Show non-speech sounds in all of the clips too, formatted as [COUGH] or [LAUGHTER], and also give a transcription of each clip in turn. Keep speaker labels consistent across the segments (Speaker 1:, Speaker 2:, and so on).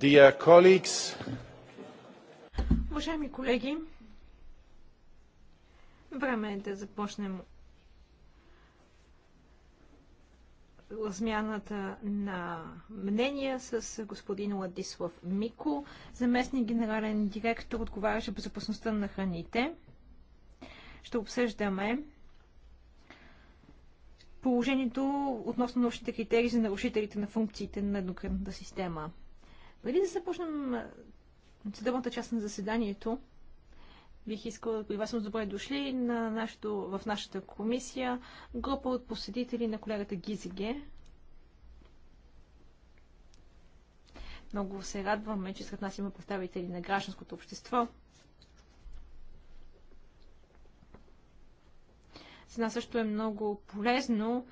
Speaker 1: Dear colleagues,
Speaker 2: Уважаеми колеги, време е да започнем размяната на мнения с господин Ладислав Мико, заместник генерален директор, отговарящ безопасността на храните. Ще обсъждаме положението относно научните критерии за нарушителите на функциите на еднократната система. Преди да започнем съдебната част на заседанието, бих искала да приветствам добре дошли на нашото, в нашата комисия група от посетители на колегата Гизиге. Много се радваме, че сред нас има представители на гражданското общество. За нас също е много полезно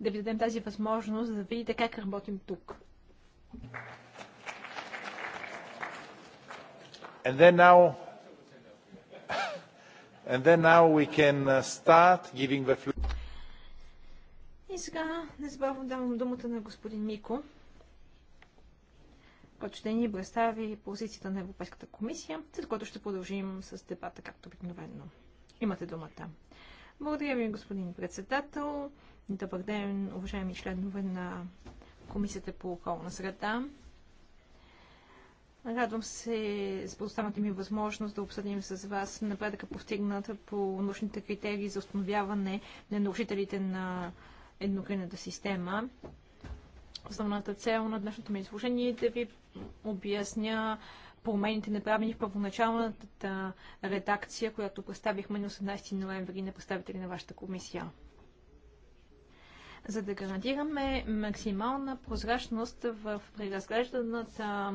Speaker 2: да ви дадем тази възможност, да видите как работим тук. Thank you.
Speaker 3: And then now, and then now we can uh, start giving the floor.
Speaker 2: И сега незабавно давам думата на господин Мико, който ще ни представи позицията на Европейската комисия, след което ще продължим с дебата, както обикновено. Имате думата. Благодаря ви, господин председател. Добър ден, уважаеми членове на Комисията по околна среда. Радвам се с предоставената ми възможност да обсъдим с вас напредъка постигната по научните критерии за установяване на нарушителите на еднокринната система. Основната цел на днешното ми изложение е да ви обясня промените, направени в първоначалната редакция, която представихме на 18 ноември на представители на вашата комисия. За да гарантираме максимална прозрачност в преразглежданата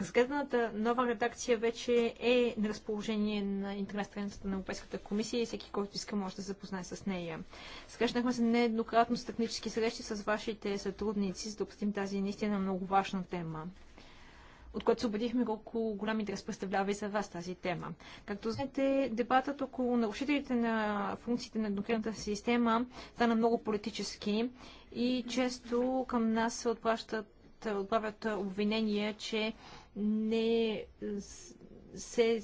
Speaker 2: Разгледаната нова редакция вече е на разположение на интернет страницата на Европейската комисия и всеки, който иска, може да се запознае с нея. Срещнахме се нееднократно с технически срещи с вашите сътрудници, за да обсъдим тази наистина много важна тема от което се убедихме колко голям интерес представлява и за вас тази тема. Както знаете, дебатът около нарушителите на функциите на еднократната система стана много политически и често към нас се отплащат отправят, обвинения, че не се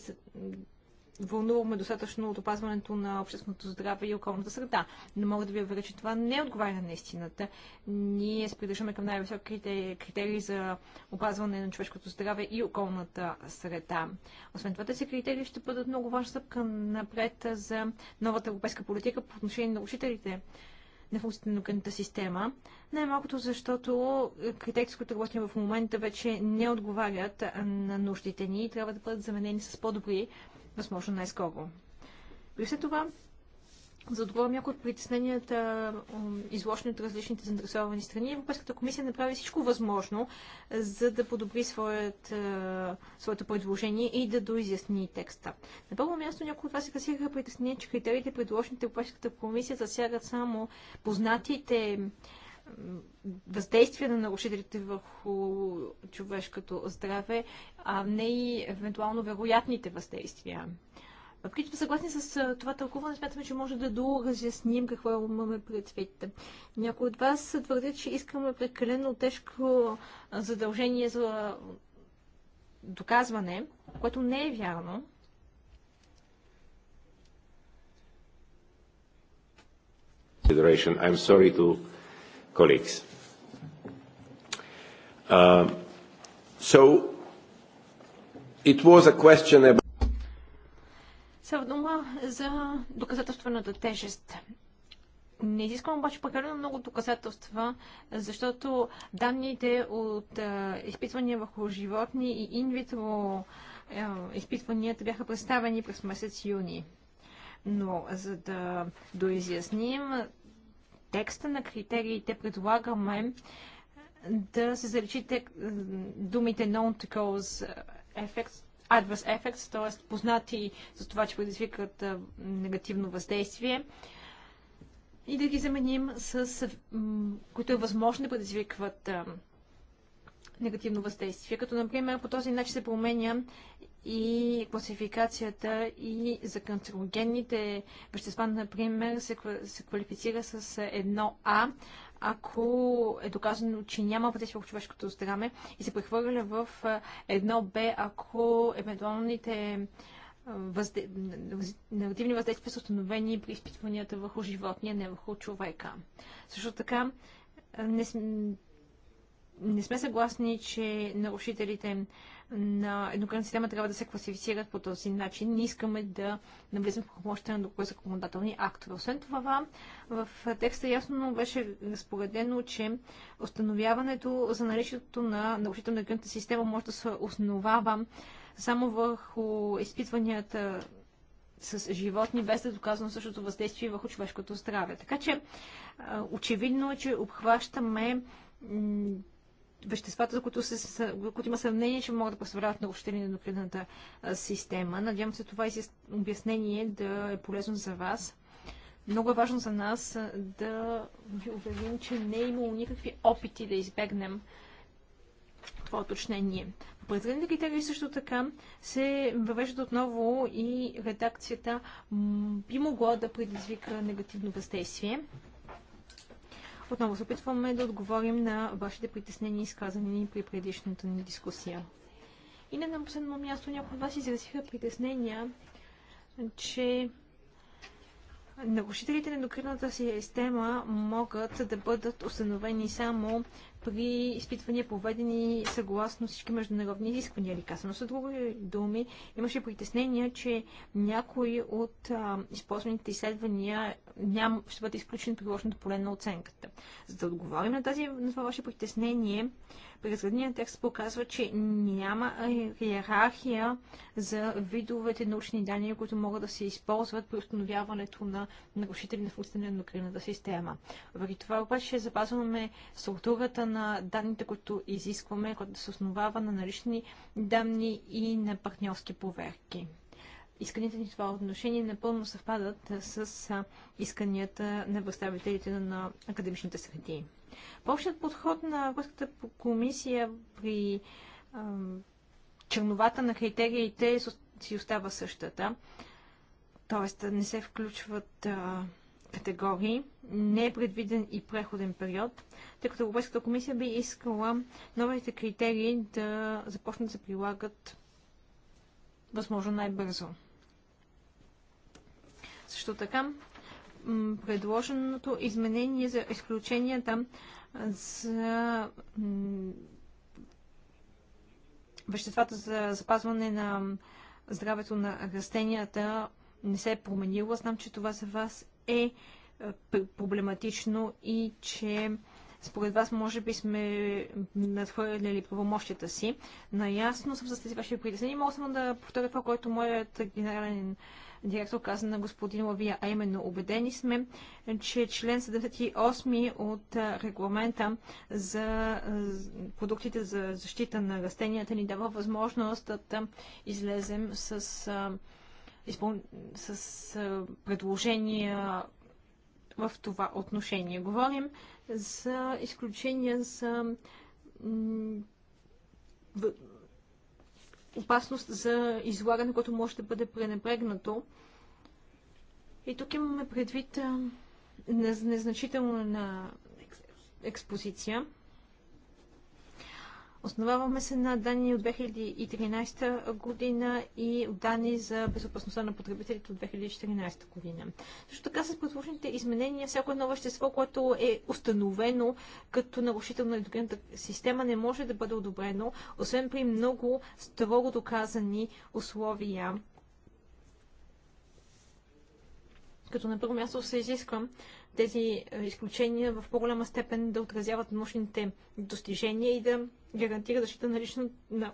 Speaker 2: вълнуваме достатъчно от опазването на общественото здраве и околната среда. Но мога да ви уверя, че това не отговаря на истината. Ние се придържаме към най-високите критерии за опазване на човешкото здраве и околната среда. Освен това, тези критерии ще бъдат много важна стъпка напред за новата европейска политика по отношение на учителите на функционалната система. Най-малкото защото е, критерите, които работим в момента, вече не отговарят на нуждите ни и трябва да бъдат заменени с по-добри, възможно най-скоро. При все това, за да отговоря някои от притесненията, изложени от различните заинтересовани страни, Европейската комисия направи всичко възможно, за да подобри своят, е, своето предложение и да доизясни текста. На първо място някои от вас се касираха притеснения, че критериите, предложени от Европейската комисия, засягат само познатите въздействия на нарушителите върху човешкото здраве, а не и евентуално вероятните въздействия. Въпреки, че съгласни с това тълкуване, смятаме, че може да доразясним какво имаме предвид. Някои от вас твърдят, че искаме прекалено тежко задължение за доказване, което не е вярно.
Speaker 4: I'm sorry to colleagues.
Speaker 3: Uh, so it was a question about
Speaker 2: Става дума за доказателствената тежест. Не изисквам обаче прекалено много доказателства, защото данните от а, изпитвания върху животни и инвитро изпитванията бяха представени през месец юни. Но за да доизясним текста на критериите, предлагаме да се заличи думите non to cause effects adverse effects, т.е. познати за това, че предизвикат негативно въздействие и да ги заменим с, които е възможно да предизвикват негативно въздействие. Като, например, по този начин се променя и класификацията и за канцерогенните вещества, например, се, квалифицира с едно а ако е доказано, че няма въздействие върху човешкото здраве и се прехвърля в едно Б, ако евентуалните възде... негативни въздействия са установени при изпитванията върху животния, не върху човека. Също така, не, не сме съгласни, че нарушителите на еднократна система трябва да се класифицират по този начин. Не искаме да навлизаме в помощта на други законодателни актове. Освен това, в текста ясно беше разпоредено, че установяването за наличието на нарушител на еднократната система може да се основава само върху изпитванията с животни, без да е доказано същото въздействие върху човешкото здраве. Така че очевидно е, че обхващаме веществата, за които, се, които има съмнение, че могат да представляват нарушители на нуклеарната система. Надявам се това обяснение да е полезно за вас. Много е важно за нас да ви уверим, че не е имало никакви опити да избегнем това уточнение. определените критерии също така се въвежда отново и редакцията би могла да предизвика негативно въздействие. Отново се опитваме да отговорим на вашите притеснения, изказани при предишната ни дискусия. И не на последно място някои от вас изразиха притеснения, че нарушителите на ендокринната система могат да бъдат установени само при изпитвания, поведени съгласно всички международни изисквания. Или казано с други думи, имаше притеснение, че някои от а, използваните изследвания ням, ще бъдат изключени при лошното поле на оценката. За да отговорим на, тази, на това ваше притеснение, Преразградният текст показва, че няма иерархия за видовете научни данни, които могат да се използват при установяването на нарушители на функциониране на ендокринната система. Въпреки това обаче запазваме структурата на на данните, които изискваме, което се основава на налични данни и на партньорски проверки. Исканията ни в това отношение напълно съвпадат с исканията на представителите на академичните среди. Общият подход на Руската комисия при черновата на критериите си остава същата. Тоест не се включват а, категории. Не е предвиден и преходен период, тъй като Европейската комисия би искала новите критерии да започнат да се прилагат възможно най-бързо. Също така, предложеното изменение за изключенията за веществата за запазване на здравето на растенията не се е променило. Знам, че това за вас е, е проблематично и че според вас може би сме надхвърляли правомощията си. Наясно съм с тези ваши притеснения. Мога само да повторя това, което моят генерален директор каза на господин Лавия, а именно убедени сме, че член 78 от регламента за продуктите за защита на растенията ни дава възможност да излезем с изпъл... с а, предложения в това отношение. Говорим за изключения за опасност за излагане, което може да бъде пренебрегнато. И тук имаме предвид незначителна експозиция. Основаваме се на данни от 2013 година и данни за безопасността на потребителите от 2014 година. Също така с предложените изменения, всяко едно вещество, което е установено като нарушител на ендокринната система, не може да бъде одобрено, освен при много строго доказани условия. Като на първо място се изисквам тези изключения в по-голяма степен да отразяват научните достижения и да гарантира защита на лично на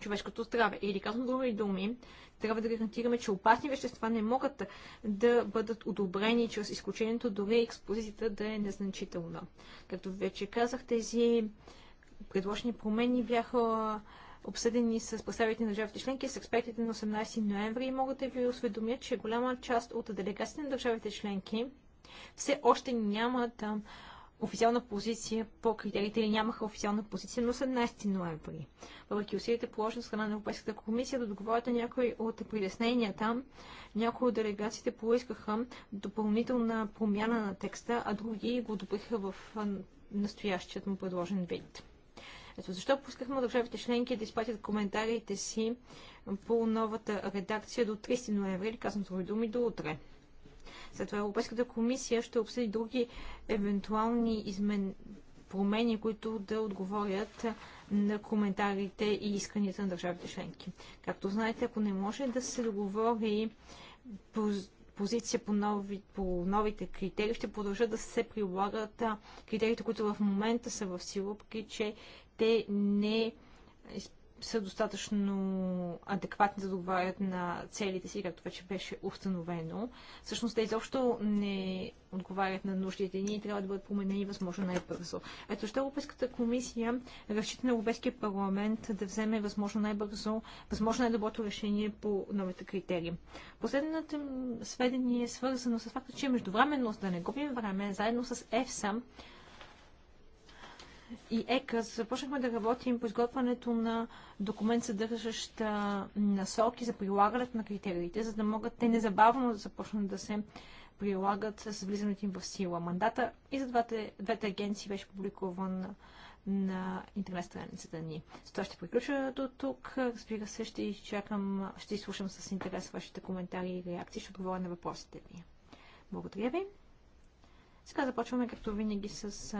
Speaker 2: човешкото здраве. Или казвам други думи, трябва да гарантираме, че опасни вещества не могат да бъдат одобрени чрез изключението, дори експозицията да е незначителна. Както вече казах, тези предложени промени бяха обсъдени с представителите на държавите членки с експертите на 18 ноември и могат да ви осведомя, че голяма част от делегациите на държавите членки все още нямат там да официална позиция по критериите или нямаха официална позиция на 18 ноември. Въпреки усилите положени от страна на Европейската комисия да договорят някои от притесненията, някои от делегациите поискаха допълнителна промяна на текста, а други го добриха в настоящият му предложен вид. Ето защо пускахме държавите членки да изпратят коментарите си по новата редакция до 30 ноември, или казвам твои думи, до утре. След това Европейската комисия ще обсъди други евентуални измен... промени, които да отговорят на коментарите и исканията на държавите членки. Както знаете, ако не може да се договори позиция по, нови... по новите критерии, ще продължат да се прилагат критериите, които в момента са в сила, въпреки че те не изпълняват са достатъчно адекватни да отговарят на целите си, както вече беше установено. Всъщност те изобщо не отговарят на нуждите ни и трябва да бъдат променени възможно най-бързо. Ето защо Европейската комисия разчита на Европейския парламент да вземе възможно най-бързо, възможно най-доброто решение по новите критерии. Последното сведение е свързано с факта, че междувременно, за да не губим време, заедно с ЕФСА, и ЕКАС започнахме да работим по изготвянето на документ, съдържащ насоки за прилагането на критериите, за да могат те незабавно да започнат да се прилагат с влизането им в сила. Мандата и за двете, двете агенции беше публикуван на интернет страницата ни. С това ще приключа до тук. Разбира се, ще изчакам, ще изслушам с интерес вашите коментари и реакции, ще отговоря на въпросите ви. Благодаря ви. Сега започваме както винаги с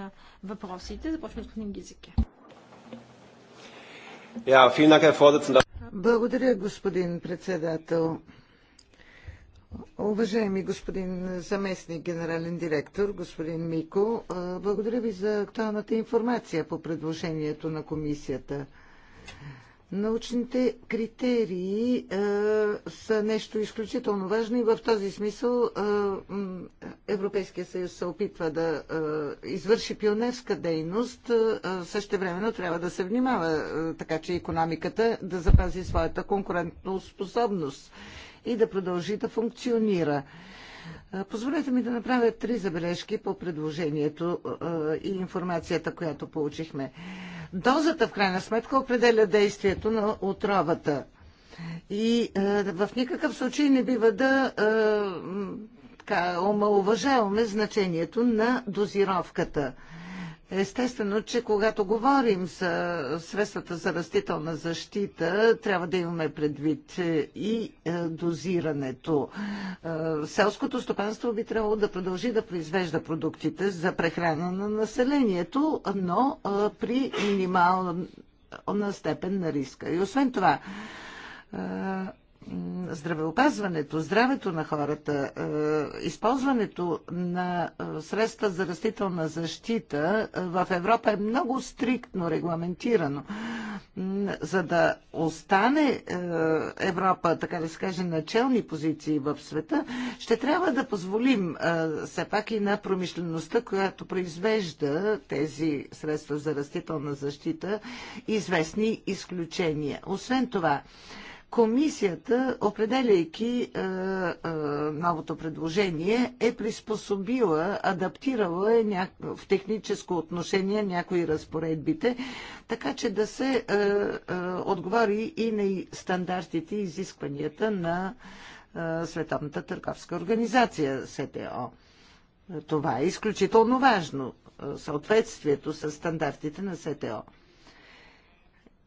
Speaker 2: въпросите. Започваме с господин Гизике.
Speaker 4: Благодаря, господин председател. Уважаеми господин заместник генерален директор, господин Мико, благодаря ви за актуалната информация по предложението на комисията. Научните критерии е, са нещо изключително важно и в този смисъл е, Европейския съюз се опитва да е, извърши пионерска дейност. Е, също времено трябва да се внимава, е, така че економиката да запази своята способност и да продължи да функционира. Е, позволете ми да направя три забележки по предложението е, и информацията, която получихме. Дозата, в крайна сметка, определя действието на отровата. И е, в никакъв случай не бива да е, така, омалуважаваме значението на дозировката. Естествено, че когато говорим за средствата за растителна защита, трябва да имаме предвид е, и е, дозирането. Е, селското стопанство би трябвало да продължи да произвежда продуктите за прехрана на населението, но при минимална степен на риска. И освен това, здравеопазването, здравето на хората, е, използването на е, средства за растителна защита е, в Европа е много стриктно регламентирано. За да остане Европа, така да се каже, начални позиции в света, ще трябва да позволим все пак и на промишлеността, която произвежда тези средства за растителна защита, известни изключения. Освен това, Комисията, определяйки е, е, новото предложение, е приспособила, адаптирала е ня... в техническо отношение някои разпоредбите, така че да се е, е, отговори и на стандартите и изискванията на е, Световната търговска организация СТО. Това е изключително важно, е, съответствието с стандартите на СТО.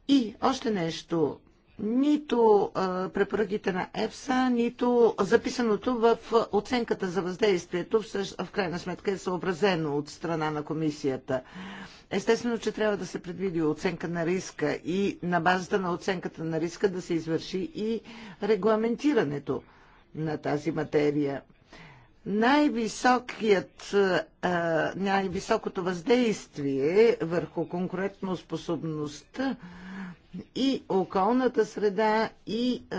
Speaker 4: И още нещо нито препоръките на ЕФСА, нито записаното в оценката за въздействието в крайна сметка е съобразено от страна на комисията. Естествено, че трябва да се предвиди оценка на риска и на базата на оценката на риска да се извърши и регламентирането на тази материя. Най-високият, най-високото въздействие върху конкурентно способността и околната среда, и е,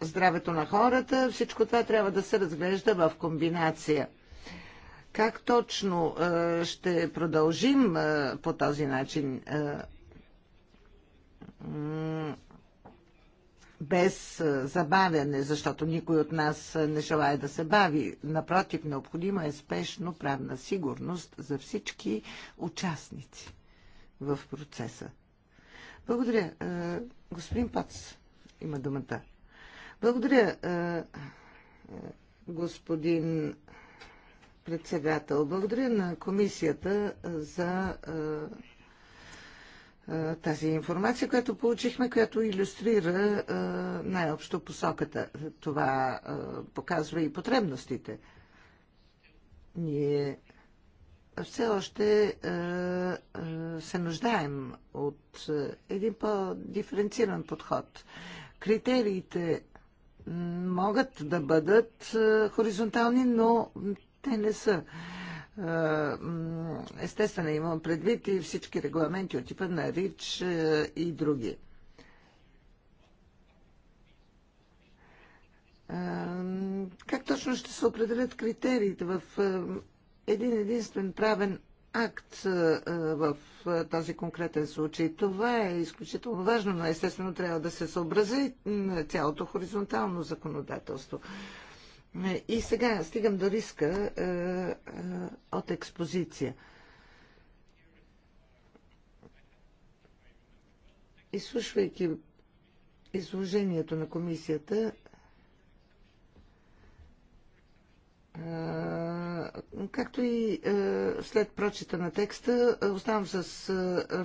Speaker 4: здравето на хората. Всичко това трябва да се разглежда в комбинация. Как точно е, ще продължим е, по този начин? Е, без е, забавяне, защото никой от нас не желая да се бави. Напротив, необходима е спешно правна сигурност за всички участници в процеса. Благодаря. Е, господин Пац има думата. Благодаря, е, е, господин председател. Благодаря на комисията за тази информация, която получихме, която иллюстрира най-общо посоката. Това показва и потребностите. Ние все още е, е, се нуждаем от е, един по-диференциран подход. Критериите могат да бъдат хоризонтални, но те не са. Естествено, имам предвид и всички регламенти от типа на РИЧ и други. Как точно ще се определят критериите в един единствен правен акт в този конкретен случай. Това е изключително важно, но естествено трябва да се съобрази цялото хоризонтално законодателство. И сега стигам до риска от експозиция. Изслушвайки изложението на комисията, Както и след прочита на текста, оставам с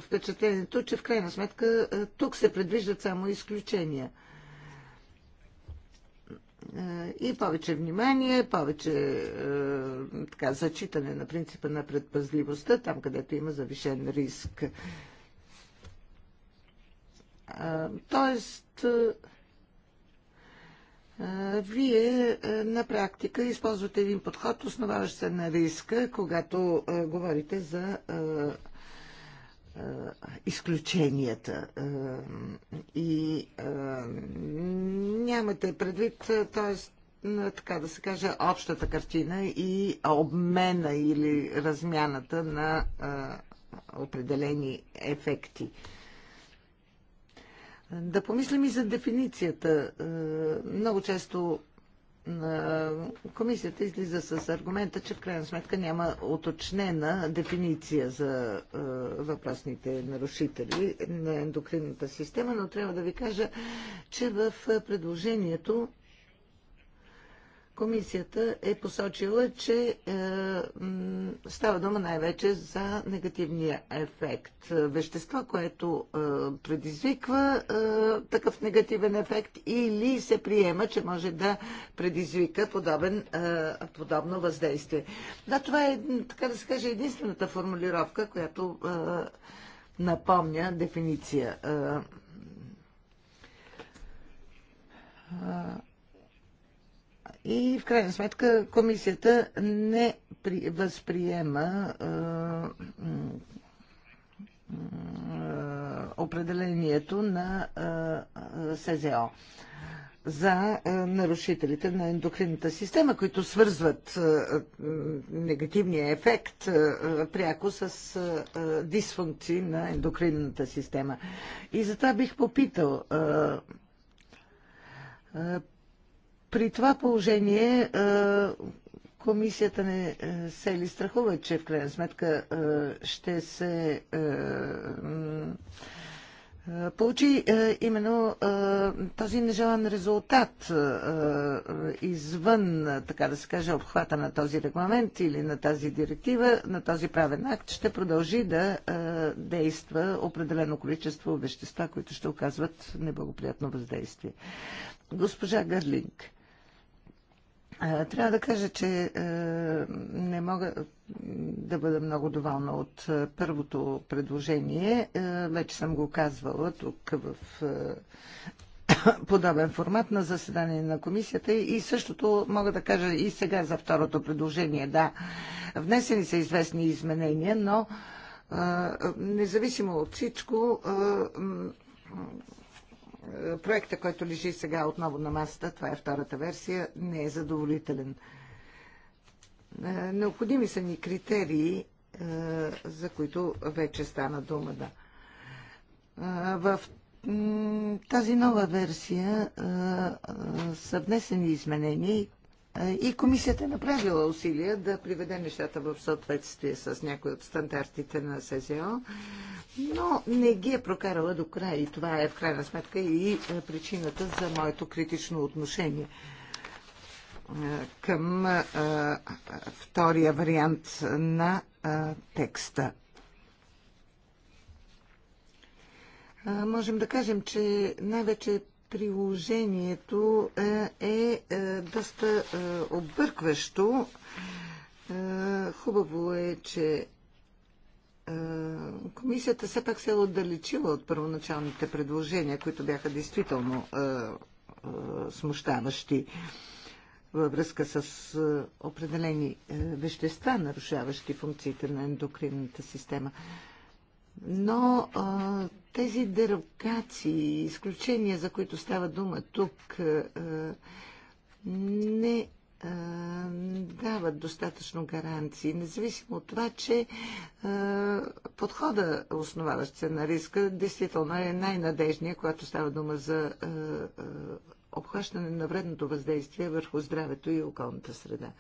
Speaker 4: впечатлението, че в крайна сметка тук се предвиждат само изключения. И повече внимание, повече така, зачитане на принципа на предпазливостта, там където има завишен риск. Тоест, вие на практика използвате един подход, основаващ се на риска, когато говорите за изключенията и нямате предвид, т.е. така да се каже, общата картина и обмена или размяната на определени ефекти. Да помислим и за дефиницията. Е, много често е, комисията излиза с аргумента, че в крайна сметка няма уточнена дефиниция за е, въпросните нарушители на ендокринната система, но трябва да ви кажа, че в предложението Комисията е посочила, че е, става дума най-вече за негативния ефект. Вещество, което е, предизвиква е, такъв негативен ефект или се приема, че може да предизвика подобен, е, подобно въздействие. Да, това е, така да се каже, единствената формулировка, която е, напомня дефиниция. Е, е и в крайна сметка комисията не при, възприема а, а, определението на а, СЗО за нарушителите на ендокринната система, които свързват негативния ефект пряко с дисфункции на ендокринната система. И затова бих попитал при това положение е, комисията не е, се ли страхува, че в крайна сметка е, ще се получи именно този нежелан резултат извън, така да се каже, обхвата на този регламент или на тази директива, на този правен акт, ще продължи да действа определено количество вещества, които ще оказват неблагоприятно въздействие. Госпожа Гарлинг. Трябва да кажа, че е, не мога да бъда много доволна от е, първото предложение. Е, вече съм го казвала тук в [COUGHS] подобен формат на заседание на комисията и същото мога да кажа и сега за второто предложение. Да, внесени са известни изменения, но независимо от всичко е, проекта, който лежи сега отново на масата, това е втората версия, не е задоволителен. Е, необходими са ни критерии, е, за които вече стана дума. Да. В тази нова версия са внесени изменения и и комисията е направила усилия да приведе нещата в съответствие с някои от стандартите на СЗО, но не ги е прокарала до края. И това е в крайна сметка и е, причината за моето критично отношение към втория вариант на текста. Можем да кажем, че най-вече приложението е, е, е доста е, объркващо. Хубаво е, че комисията все пак се е отдалечила от първоначалните предложения, които бяха действително смущаващи във връзка с определени вещества, нарушаващи функциите на ендокринната система. Но а, тези дерогации, изключения, за които става дума тук, а, не а, дават достатъчно гаранции, независимо от това, че а, подхода, основаващ се на риска, действително е най надежният когато става дума за а, а, обхващане на вредното въздействие върху здравето и околната среда.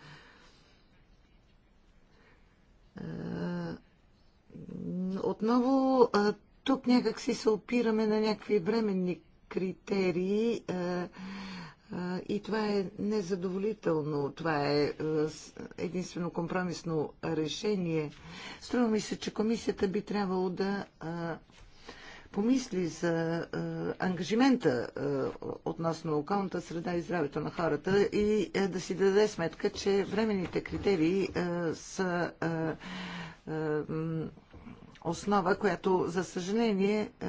Speaker 4: А, отново тук някак си се опираме на някакви временни критерии и това е незадоволително. Това е единствено компромисно решение. Струва ми се, че комисията би трябвало да помисли за ангажимента относно околната среда и здравето на хората и да си даде сметка, че временните критерии са основа, която, за съжаление, е,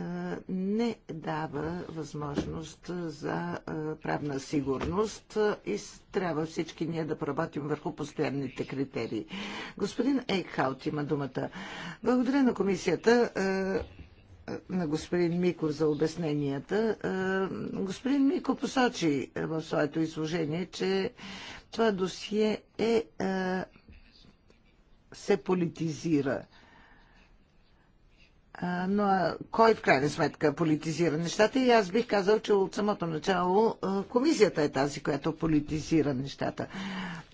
Speaker 4: не дава възможност за е, правна сигурност и трябва всички ние да поработим върху постоянните критерии. Господин Ейкхаут има думата. Благодаря на комисията е, на господин Мико за обясненията. Господин Мико посочи в своето изложение, че това досие е, се политизира но кой в крайна сметка политизира нещата? И аз бих казал, че от самото начало комисията е тази, която политизира нещата.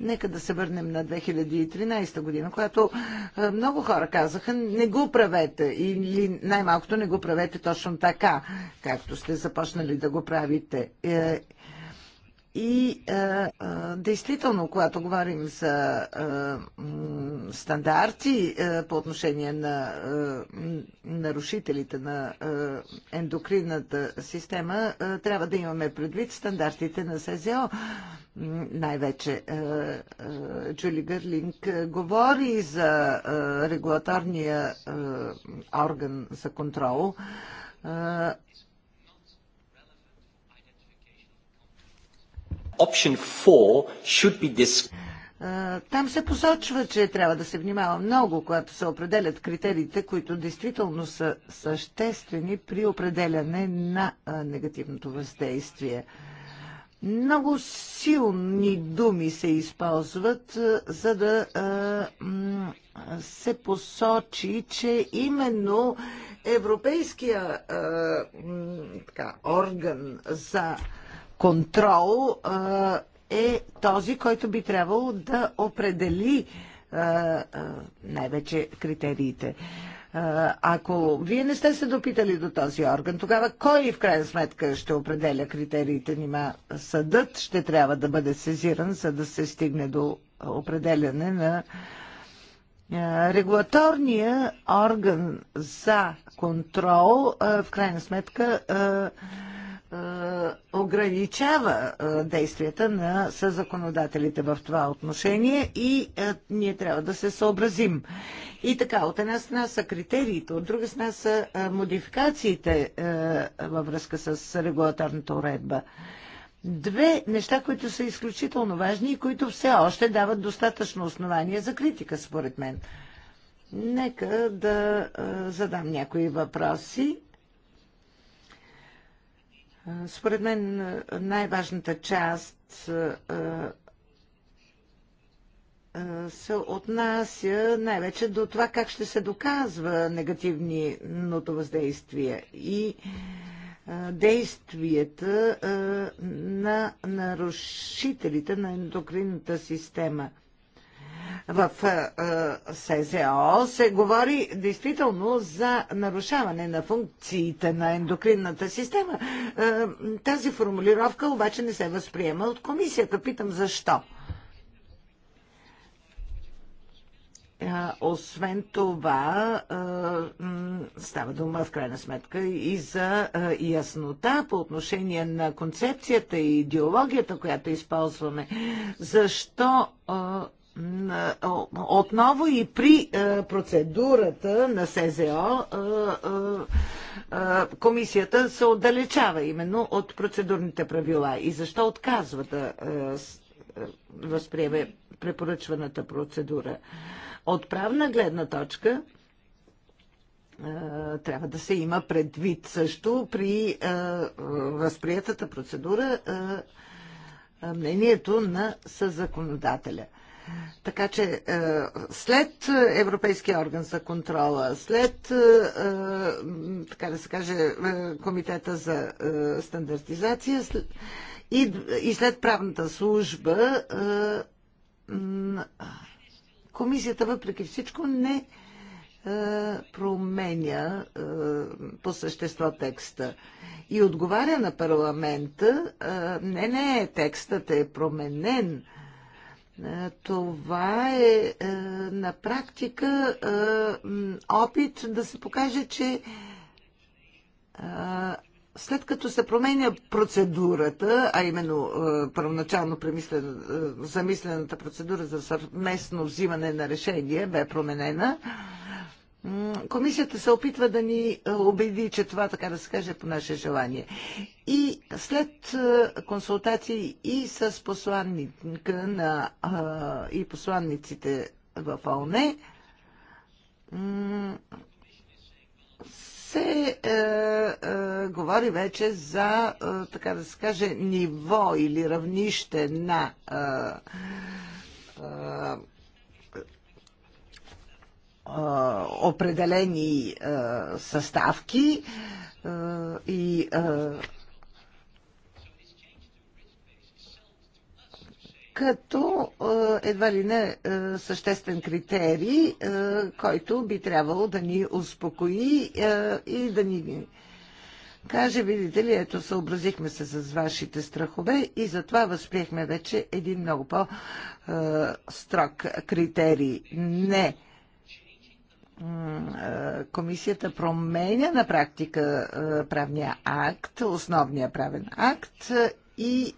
Speaker 4: Нека да се върнем на 2013 година, която много хора казаха, не го правете или най-малкото не го правете точно така, както сте започнали да го правите. Е, и а, е, а, е, действително, когато говорим за а, е, стандарти а, по отношение на а, нарушителите на а, ендокринната система, а, трябва да имаме предвид стандартите на СЗО. Най-вече Джули Гърлинг говори за а, регулаторния а, орган за контрол. А, Option
Speaker 2: 4 should be this.
Speaker 4: Там се посочва, че трябва да се внимава много, когато се определят критериите, които действително са съществени при определяне на негативното въздействие. Много силни думи се използват, за да се посочи, че именно Европейския така, орган за контрол е този, който би трябвало да определи най-вече критериите. Ако вие не сте се допитали до този орган, тогава кой в крайна сметка ще определя критериите? Нима съдът ще трябва да бъде сезиран, за да се стигне до определяне на регулаторния орган за контрол, в крайна сметка е, ограничава е, действията на съзаконодателите в това отношение и е, ние трябва да се съобразим. И така, от една страна са критериите, от друга страна са модификациите във връзка с регулаторната уредба. Две неща, които са изключително важни и които все още дават достатъчно основания за критика, според мен. Нека да задам някои въпроси според мен най-важната част се отнася най-вече до това как ще се доказва негативното въздействие и действията на нарушителите на ендокринната система – в СЗО се говори действително за нарушаване на функциите на ендокринната система. Тази формулировка обаче не се възприема от комисията. Питам защо. Освен това, става дума в крайна сметка и за яснота по отношение на концепцията и идеологията, която използваме. Защо отново и при е, процедурата на СЗО е, е, комисията се отдалечава именно от процедурните правила. И защо отказва да възприеме препоръчваната процедура? От правна гледна точка трябва да се има предвид също при възприятата процедура мнението на съзаконодателя – така че е, след Европейския орган за контрола, след, е, е, така да се каже, Комитета за стандартизация и след правната служба, комисията въпреки всичко не променя по същество текста и отговаря на парламента, не, не, текстът е променен, е, това е, е на практика е, опит да се покаже, че след като се променя процедурата, а именно първоначално замислената процедура за съвместно взимане на решение бе променена, Комисията се опитва да ни е, убеди, че това, така да се каже, е по наше желание. И след е, консултации и с посланника на, и посланниците в ОНЕ, се е, е, говори вече за, е, така да се каже, ниво или равнище на е, е, определени съставки и като едва ли не съществен критерий, който би трябвало да ни успокои и да ни каже, видите ли, ето съобразихме се с вашите страхове и затова възприехме вече един много по-строг критерий. Не комисията променя на практика правния акт, основния правен акт и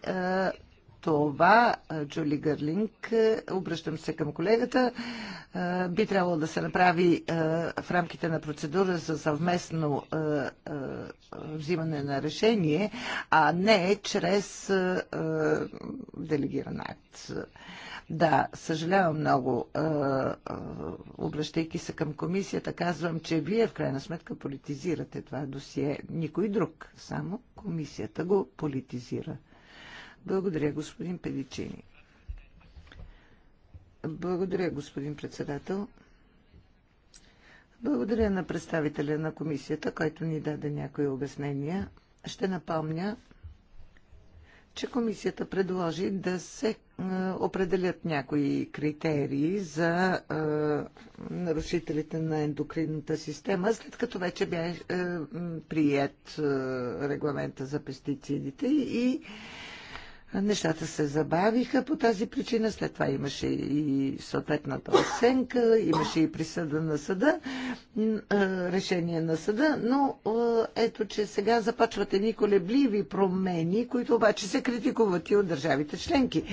Speaker 4: това, Джули Гърлинг, обръщам се към колегата, би трябвало да се направи в рамките на процедура за съвместно взимане на решение, а не чрез делегиран акт. Да, съжалявам много. Обръщайки се към комисията, казвам, че вие в крайна сметка политизирате това досие. Никой друг, само комисията го политизира. Благодаря, господин Педичини. Благодаря, господин председател. Благодаря на представителя на комисията, който ни даде някои обяснения. Ще напомня, че комисията предложи да се е, определят някои критерии за е, нарушителите на ендокринната система, след като вече бе е, прият регламента за пестицидите и Нещата се забавиха по тази причина, след това имаше и съответната оценка, имаше и присъда на съда, решение на съда, но ето, че сега започват едни колебливи промени, които обаче се критикуват и от държавите членки.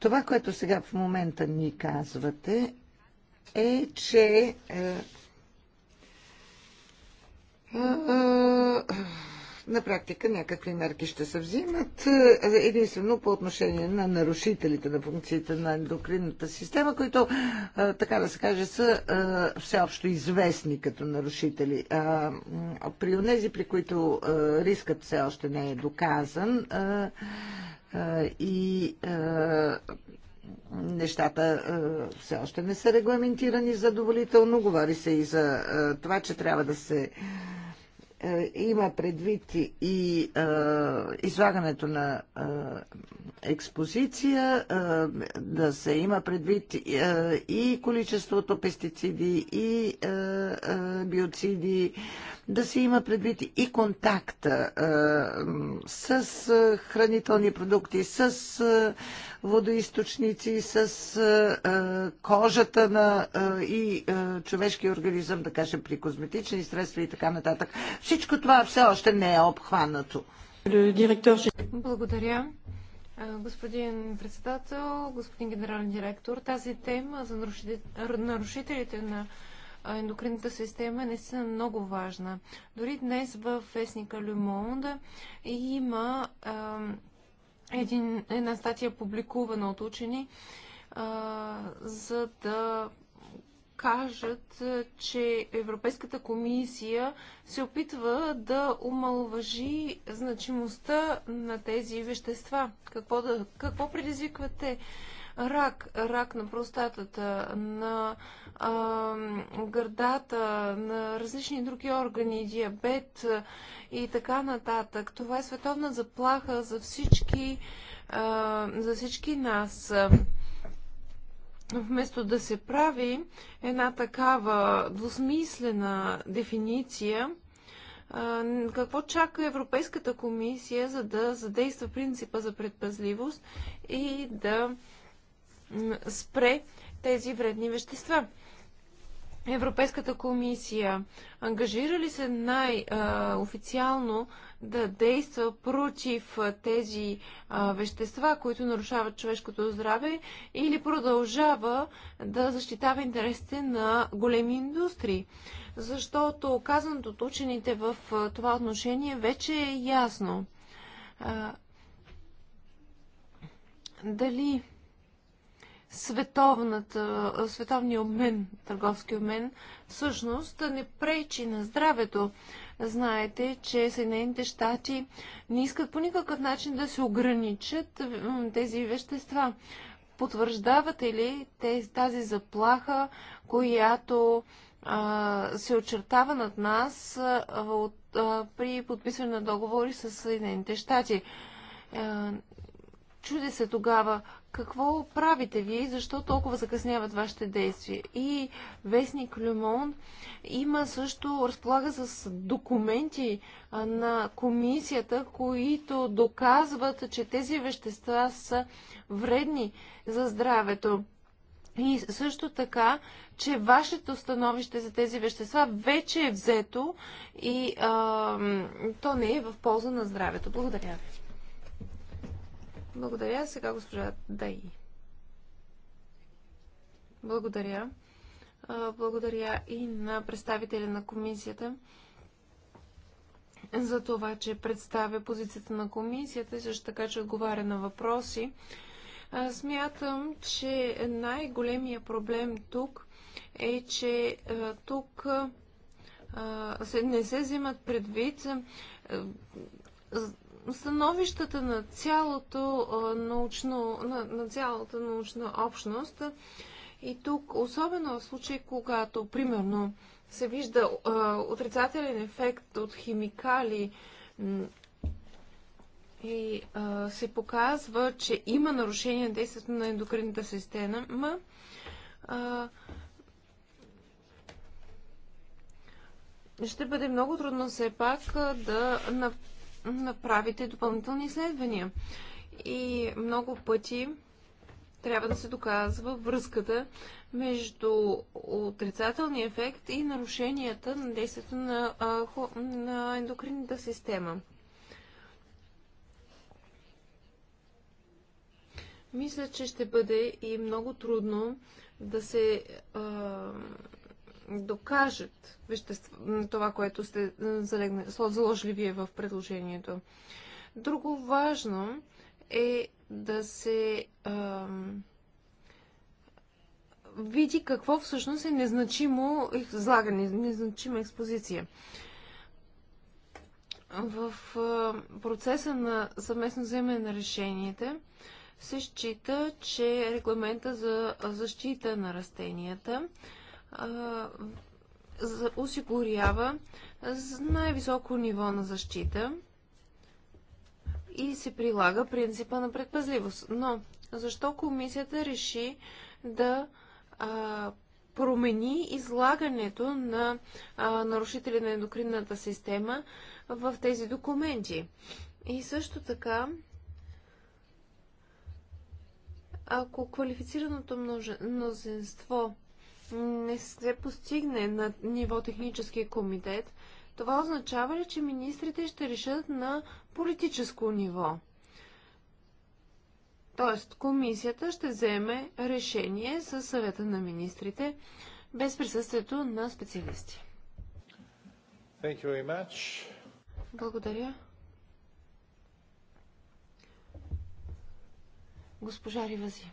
Speaker 4: Това, което сега в момента ни казвате, е, че. Е, е, е на практика някакви мерки ще се взимат е, единствено по отношение на нарушителите на функциите на ендокринната система, които, е, така да се каже, са е, всеобщо известни като нарушители. При онези, при които рискът все още не е доказан и нещата все още не са регламентирани задоволително. Говори се и за това, че трябва да се е, има предвид и е, излагането на е, експозиция, да се има предвид и количеството пестициди, и биоциди, да се има предвид и контакта с хранителни продукти, с водоисточници, с кожата на и човешкия организъм, да кажем, при козметични средства и така нататък. Всичко това все още не е обхванато. Е, Благодаря.
Speaker 5: Господин председател, господин генерален директор, тази тема за нарушителите на ендокринната система е наистина много важна. Дори днес в вестника Люмонда има а, един, една статия публикувана от учени, а, за да кажат, че Европейската комисия се опитва да омалважи значимостта на тези вещества. Какво, да, какво те? рак, рак на простатата, на а, гърдата, на различни други органи, диабет и така нататък. Това е световна заплаха за всички, а, за всички нас вместо да се прави една такава двусмислена дефиниция, какво чака Европейската комисия, за да задейства принципа за предпазливост и да спре тези вредни вещества. Европейската комисия ангажира ли се най-официално да действа против тези вещества, които нарушават човешкото здраве или продължава да защитава интересите на големи индустрии? Защото казаното от учените в това отношение вече е ясно. дали световната, световния обмен, търговски обмен, всъщност не пречи на здравето. Знаете, че Съединените щати не искат по никакъв начин да се ограничат тези вещества. Потвърждавате ли тази заплаха, която се очертава над нас при подписване на договори с Съединените щати? Е, Чуде се тогава какво правите вие и защо толкова закъсняват вашите действия. И вестник Люмон има също, разполага с документи на комисията, които доказват, че тези вещества са вредни за здравето. И също така, че вашето становище за тези вещества вече е взето и а, то не е в полза на здравето. Благодаря ви. Благодаря. Сега госпожа Дай. Благодаря. Благодаря и на представителя на комисията за това, че представя позицията на комисията и също така, че отговаря на въпроси. Смятам, че най-големия проблем тук е, че тук не се взимат предвид становищата на цялото научно, на, на цялата научна общност. И тук, особено в случай, когато, примерно, се вижда а, отрицателен ефект от химикали и а, се показва, че има нарушение на действието на ендокринната система, а, ще бъде много трудно все пак да направите допълнителни изследвания. И много пъти трябва да се доказва връзката между отрицателния ефект и нарушенията на действието на, на ендокринната система. Мисля, че ще бъде и много трудно да се а, докажат вещество, това, което сте е, заложили вие в предложението. Друго важно е да се а, види какво всъщност е незначимо излагане, незначима експозиция. В а, процеса на съвместно вземане на решенията се счита, че регламента за защита на растенията осигурява най-високо ниво на защита и се прилага принципа на предпазливост. Но защо комисията реши да а, промени излагането на а, нарушители на ендокринната система в тези документи? И също така, ако квалифицираното множество не се постигне на ниво технически комитет, това означава ли, че министрите ще решат на политическо ниво? Тоест, комисията ще вземе решение с съвета на министрите без присъствието на специалисти.
Speaker 3: Thank you very much.
Speaker 5: Благодаря. Госпожа Ривази.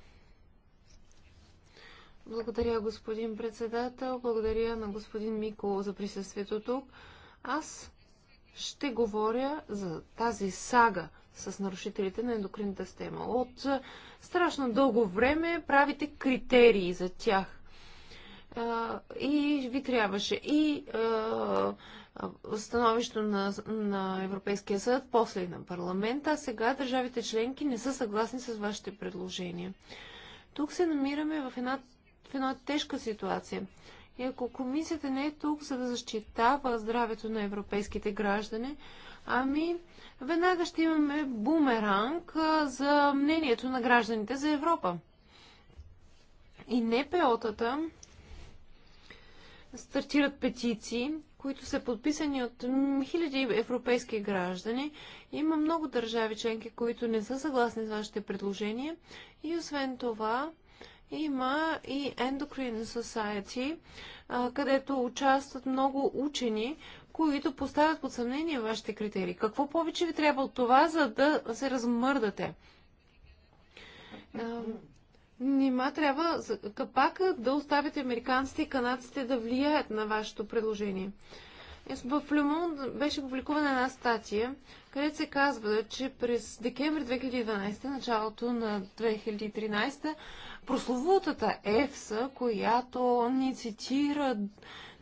Speaker 5: Благодаря, господин председател. Благодаря на господин Мико за присъствието тук. Аз ще говоря за тази сага с нарушителите на ендокринната система. От страшно дълго време правите критерии за тях. И ви трябваше и становището на, на Европейския съд, после и на парламента, а сега държавите членки не са съгласни с вашите предложения. Тук се намираме в една в една тежка ситуация. И ако комисията не е тук, за да защитава здравето на европейските граждани, ами веднага ще имаме бумеранг за мнението на гражданите за Европа. И НПО-тата стартират петиции, които са подписани от хиляди европейски граждани. Има много държави членки, които не са съгласни с вашите предложения. И освен това, има и Endocrine Society, където участват много учени, които поставят под съмнение вашите критерии. Какво повече ви трябва от това, за да се размърдате? Нима трябва капак капака да оставите американците и канадците да влияят на вашето предложение. Е, в Люмон беше публикувана една статия, където се казва, че през декември 2012, началото на 2013, прословутата ЕФСА, която ни цитира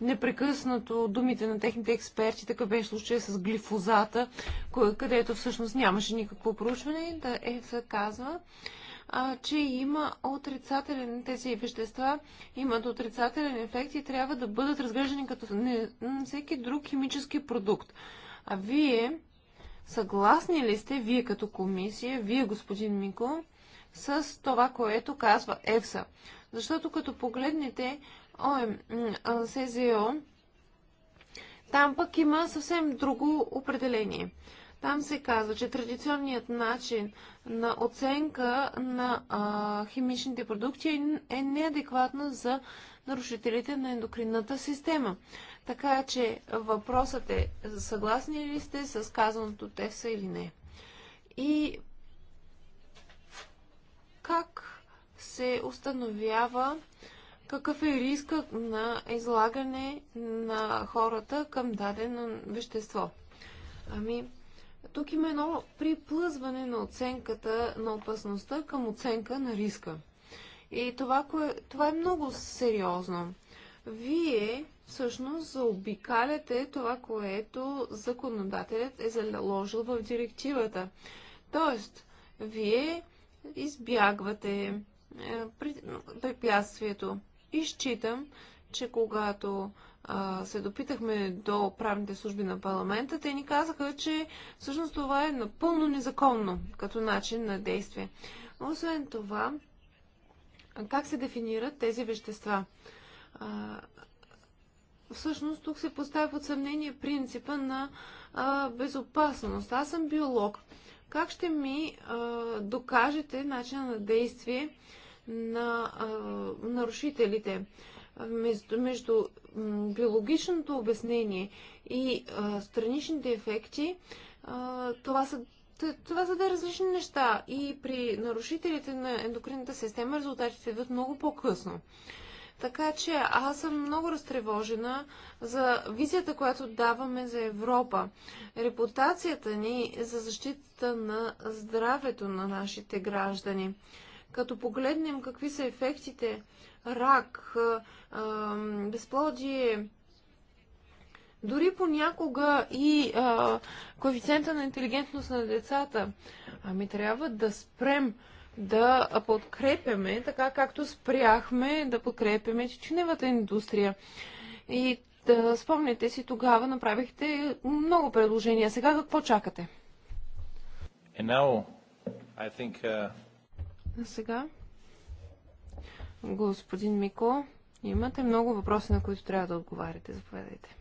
Speaker 5: непрекъснато думите на техните експерти, така беше случая с глифозата, където всъщност нямаше никакво проучване. Да ЕФСА казва, а, че има отрицателен, тези вещества имат отрицателен ефект и трябва да бъдат разглеждани като не, всеки друг химически продукт. А вие, съгласни ли сте, вие като комисия, вие господин Мико, с това, което казва ЕФСА. Защото като погледнете СЗО, там пък има съвсем друго определение. Там се казва, че традиционният начин на оценка на а, химичните продукти е, е неадекватна за нарушителите на ендокринната система. Така че въпросът е, съгласни ли сте с казаното теса или не? И как се установява какъв е риска на излагане на хората към дадено вещество. Ами, тук има едно приплъзване на оценката на опасността към оценка на риска. И това, кое, това е много сериозно. Вие всъщност заобикаляте това, което законодателят е заложил в директивата. Тоест, вие избягвате е, препятствието. И считам, че когато се допитахме до правните служби на парламента, те ни казаха, че всъщност това е напълно незаконно като начин на действие. Освен това, как се дефинират тези вещества? всъщност тук се поставя под съмнение принципа на безопасност. Аз съм биолог как ще ми а, докажете начина на действие на а, нарушителите? Между, между биологичното обяснение и а, страничните ефекти, а, това са това са две да различни неща. И при нарушителите на ендокринната система резултатите идват много по-късно. Така че аз съм много разтревожена за визията, която даваме за Европа. Репутацията ни за защитата на здравето на нашите граждани. Като погледнем какви са ефектите рак, безплодие, дори понякога и коефициента на интелигентност на децата. Ами трябва да спрем да подкрепяме, така както спряхме да подкрепяме чиневата индустрия. И да спомняте си, тогава направихте много предложения. Сега какво чакате?
Speaker 1: Now, think, uh...
Speaker 5: А сега, господин Мико, имате много въпроси, на които трябва да отговаряте. Заповядайте.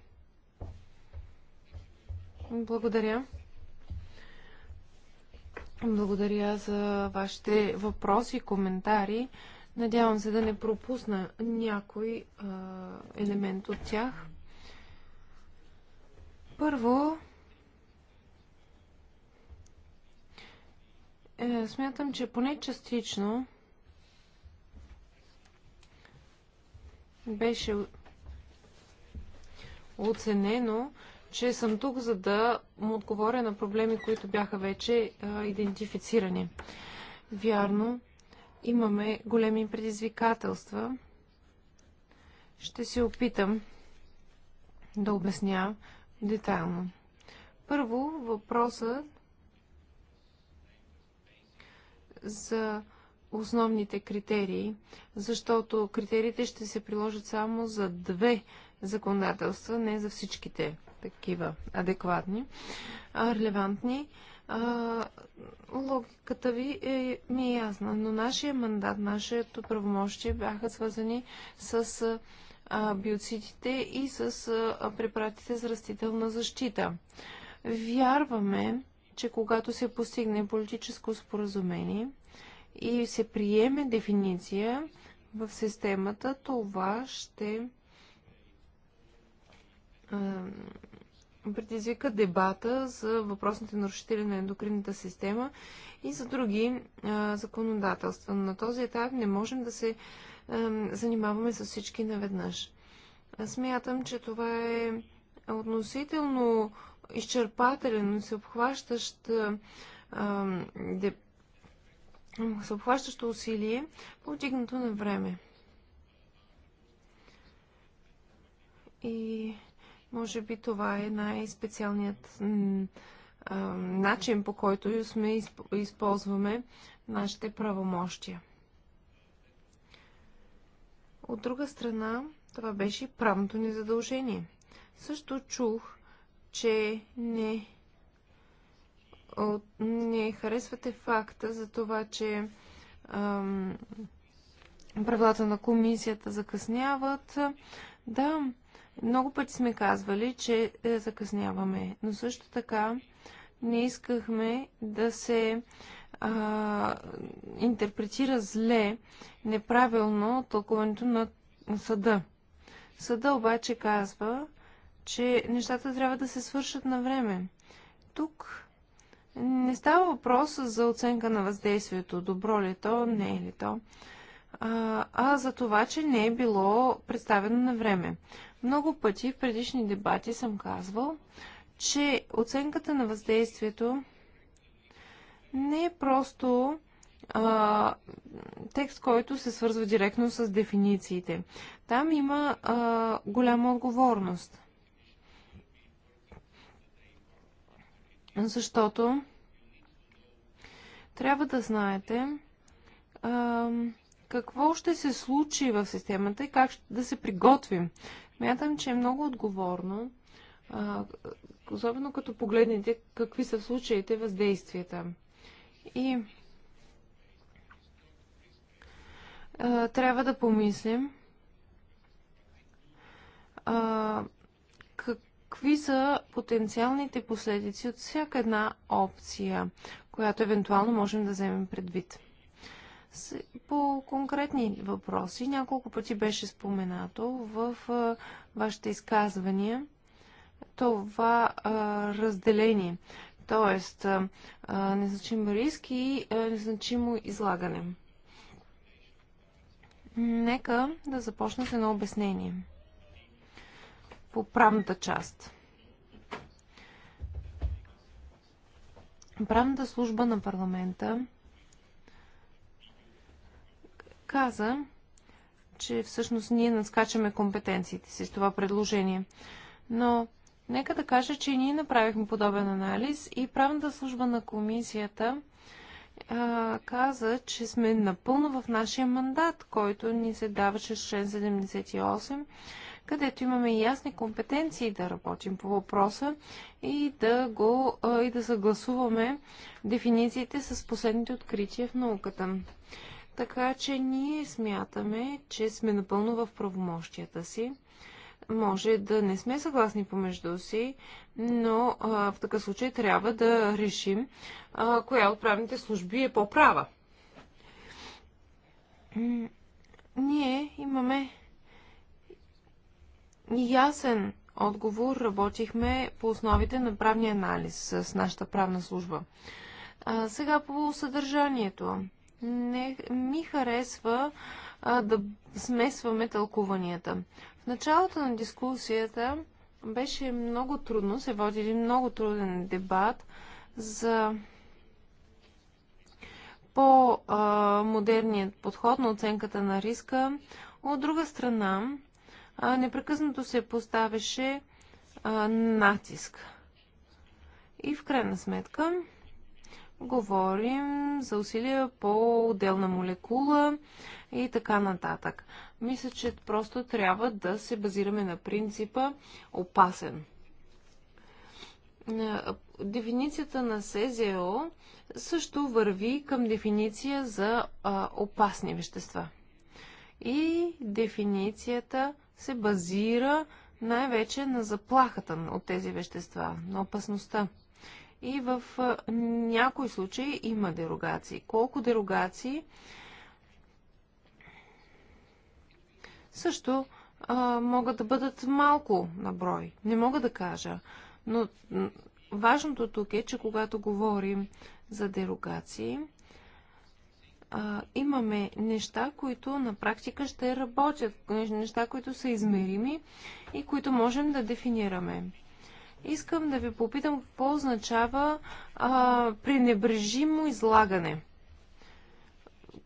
Speaker 5: Благодаря. Благодаря за вашите въпроси и коментари. Надявам се да не пропусна някой а, елемент от тях. Първо, е, смятам, че поне частично беше оценено, че съм тук, за да му отговоря на проблеми, които бяха вече а, идентифицирани. Вярно, имаме големи предизвикателства. Ще се опитам да обясня детайлно. Първо, въпросът за основните критерии, защото критериите ще се приложат само за две законодателства, не за всичките такива адекватни, релевантни. Логиката ви е, ми е ясна, но нашия мандат, нашето правомощие бяха свързани с биоцитите и с препаратите за растителна защита. Вярваме, че когато се постигне политическо споразумение и се приеме дефиниция в системата, това ще предизвика дебата за въпросните нарушители на ендокринната система и за други а, законодателства. на този етап не можем да се а, занимаваме с всички наведнъж. Аз смятам, че това е относително изчерпателен, но се обхващащ се обхващащо усилие, повдигнато на време. И може би това е най-специалният начин, по който сме използваме нашите правомощия. От друга страна, това беше правното ни задължение. Също чух, че не, от, не харесвате факта за това, че ам, правилата на комисията закъсняват. Да, много пъти сме казвали, че е, закъсняваме, но също така не искахме да се а, интерпретира зле, неправилно тълкуването на съда. Съда обаче казва, че нещата трябва да се свършат на време. Тук не става въпрос за оценка на въздействието, добро ли е то, не е ли то а, а за това, че не е било представено на време. Много пъти в предишни дебати съм казвал, че оценката на въздействието не е просто а, текст, който се свързва директно с дефинициите. Там има а, голяма отговорност. Защото трябва да знаете а, какво ще се случи в системата и как да се приготвим. Мятам, че е много отговорно, особено като погледнете какви са случаите въздействията. И трябва да помислим какви са потенциалните последици от всяка една опция, която евентуално можем да вземем предвид по конкретни въпроси. Няколко пъти беше споменато в вашите изказвания това разделение, т.е. незначим риск и незначимо излагане. Нека да започна с едно обяснение по правната част. Правната служба на парламента каза, че всъщност ние надскачаме компетенциите си с това предложение. Но нека да кажа, че ние направихме подобен анализ и правната служба на комисията а, каза, че сме напълно в нашия мандат, който ни се дава чрез член 78, където имаме ясни компетенции да работим по въпроса и да, го, а, и да съгласуваме дефинициите с последните открития в науката. Така че ние смятаме, че сме напълно в правомощията си. Може да не сме съгласни помежду си, но а, в такъв случай трябва да решим а, коя от правните служби е по-права. Ние имаме ясен отговор. Работихме по основите на правния анализ с нашата правна служба. А, сега по съдържанието не ми харесва а, да смесваме тълкуванията. В началото на дискусията беше много трудно, се води един много труден дебат за по-модерният подход на оценката на риска. От друга страна, а, непрекъснато се поставяше а, натиск. И в крайна сметка, говорим за усилия по отделна молекула и така нататък. Мисля, че просто трябва да се базираме на принципа опасен. Дефиницията на СЗО също върви към дефиниция за а, опасни вещества. И дефиницията се базира най-вече на заплахата от тези вещества, на опасността и в някои случаи има дерогации. Колко дерогации също а, могат да бъдат малко на брой. Не мога да кажа. Но важното тук е, че когато говорим за дерогации, а, имаме неща, които на практика ще работят, неща, които са измерими и които можем да дефинираме. Искам да ви попитам какво означава а, пренебрежимо излагане.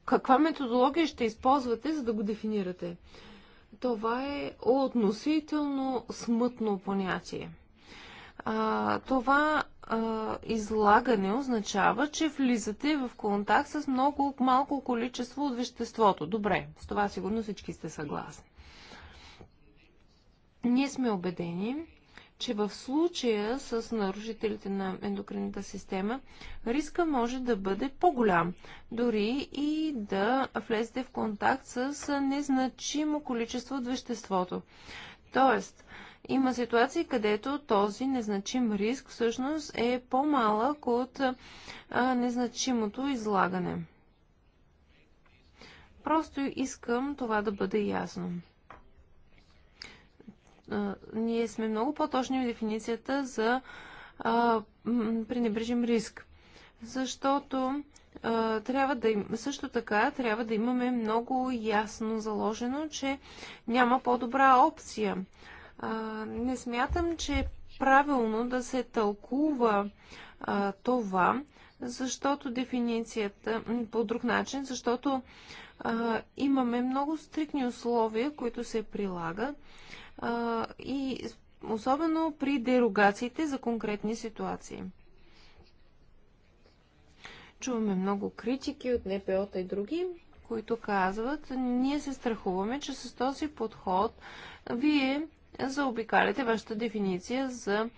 Speaker 5: Каква методология ще използвате, за да го дефинирате? Това е относително смътно понятие. А, това а, излагане означава, че влизате в контакт с много малко количество от веществото. Добре, с това сигурно всички сте съгласни. Ние сме убедени, че в случая с нарушителите на ендокринната система риска може да бъде по-голям, дори и да влезете в контакт с незначимо количество от веществото. Тоест, има ситуации, където този незначим риск всъщност е по-малък от незначимото излагане. Просто искам това да бъде ясно ние сме много по-точни в дефиницията за а, пренебрежим риск. Защото а, трябва да им, също така трябва да имаме много ясно заложено, че няма по-добра опция. А, не смятам, че е правилно да се тълкува а, това, защото дефиницията по друг начин, защото имаме много стрикни условия, които се прилагат и особено при дерогациите за конкретни ситуации. Чуваме много критики от НПО-та и други, които казват, ние се страхуваме, че с този подход вие заобикаляте вашата дефиниция за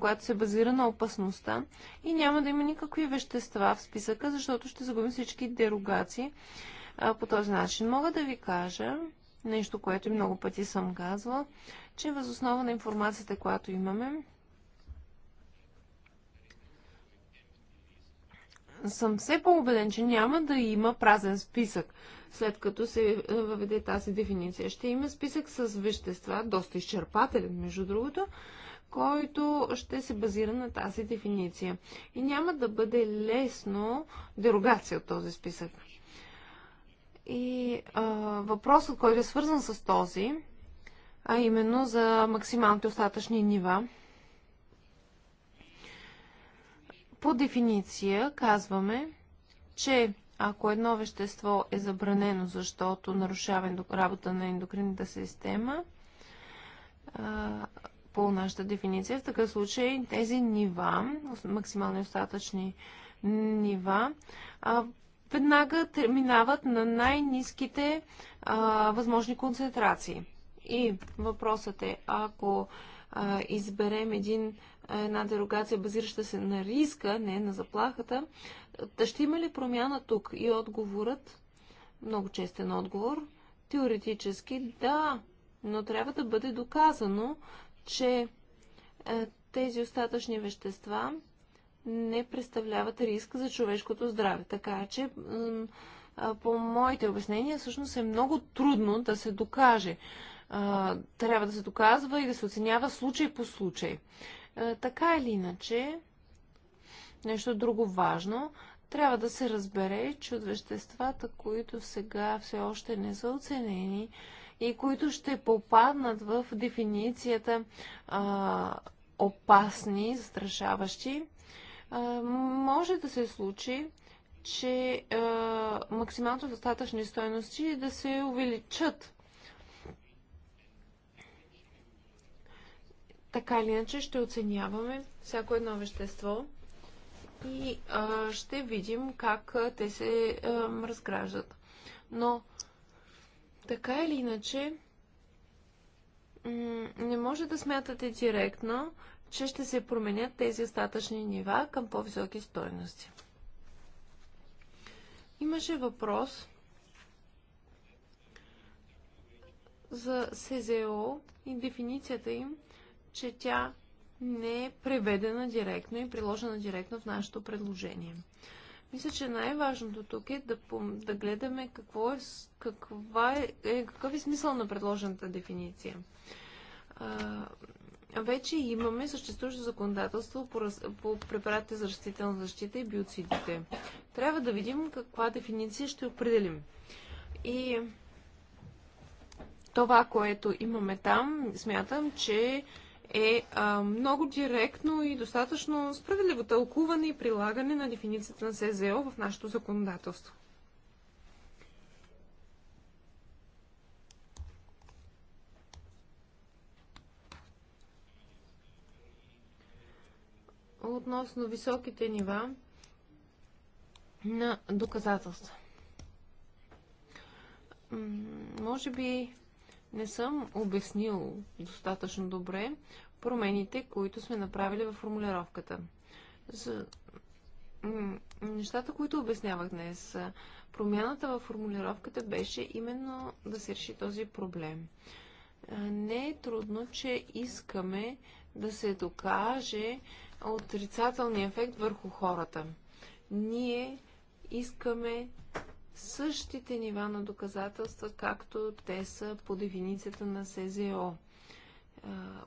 Speaker 5: която се базира на опасността и няма да има никакви вещества в списъка, защото ще загубим всички дерогации по този начин. Мога да ви кажа нещо, което и много пъти съм казвала, че възоснова на информацията, която имаме, съм все по-убеден, че няма да има празен списък, след като се е, въведе тази дефиниция. Ще има списък с вещества, доста изчерпателен, между другото, който ще се базира на тази дефиниция. И няма да бъде лесно дерогация от този списък. И а, въпросът, който е свързан с този, а именно за максималните остатъчни нива. По дефиниция казваме, че ако едно вещество е забранено, защото нарушава работа на ендокринната система, по нашата дефиниция, в такъв случай тези нива, максимални остатъчни нива, веднага минават на най-низките възможни концентрации. И въпросът е, ако а, изберем един, една дерогация, базираща се на риска, не на заплахата, да ще има ли промяна тук? И отговорът, много честен отговор, теоретически да, но трябва да бъде доказано, че а, е, тези остатъчни вещества не представляват риск за човешкото здраве. Така че, по моите обяснения, всъщност е много трудно да се докаже. Трябва да се доказва и да се оценява случай по случай. Така или иначе, нещо друго важно, трябва да се разбере, че от веществата, които сега все още не са оценени и които ще попаднат в дефиницията а, опасни, застрашаващи, може да се случи, че максимално достатъчни стоености е да се увеличат. Така или иначе ще оценяваме всяко едно вещество и а, ще видим как а, те се а, разграждат. Но така или иначе, не може да смятате директно, че ще се променят тези остатъчни нива към по-високи стойности. Имаше въпрос за СЗО и дефиницията им, че тя не е преведена директно и приложена директно в нашето предложение. Мисля, че най-важното тук е да, да гледаме какво е, каква е, е, какъв е смисъл на предложената дефиниция. А, вече имаме съществуващо законодателство по, раз... по препаратите за растителна защита и биоцидите. Трябва да видим каква дефиниция ще определим. И това, което имаме там, смятам, че е а, много директно и достатъчно справедливо тълкуване и прилагане на дефиницията на СЗО в нашето законодателство. относно високите нива на доказателства. Може би не съм обяснил достатъчно добре промените, които сме направили в формулировката. За нещата, които обяснявах днес, промяната в формулировката беше именно да се реши този проблем. Е, не е трудно, че искаме да се докаже, отрицателния ефект върху хората. Ние искаме същите нива на доказателства, както те са по дефиницията на СЗО.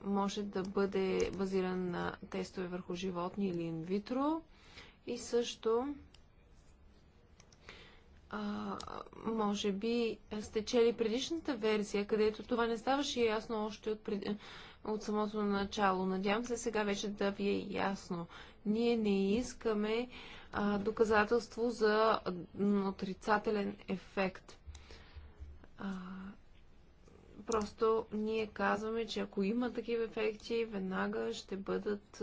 Speaker 5: Може да бъде базиран на тестове върху животни или инвитро и също а, може би сте чели предишната версия, където това не ставаше ясно още от преди от самото начало. Надявам се сега вече да ви е ясно. Ние не искаме а, доказателство за отрицателен ефект. А, просто ние казваме, че ако има такива ефекти, веднага ще бъдат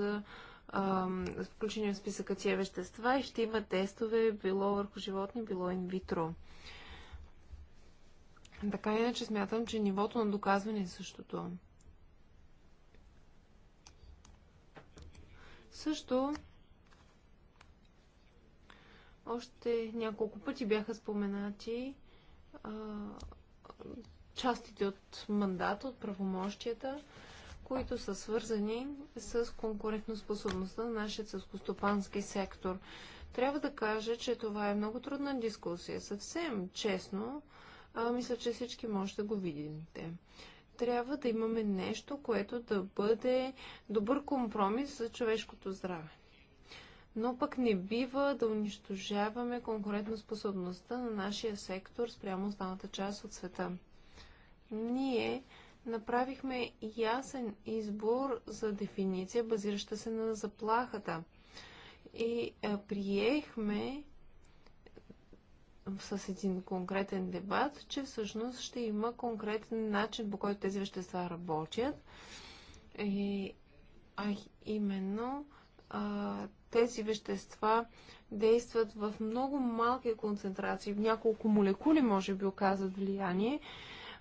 Speaker 5: а, включени в списъка тия вещества и ще има тестове било върху животни, било инвитро. Така иначе смятам, че нивото на доказване е същото. Също още няколко пъти бяха споменати а, частите от мандата, от правомощията, които са свързани с конкурентоспособността на нашия съскостопански сектор. Трябва да кажа, че това е много трудна дискусия. Съвсем честно, а, мисля, че всички може да го видите трябва да имаме нещо, което да бъде добър компромис за човешкото здраве. Но пък не бива да унищожаваме конкурентоспособността на нашия сектор спрямо останата част от света. Ние направихме ясен избор за дефиниция, базираща се на заплахата. И е, приехме с един конкретен дебат, че всъщност ще има конкретен начин, по който тези вещества работят. И, а именно а, тези вещества действат в много малки концентрации, в няколко молекули може би оказват влияние.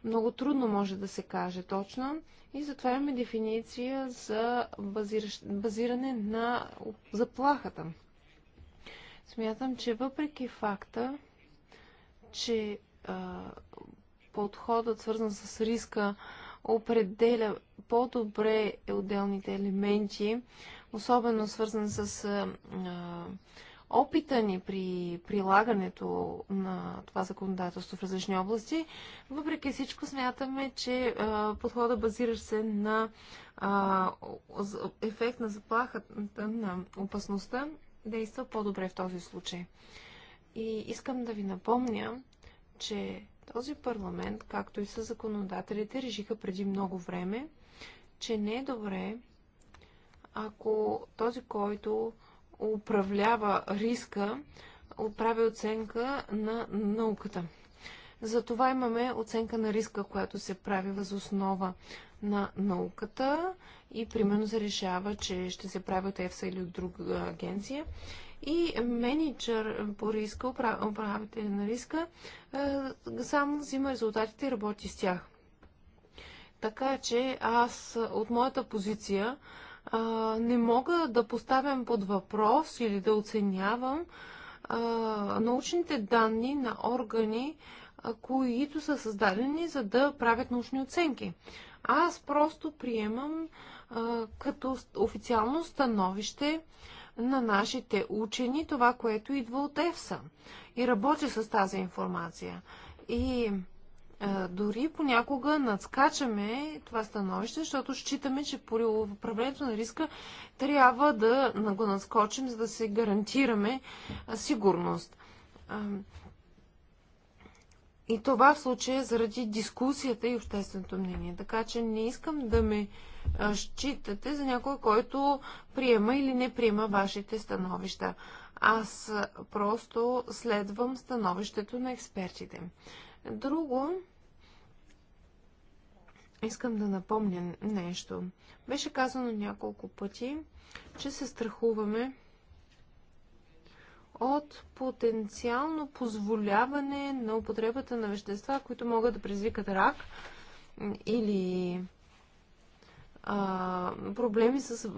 Speaker 5: Много трудно може да се каже точно. И затова имаме дефиниция за базиращ, базиране на заплахата. Смятам, че въпреки факта, че а, подходът, свързан с риска, определя по-добре отделните елементи, особено свързан с а, опита ни при прилагането на това законодателство в различни области. Въпреки всичко смятаме, че а, подхода базира се на а, ефект на заплахата, на опасността, действа по-добре в този случай. И искам да ви напомня, че този парламент, както и със законодателите, решиха преди много време, че не е добре, ако този, който управлява риска, прави оценка на науката. Затова имаме оценка на риска, която се прави въз основа на науката и примерно се решава, че ще се прави от ЕФСА или от друга агенция и менеджер по риска, управител на риска, е, само взима резултатите и работи с тях. Така че аз от моята позиция не мога да поставям под въпрос или да оценявам научните данни на органи, които са създадени за да правят научни оценки. Аз просто приемам като официално становище на нашите учени това, което идва от ЕФСА. И работи с тази информация. И а, е, дори понякога надскачаме това становище, защото считаме, че при управлението на риска трябва да го надскочим, за да се гарантираме а, сигурност. И това в случая е заради дискусията и общественото мнение. Така че не искам да ме считате за някой, който приема или не приема вашите становища. Аз просто следвам становището на експертите. Друго, искам да напомня нещо. Беше казано няколко пъти, че се страхуваме от потенциално позволяване на употребата на вещества, които могат да предизвикат рак или а, проблеми с,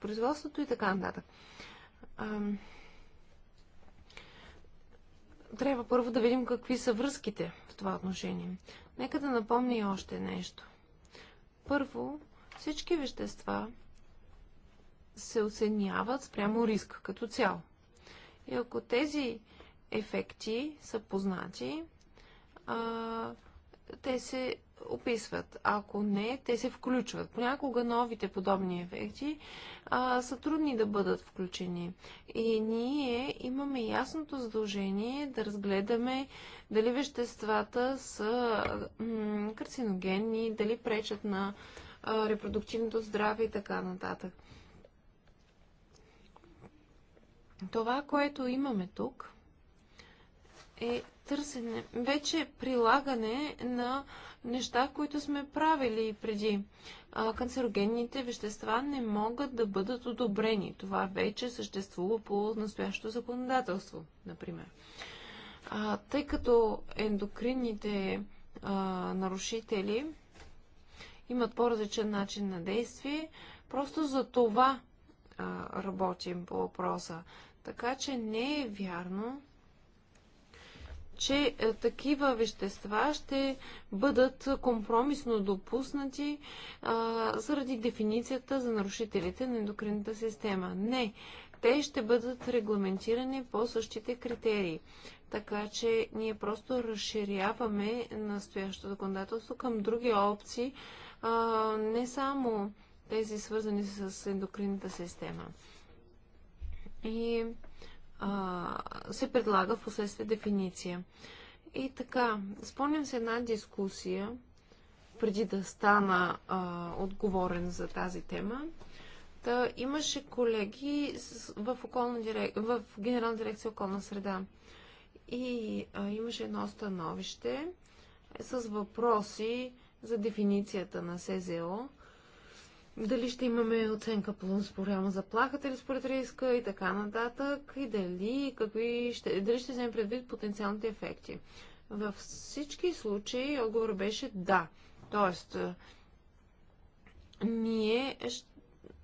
Speaker 5: производството и така нататък. А, трябва първо да видим какви са връзките в това отношение. Нека да напомня и още нещо. Първо, всички вещества се оценяват спрямо риск като цяло. И ако тези ефекти са познати, а, те се описват. Ако не, те се включват. Понякога новите подобни ефекти а, са трудни да бъдат включени. И ние имаме ясното задължение да разгледаме дали веществата са карциногенни, дали пречат на а, репродуктивното здраве и така нататък. това, което имаме тук, е търсене, вече прилагане на неща, които сме правили преди. А, канцерогенните вещества не могат да бъдат одобрени. Това вече съществува по настоящото законодателство, например. А, тъй като ендокринните а, нарушители имат по-различен начин на действие, просто за това а, работим по въпроса. Така че не е вярно, че е, такива вещества ще бъдат компромисно допуснати а, заради дефиницията за нарушителите на ендокринната система. Не, те ще бъдат регламентирани по същите критерии. Така че ние просто разширяваме настоящото законодателство към други опции, а, не само тези свързани с ендокринната система и а, се предлага в последствие дефиниция. И така, спомням се една дискусия, преди да стана а, отговорен за тази тема. да имаше колеги в, околна дирек... в Генерална дирекция околна среда. И а, имаше едно становище с въпроси за дефиницията на СЗО дали ще имаме оценка по за заплахата или според риска и така нататък, и дали, какви ще, дали ще вземем предвид потенциалните ефекти. Във всички случаи отговор беше да. Тоест, е, ние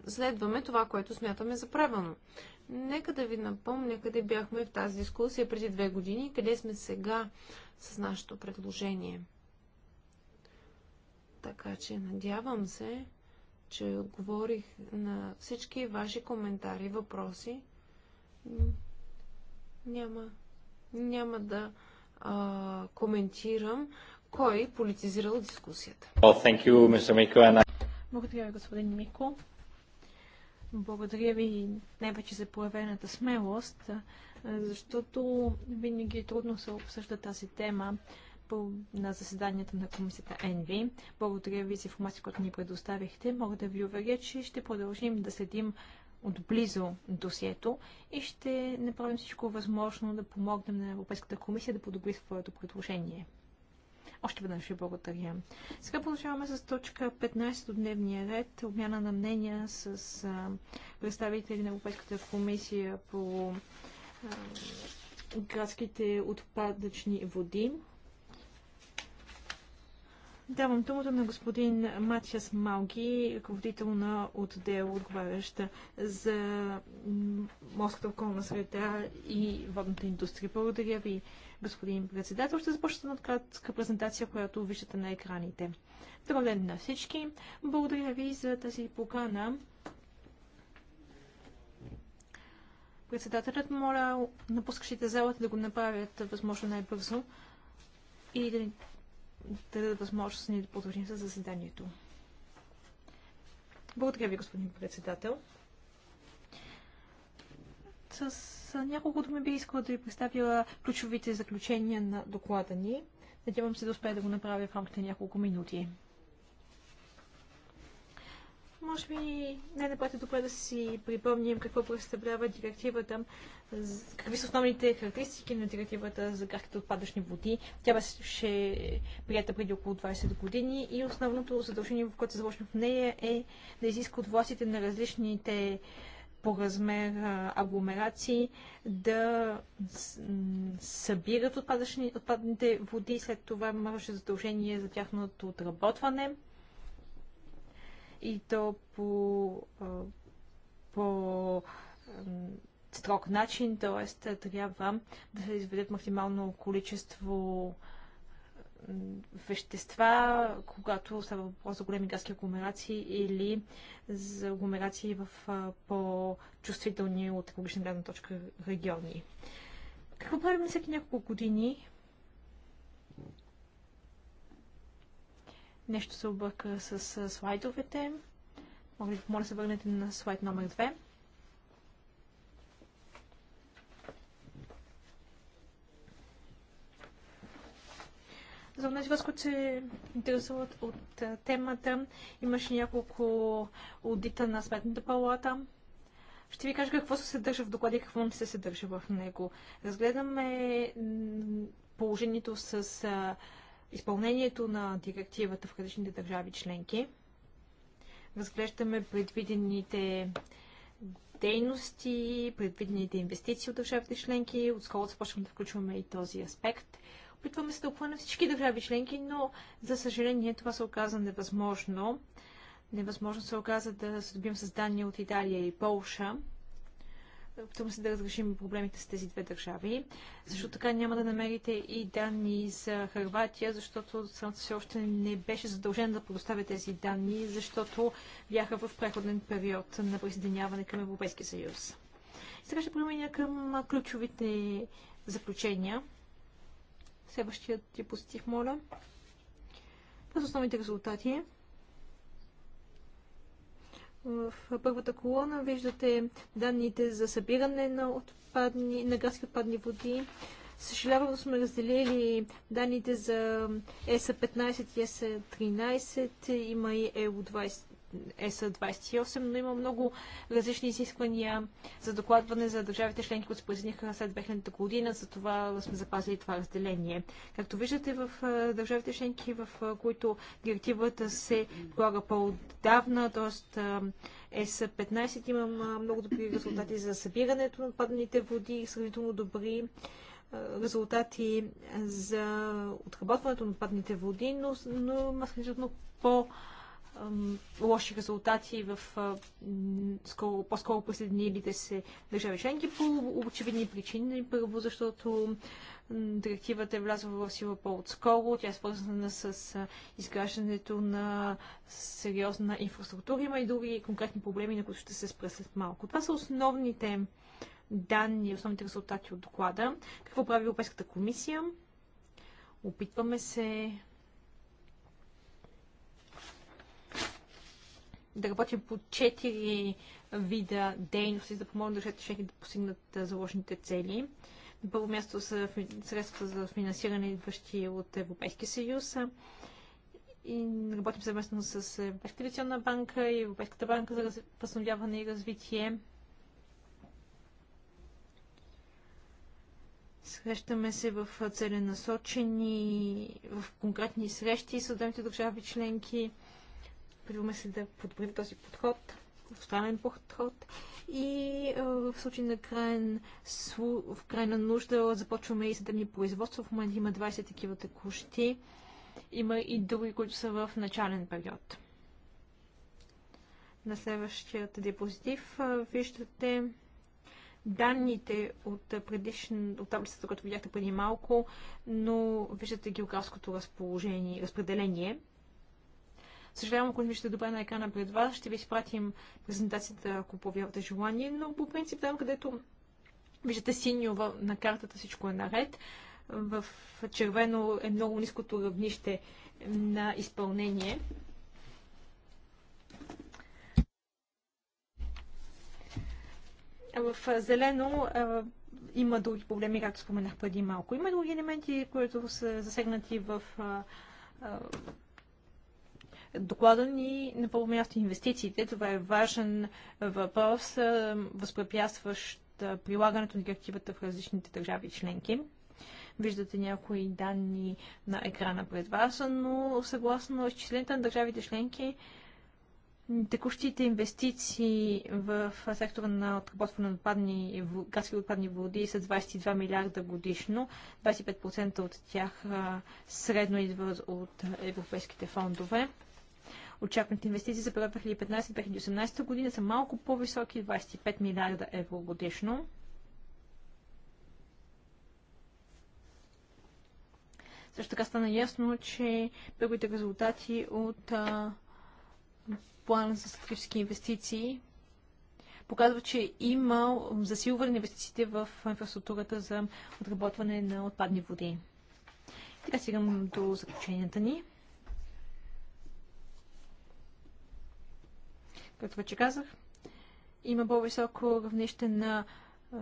Speaker 5: следваме това, което смятаме за правилно. Нека да ви напомня къде бяхме в тази дискусия преди две години и къде сме сега с нашето предложение. Така че надявам се, че отговорих на всички ваши коментари, въпроси. Няма, няма да а, коментирам кой политизирал дискусията.
Speaker 4: thank you, I...
Speaker 5: Благодаря ви, господин Мико. Благодаря ви най-вече за
Speaker 2: появената смелост, защото винаги е трудно се обсъжда тази тема по, на заседанията на комисията ЕНВИ. Благодаря ви за информация, която ни предоставихте. Мога да ви уверя, че ще продължим да следим отблизо досието и ще направим всичко възможно да помогнем на Европейската комисия да подобри своето предложение. Още веднъж ви благодаря. Сега продължаваме с точка 15 от дневния ред. Обмяна на мнения с а, представители на Европейската комисия по а, градските отпадъчни води. Давам думата на господин Матиас Малги, ръководител на отдел, отговаряща за морската околна среда и водната индустрия. Благодаря ви, господин председател. Ще започна от кратка презентация, която виждате на екраните. Добър ден на всички. Благодаря ви за тази покана. Председателят моля напускащите залата да го направят възможно най-бързо и да да дадат възможност ни да продължим със заседанието. Благодаря ви, господин председател. С няколко думи би искала да ви представя ключовите заключения на доклада ни. Надявам се да успея да го направя в рамките на няколко минути може би най-напред е добре да си припомним какво представлява директивата, какви са основните характеристики на директивата за гарките отпадъчни води. Тя беше прията преди около 20 години и основното задължение, в което е заложено в нея е да изиска от властите на различните по размер агломерации да събират отпадъчни, отпадните води, след това имаше задължение за тяхното отработване и то по, по строг начин, т.е. трябва да се изведат максимално количество вещества, когато става въпрос за големи газки агломерации или за агломерации в по-чувствителни от екологична гледна точка региони. Какво правим всеки няколко години? Нещо се обърка с слайдовете. Мога да ви помоля да се върнете на слайд номер 2. За тези вас, които се интересуват от темата, имаше няколко аудита на Сметната палата. Ще ви кажа какво се съдържа в доклада и какво не се съдържа в него. Разгледаме положението с изпълнението на директивата в различните държави членки. Разглеждаме предвидените дейности, предвидените инвестиции от държавите членки. Отскоро започваме да включваме и този аспект. Опитваме се да обхванем всички държави членки, но за съжаление това се оказа невъзможно. Невъзможно се оказа да се добим с данни от Италия и Полша трудно се да разрешим проблемите с тези две държави. Също така няма да намерите и данни за Харватия, защото страната все още не беше задължена да предоставя тези данни, защото бяха в преходен период на присъединяване към Европейския съюз. И сега ще променя към ключовите заключения. Следващият диапозитив, моля. През основните резултати в първата колона виждате данните за събиране на, отпадни, на градски отпадни води. Съжалявам, сме разделили данните за ЕСА-15 и ЕСА-13. Има и ЕО-20, ЕС-28, но има много различни изисквания за докладване за държавите членки, които се присъединиха след 2000 година, за това сме запазили това разделение. Както виждате в държавите членки, в които директивата се прилага по-отдавна, т.е. ЕС-15 имам много добри резултати за събирането на падните води, сравнително добри резултати за отработването на отпадните води, но, но има сравнително по- лоши резултати в по-скоро присъединилите се държави членки по очевидни причини. Първо, защото директивата е влязла в сила по-отскоро. Тя е свързана с изграждането на сериозна инфраструктура. Има и други конкретни проблеми, на които ще се спра след малко. Това са основните данни, основните резултати от доклада. Какво прави Европейската комисия? Опитваме се да работим по четири вида дейности, за да помогнат държавите членки да постигнат заложните цели. На първо място са средства за финансиране, идващи от Европейския съюз. И работим съвместно с Европейската инвестиционна банка и Европейската банка за възстановяване и развитие. Срещаме се в целенасочени, в конкретни срещи с отделните държави членки опитваме се да подобрим този подход, двустранен подход и в случай на крайен, в крайна нужда започваме и съдебни производства. В момента има 20 такива текущи. Има и други, които са в начален период. На следващият диапозитив виждате данните от, предишен, от таблицата, която видяхте преди малко, но виждате географското разположение, разпределение – Съжалявам, ако не виждате добре на екрана пред вас, ще ви изпратим презентацията, ако повярвате желание, но по принцип там, където виждате синьо на картата, всичко е наред. В червено е много ниското равнище на изпълнение. В зелено има други проблеми, както споменах преди малко. Има други елементи, които са засегнати в Доклада ни на първо място инвестициите. Това е важен въпрос, възпрепятстващ прилагането на директивата в различните държави и членки. Виждате някои данни на екрана пред вас, но съгласно изчисленията на държавите членки, текущите инвестиции в сектора на отработване на отпадни, градски отпадни води са 22 милиарда годишно. 25% от тях средно идват от европейските фондове. Очакваните инвестиции за период 2015-2018 година са малко по-високи 25 милиарда евро годишно. Също така стана ясно, че първите резултати от а, плана за стратегически инвестиции показва, че има засилване на инвестициите в инфраструктурата за отработване на отпадни води. Така стигам до заключенията ни. Както вече казах, има по-високо равнище на е,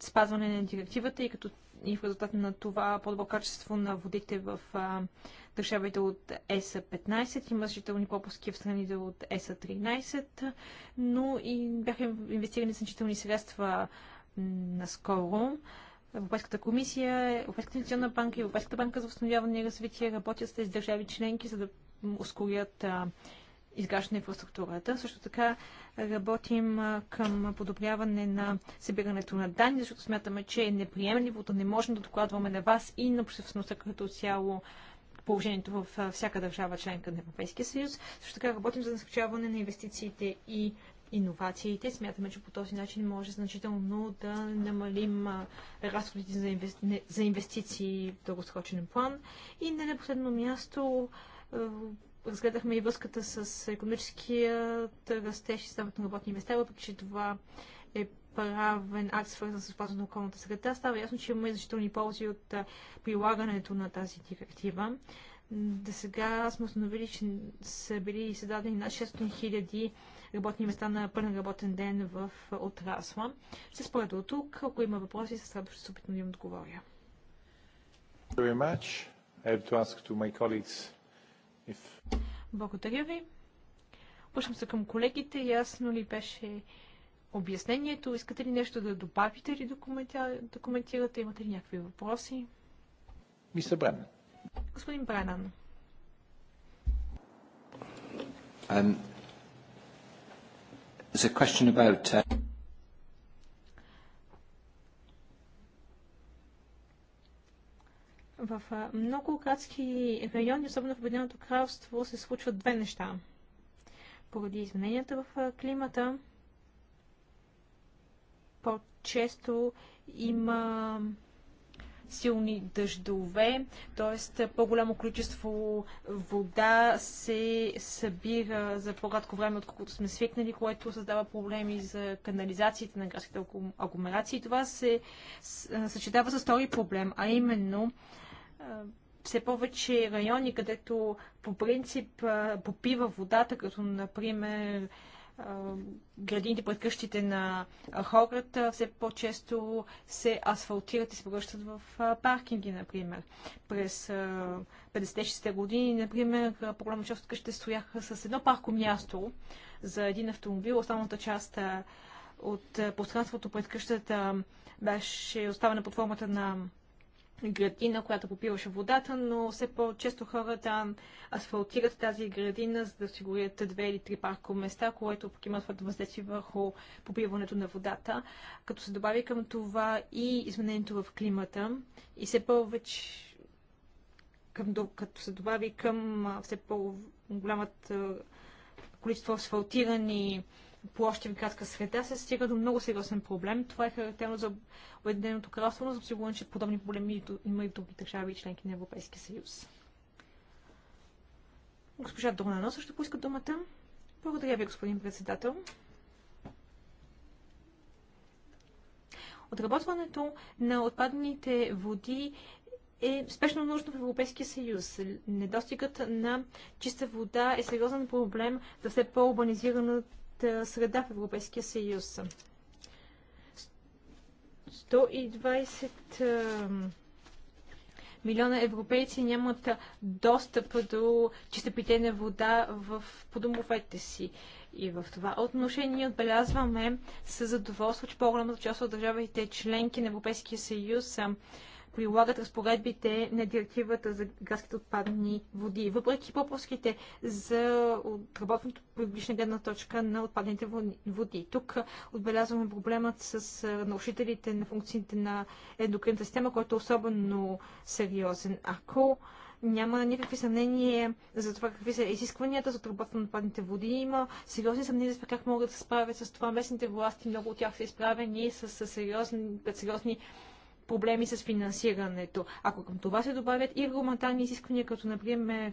Speaker 2: спазване на директивата и като и в резултат на това по-добро качество на водите в държавите от ЕСА-15. Има значителни пропуски в страните от ЕСА-13, но и бяха инвестирани значителни средства наскоро. Европейската комисия, Европейската инвестиционна банка и Европейската банка за възстановяване и развитие работят с тези държави членки, за да ускорят а, изграждане на инфраструктурата. Също така работим към подобряване на събирането на данни, защото смятаме, че е неприемливо да не можем да докладваме на вас и на обществеността като цяло положението в всяка държава членка на Европейския съюз. Също така работим за насърчаване на инвестициите и иновациите. Смятаме, че по този начин може значително да намалим разходите за, инвестиции в дългосрочен план. И не на последно място разгледахме и връзката с економическия растеж и на работни места, въпреки че това е правен акт, свързан с опазване на околната среда, става ясно, че има и значителни ползи от прилагането на тази директива. До сега сме установили, че са били създадени над 600 хиляди работни места на пълен работен ден в отрасла. Ще споря до тук. Ако има въпроси, с радост ще се опитам да им отговоря.
Speaker 3: To to
Speaker 2: благодаря ви. Обръщам се към колегите. Ясно ли беше обяснението? Искате ли нещо да добавите или да, коментирате? Имате ли някакви въпроси? Мисля Бренан. Господин Бренан. Um, about... Uh, В много градски райони, особено в Обединеното кралство, се случват две неща. Поради измененията в климата, по-често има силни дъждове, т.е. по-голямо количество вода се събира за по-кратко време, отколкото сме свикнали, което създава проблеми за канализациите на градските агломерации. Това се съчетава с втори проблем, а именно все повече райони, където по принцип попива водата, като например градините пред къщите на хората все по-често се асфалтират и се превръщат в паркинги, например. През 50-60 години, например, по-голяма част от къщите стояха с едно парко място за един автомобил. Останалата част от пространството пред къщата беше оставена под формата на градина, която попиваше водата, но все по-често хората асфалтират тази градина, за да осигурят две или три парко места, което пък има своето въздействие върху попиването на водата. Като се добави към това и изменението в климата и все повече към, като се добави към все по-голямата количество асфалтирани по още в градска среда, се стига до много сериозен проблем. Това е характерно за Уединеното кралство, но съм сигурен, че подобни проблеми има и в други държави и членки на Европейския съюз. Госпожа Донано също поиска думата. Благодаря ви, господин председател. Отработването на отпадните води е спешно нужно в Европейския съюз. Недостигът на чиста вода е сериозен проблем за все по-урбанизираната е, среда в Европейския съюз. 120 е, милиона европейци нямат достъп до чиста питейна вода в подумовете си. И в това отношение отбелязваме с задоволство, че по-голямата част от държавите членки на Европейския съюз е, прилагат разпоредбите на директивата за градските отпадни води, въпреки пропуските за отработването публична гледна точка на отпадните води. Тук отбелязваме проблемът с нарушителите на функциите на ендокринната система, който е особено сериозен. Ако няма никакви съмнения за това какви са изискванията за отработка на отпадните води. Има сериозни съмнения за това как могат да се справят с това. Местните власти, много от тях са изправени с, с сериозни, пред сериозни проблеми с финансирането. Ако към това се добавят и регламентарни изисквания, като например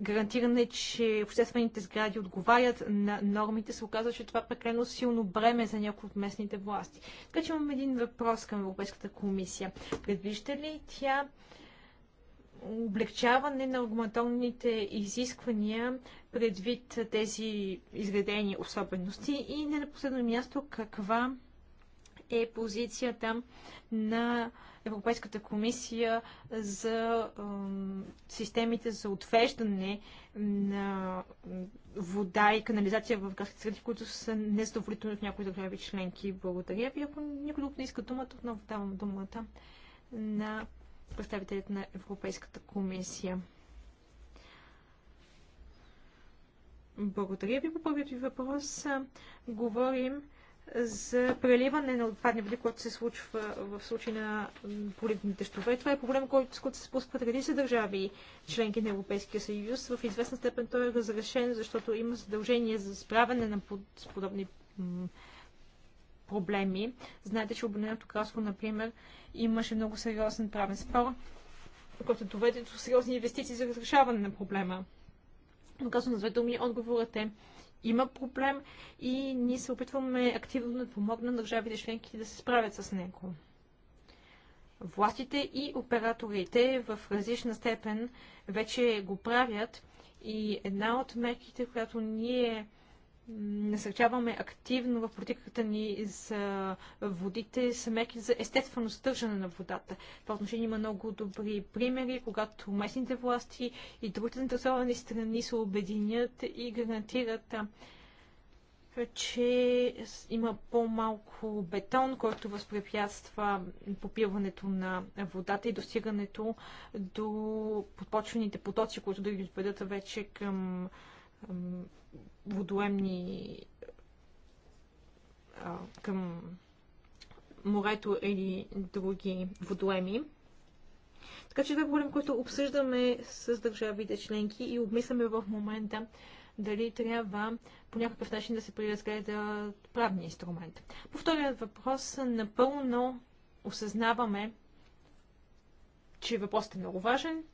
Speaker 2: гарантиране, че обществените сгради отговарят на нормите, се оказва, че това е прекалено силно бреме за някои от местните власти. Така че имам един въпрос към Европейската комисия. Предвижда ли тя облегчаване на регламентарните изисквания предвид тези изградени особености и не на последно място каква е позицията на Европейската комисия за системите за отвеждане на вода и канализация в градските среди, които са незадоволителни от някои държави членки. Благодаря ви. Ако някой друг не иска думата, отново давам думата на представителят на Европейската комисия. Благодаря ви по първият ви въпрос. Говорим за преливане на отпадни води, което се случва в случай на поливни щове. Това е проблем, който, с който се спускат редица държави, членки на Европейския съюз. В известна степен той е разрешен, защото има задължение за справяне на под, с подобни проблеми. Знаете, че Обединеното кралство, например, имаше много сериозен правен спор, който доведе до сериозни инвестиции за разрешаване на проблема. Но казвам на две думи, отговорът е, има проблем и ние се опитваме активно да помогнем на държавите членки да се справят с него. Властите и операторите в различна степен вече го правят и една от мерките, която ние насърчаваме активно в политиката ни за водите са мерки за естествено стържане на водата. Това отношение има много добри примери, когато местните власти и другите заинтересовани страни се обединят и гарантират че има по-малко бетон, който възпрепятства попиването на водата и достигането до подпочвените потоци, които да ги отведат вече към водоемни към морето или други водоеми. Така че това е проблем, който обсъждаме с държавите членки и обмисляме в момента дали трябва по някакъв начин да се преразгледа правния инструмент. По вторият въпрос напълно осъзнаваме, че въпросът е много важен,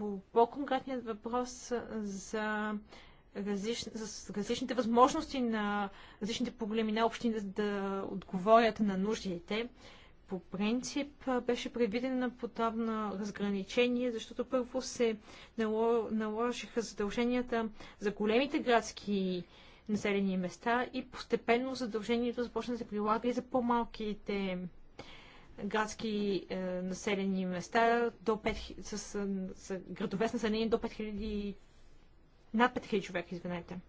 Speaker 2: по по-конкретният въпрос за, за различните възможности на различните по големина общини да, да отговорят на нуждите, по принцип беше предвидена подобно разграничение, защото първо се наложиха задълженията за големите градски населени места и постепенно задължението започна да се прилага и за по-малките градски е, населени места до 5, с, с, с градове с население до 5000, над 5000 човека, извинете.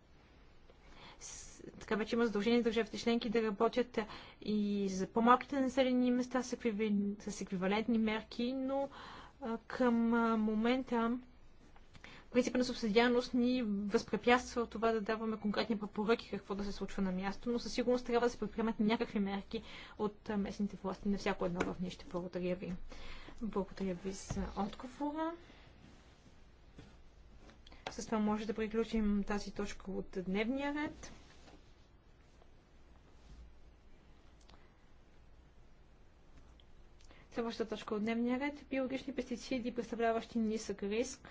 Speaker 2: така вече има задължение държавите членки да работят е, и за по-малките населени места с, еквивалентни мерки, но е, към е, момента принципа на субсидиарност ни възпрепятства това да даваме конкретни препоръки какво да се случва на място, но със сигурност трябва да се предприемат някакви мерки от местните власти на всяко едно равнище. Благодаря ви. Благодаря ви за отговора. С това може да приключим тази точка от дневния ред. Следващата точка от дневния ред – биологични пестициди, представляващи нисък риск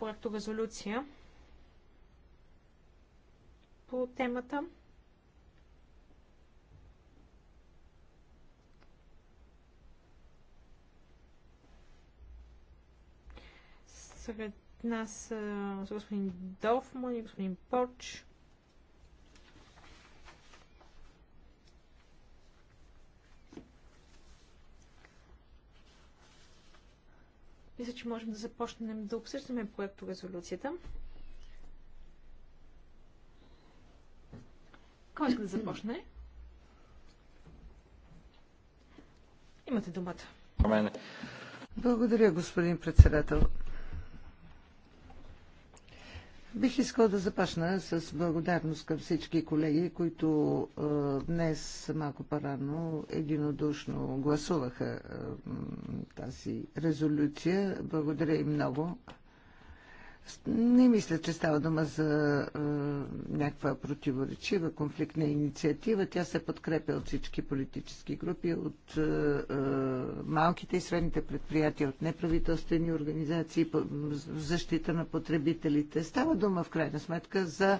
Speaker 2: проекто резолюция по темата. Сред нас са господин Долфман и господин Порч. Мисля, че можем да започнем да обсъждаме проекто резолюцията.
Speaker 4: Кой иска да започне? Имате думата. Благодаря, господин председател. Бих искал да започна с благодарност към всички колеги, които е, днес малко по-рано единодушно гласуваха е, тази резолюция. Благодаря и много. Не мисля, че става дума за е, някаква противоречива конфликтна инициатива. Тя се подкрепя от всички политически групи, от е, е, малките и средните предприятия, от неправителствени организации, по, защита на потребителите. Става дума в крайна сметка за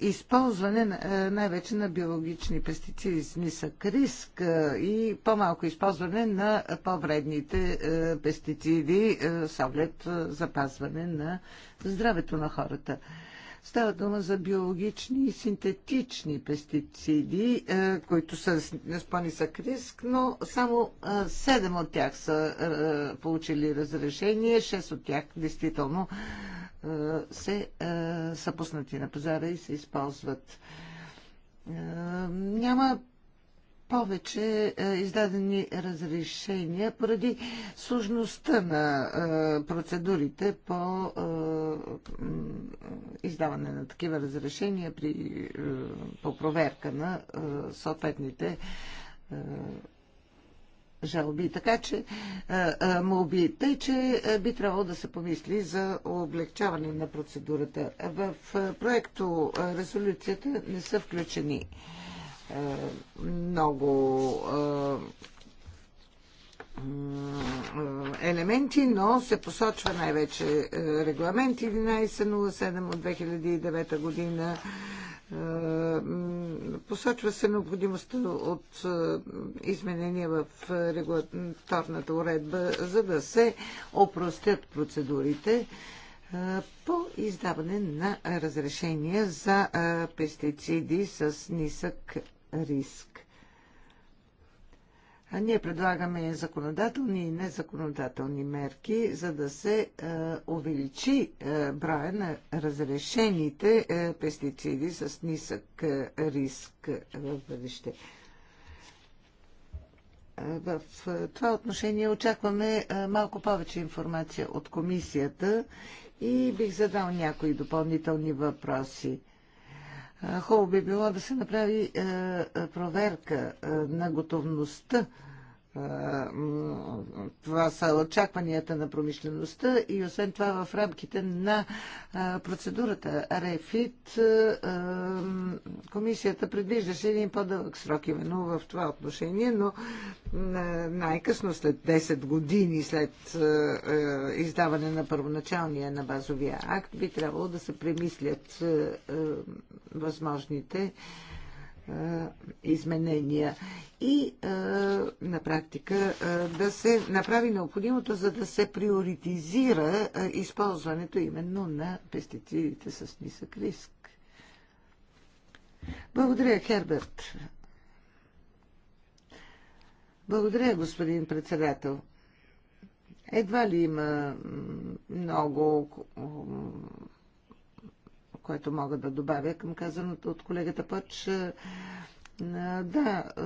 Speaker 4: използване най-вече на биологични пестициди с нисък риск и по-малко използване на по-вредните пестициди с оглед запазване на здравето на хората. Става дума за биологични и синтетични пестициди, е, които са с по-нисък риск, но само 7 е, от тях са е, получили разрешение, 6 от тях действително се, са пуснати на пазара и се използват. Няма повече е, издадени разрешения поради сложността на е, процедурите по е, издаване на такива разрешения при, по проверка на съответните жалби. Така че молби. Тъй, че би трябвало да се помисли за облегчаване на процедурата. В проекто резолюцията не са включени е, много е, е, елементи, но се посочва най-вече регламент 1107 от 2009 година. Посочва се необходимостта от изменения в регулаторната уредба, за да се опростят процедурите по издаване на разрешения за пестициди с нисък риск. А ние предлагаме законодателни и незаконодателни мерки, за да се е, увеличи е, броя на разрешените е, пестициди с нисък е, риск е, в бъдеще. Е, в е, това отношение очакваме малко повече информация от комисията и бих задал някои допълнителни въпроси. Е, хубаво би било да се направи е, е, проверка на готовността това са очакванията на промишлеността и освен това в рамките на процедурата Рефит комисията предвиждаше един по-дълъг срок именно в това отношение, но най-късно след 10 години след издаване на първоначалния на базовия акт би трябвало да се премислят възможните изменения и на практика да се направи необходимото, за да се приоритизира използването именно на пестицидите с нисък риск. Благодаря, Херберт. Благодаря, господин председател. Едва ли има много което мога да добавя към казаното от колегата Пъч. Е, е, да, е,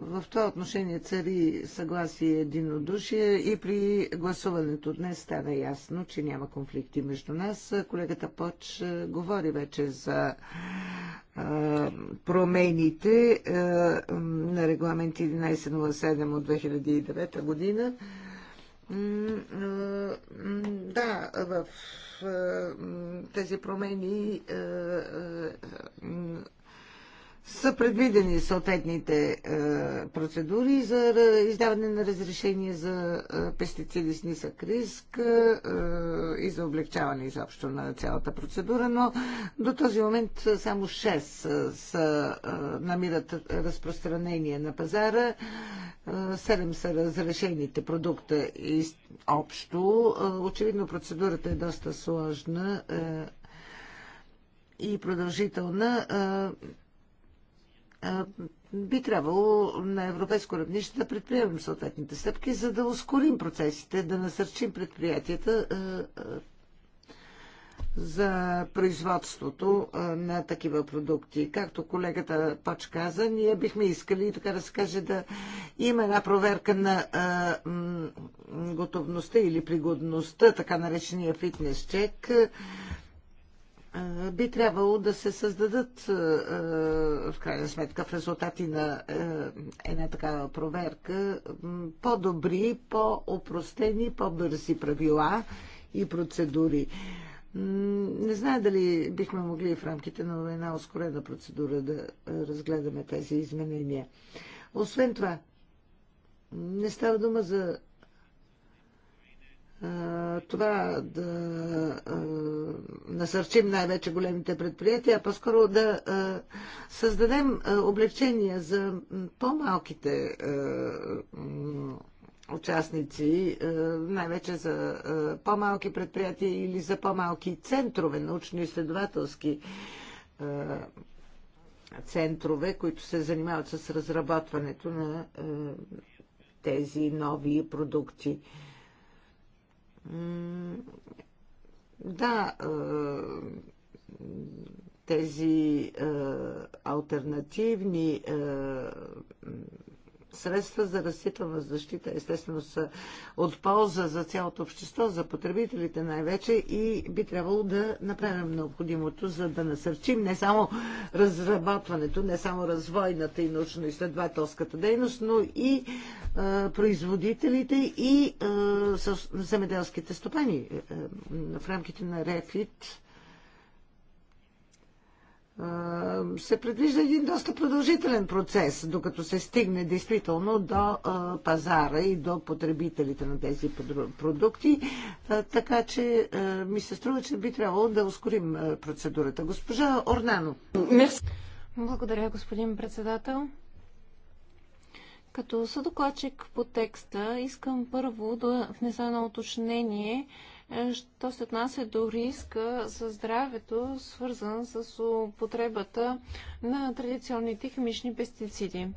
Speaker 4: в това отношение цари съгласие единодушие и при гласуването днес стана ясно, че няма конфликти между нас. Колегата Поч говори вече за промените на регламент 1107 от 2009 година да, в тези промени са предвидени съответните е, процедури за издаване на разрешение за е, пестициди с нисък риск е, и за облегчаване изобщо на цялата процедура, но до този момент само 6 са, намират разпространение на пазара, 7 са разрешените продукта и общо. Очевидно процедурата е доста сложна и продължителна би трябвало на европейско равнище да предприемем съответните стъпки, за да ускорим процесите, да насърчим предприятията за производството на такива продукти. Както колегата Поч каза, ние бихме искали, така да се каже, да има една проверка на готовността или пригодността, така наречения фитнес чек, би трябвало да се създадат в крайна сметка в резултати на една такава проверка по-добри, по-опростени, по-бързи правила и процедури. Не знае дали бихме могли в рамките на една ускорена процедура да разгледаме тези изменения. Освен това, не става дума за това да насърчим най-вече големите предприятия, а по-скоро да създадем облегчения за по-малките участници, най-вече за по-малки предприятия или за по-малки центрове, научно-изследователски центрове, които се занимават с разработването на тези нови продукти. Да, тези альтернативни средства за растителна защита естествено са от полза за цялото общество, за потребителите най-вече и би трябвало да направим необходимото, за да насърчим не само разработването, не само развойната и научно-изследователската дейност, но и а, е, производителите и а, е, земеделските стопани а, е, в рамките на Рефит се предвижда един доста продължителен процес, докато се стигне действително до пазара и до потребителите на тези продукти. Така че ми се струва, че би трябвало да ускорим процедурата. Госпожа Орнано.
Speaker 5: Благодаря, господин председател. Като съдокладчик по текста, искам първо да внеса на уточнение е, що се отнася до риска за здравето, свързан с употребата на традиционните химични пестициди.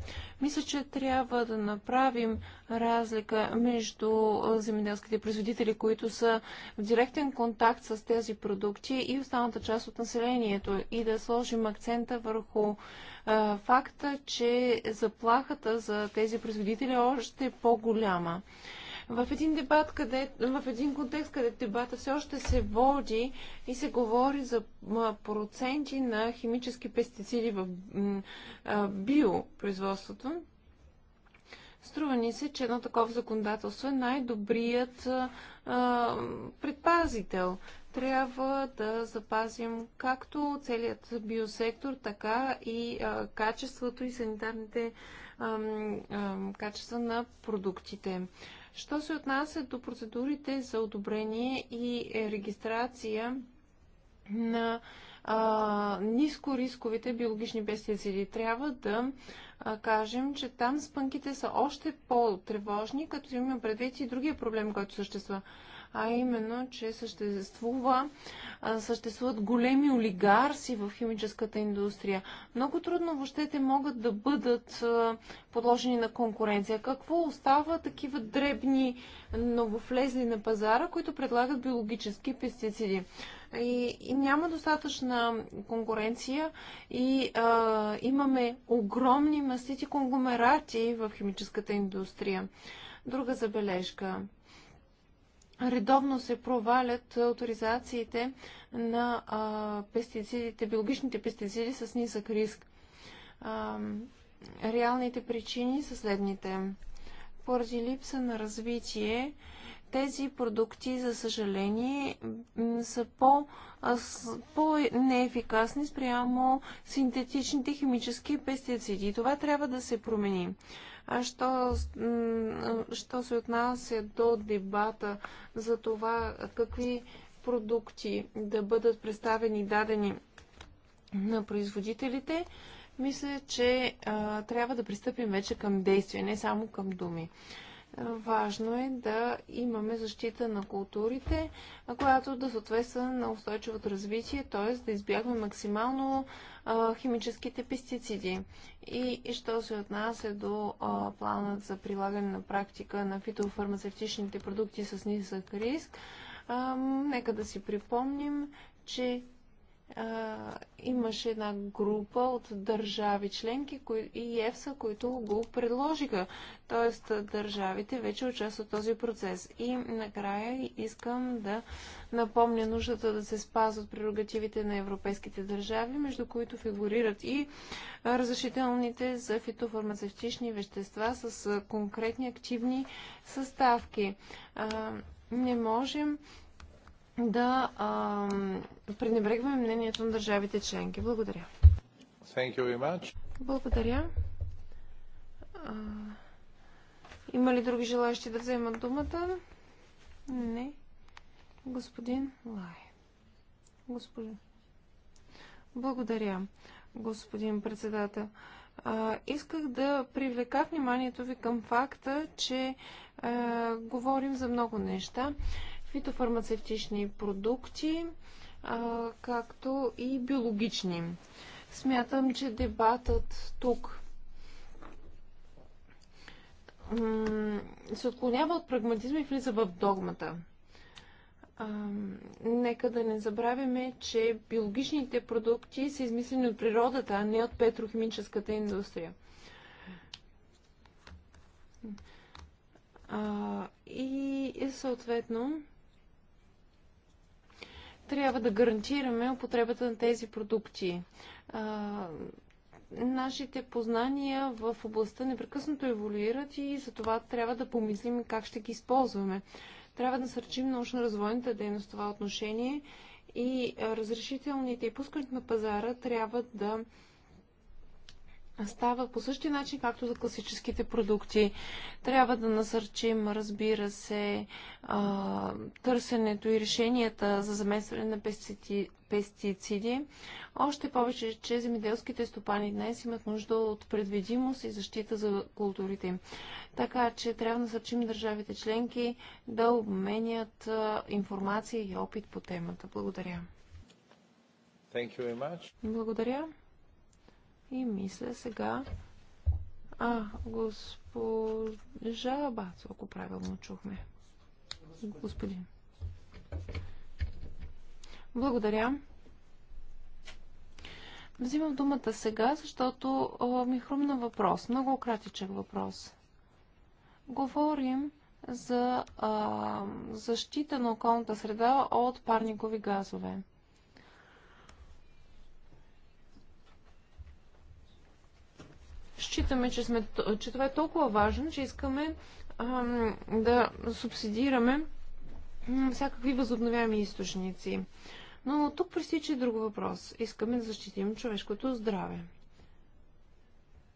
Speaker 5: Мисля, че трябва да направим разлика между земеделските производители, които са в директен контакт с тези продукти и останата част от населението и да сложим акцента върху е, факта, че заплахата за тези производители е още по-голяма в един дебат, къде, в един контекст, където дебата все още се води и се говори за проценти на химически пестициди в биопроизводството, Струва ни се, че едно такова законодателство е най-добрият предпазител. Трябва да запазим както целият биосектор, така и а, качеството и санитарните а, а, качества на продуктите. Що се отнася до процедурите за одобрение и регистрация на а, нискорисковите биологични пестициди, Трябва да а, кажем, че там спънките са още по-тревожни, като имаме предвид и другия проблем, който съществува а именно, че съществува, съществуват големи олигарси в химическата индустрия. Много трудно въобще те могат да бъдат подложени на конкуренция. Какво остава такива дребни нововлезли на пазара, които предлагат биологически пестициди? и, и няма достатъчна конкуренция и а, имаме огромни мастити конгломерати в химическата индустрия. Друга забележка редовно се провалят авторизациите на а, пестицидите, биологичните пестициди с нисък риск. А, реалните причини са следните. Поради липса на развитие, тези продукти, за съжаление, са по, по-неефикасни спрямо синтетичните химически пестициди. Това трябва да се промени. А що, що се отнася до дебата за това какви продукти да бъдат представени и дадени на производителите, мисля, че а, трябва да пристъпим вече към действия, не само към думи. Важно е да имаме защита на културите, която да съответства на устойчивото развитие, т.е. да избягваме максимално а, химическите пестициди. И, и що се отнася до а, планът за прилагане на практика на фитофармацевтичните продукти с нисък риск, а, нека да си припомним, че а, имаше една група от държави членки кои, и ЕФСА, които го предложиха. Тоест, държавите вече участват в този процес. И накрая искам да напомня нуждата да се спазват прерогативите на европейските държави, между които фигурират и разрешителните за фитофармацевтични вещества с конкретни активни съставки. А, не можем да а, пренебрегваме мнението на държавите членки. Благодаря.
Speaker 3: Thank you very much.
Speaker 5: Благодаря. А, има ли други желащи да вземат думата? Не. Господин Лай. Господин. Благодаря, господин председател. А, исках да привлека вниманието ви към факта, че а, говорим за много неща фитофармацевтични продукти, а, както и биологични. Смятам, че дебатът тук се отклонява от прагматизма и влиза в догмата. А, нека да не забравяме, че биологичните продукти са измислени от природата, а не от петрохимическата индустрия. А, и, и съответно, трябва да гарантираме употребата на тези продукти. А, нашите познания в областта непрекъснато еволюират и за това трябва да помислим как ще ги използваме. Трябва да сърчим научно-развойната дейност в това отношение и разрешителните и пускането на пазара трябва да става по същия начин, както за класическите продукти. Трябва да насърчим, разбира се, а, търсенето и решенията за заместване на пестици, пестициди. Още повече, че земеделските стопани днес имат нужда от предвидимост и защита за културите им. Така че трябва да насърчим държавите членки да обменят а, информация и опит по темата. Благодаря. Благодаря. И мисля сега... А, госпожа Бацо, ако правилно чухме. Господин. Благодаря. Взимам думата сега, защото ми хрумна въпрос. Много кратичък въпрос. Говорим за а, защита на околната среда от парникови газове. Считаме, че, сме, че това е толкова важно, че искаме ам, да субсидираме всякакви възобновяеми източници. Но тук пресича и друг въпрос. Искаме да защитим човешкото здраве.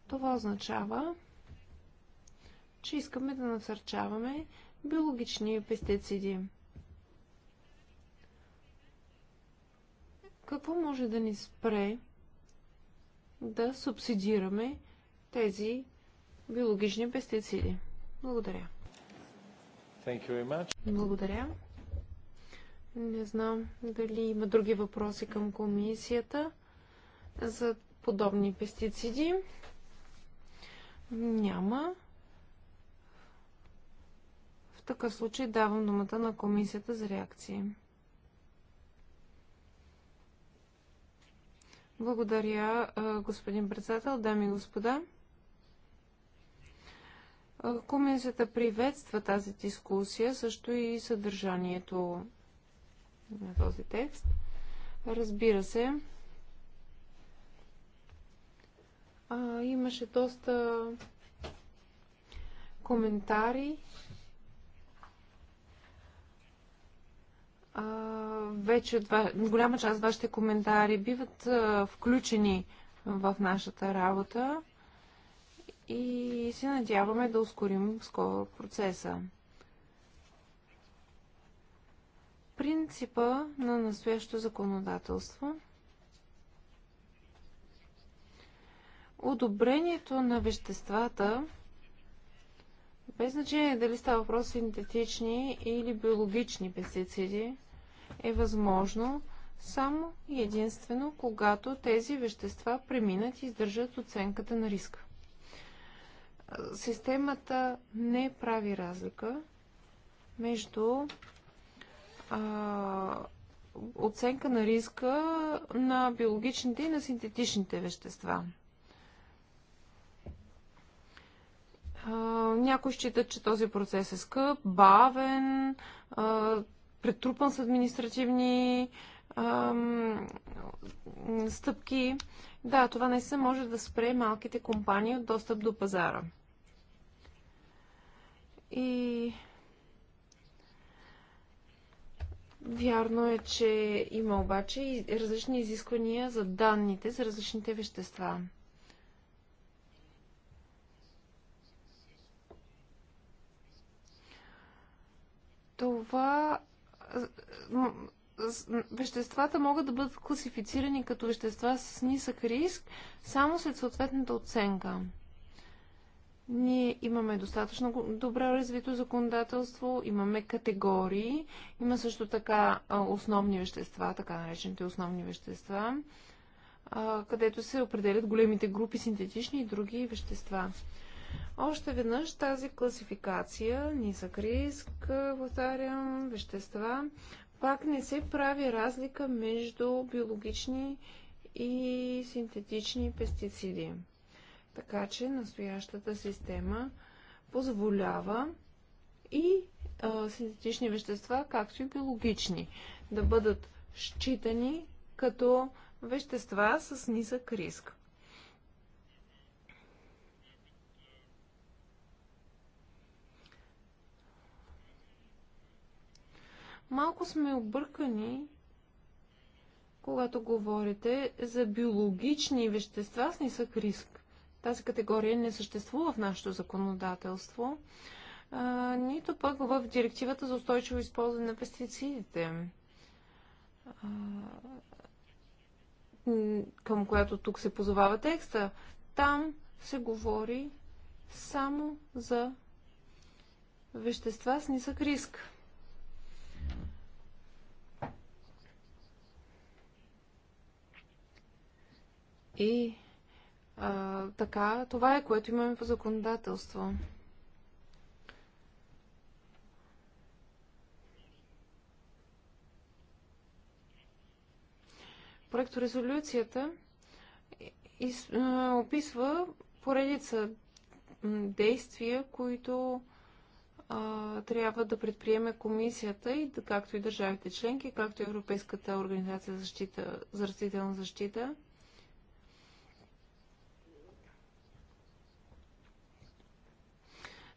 Speaker 5: Това означава, че искаме да насърчаваме биологични пестициди. Какво може да ни спре да субсидираме тези биологични пестициди. Благодаря.
Speaker 3: Thank you very much.
Speaker 5: Благодаря. Не знам дали има други въпроси към комисията за подобни пестициди. Няма. В такъв случай давам думата на комисията за реакции. Благодаря, господин председател, дами и господа. Комисията приветства тази дискусия, също и съдържанието на този текст. Разбира се, а, имаше доста коментари. А, вече два, голяма част от вашите коментари биват а, включени в нашата работа и се надяваме да ускорим скоро процеса. Принципа на настоящото законодателство Одобрението на веществата без значение дали става въпрос синтетични или биологични пестициди, е възможно само и единствено, когато тези вещества преминат и издържат оценката на риска системата не прави разлика между а, оценка на риска на биологичните и на синтетичните вещества. А, някои считат, че този процес е скъп, бавен, а, претрупан с административни а, стъпки. Да, това не се може да спре малките компании от достъп до пазара. И вярно е, че има обаче и различни изисквания за данните за различните вещества. Това веществата могат да бъдат класифицирани като вещества с нисък риск само след съответната оценка. Ние имаме достатъчно добре развито законодателство, имаме категории, има също така основни вещества, така наречените основни вещества, където се определят големите групи синтетични и други вещества. Още веднъж тази класификация, нисък риск, повтарям, вещества, пак не се прави разлика между биологични и синтетични пестициди. Така че настоящата система позволява и а, синтетични вещества, както и биологични, да бъдат считани като вещества с нисък риск. Малко сме объркани, когато говорите за биологични вещества с нисък риск. Тази категория не съществува в нашето законодателство, нито пък в директивата за устойчиво използване на пестицидите, към която тук се позовава текста. Там се говори само за вещества с нисък риск. И а, така, това е което имаме по законодателство. Проекторезолюцията из, а, описва поредица действия, които а, трябва да предприеме комисията и както и държавите членки, както и Европейската организация за, защита, за растителна защита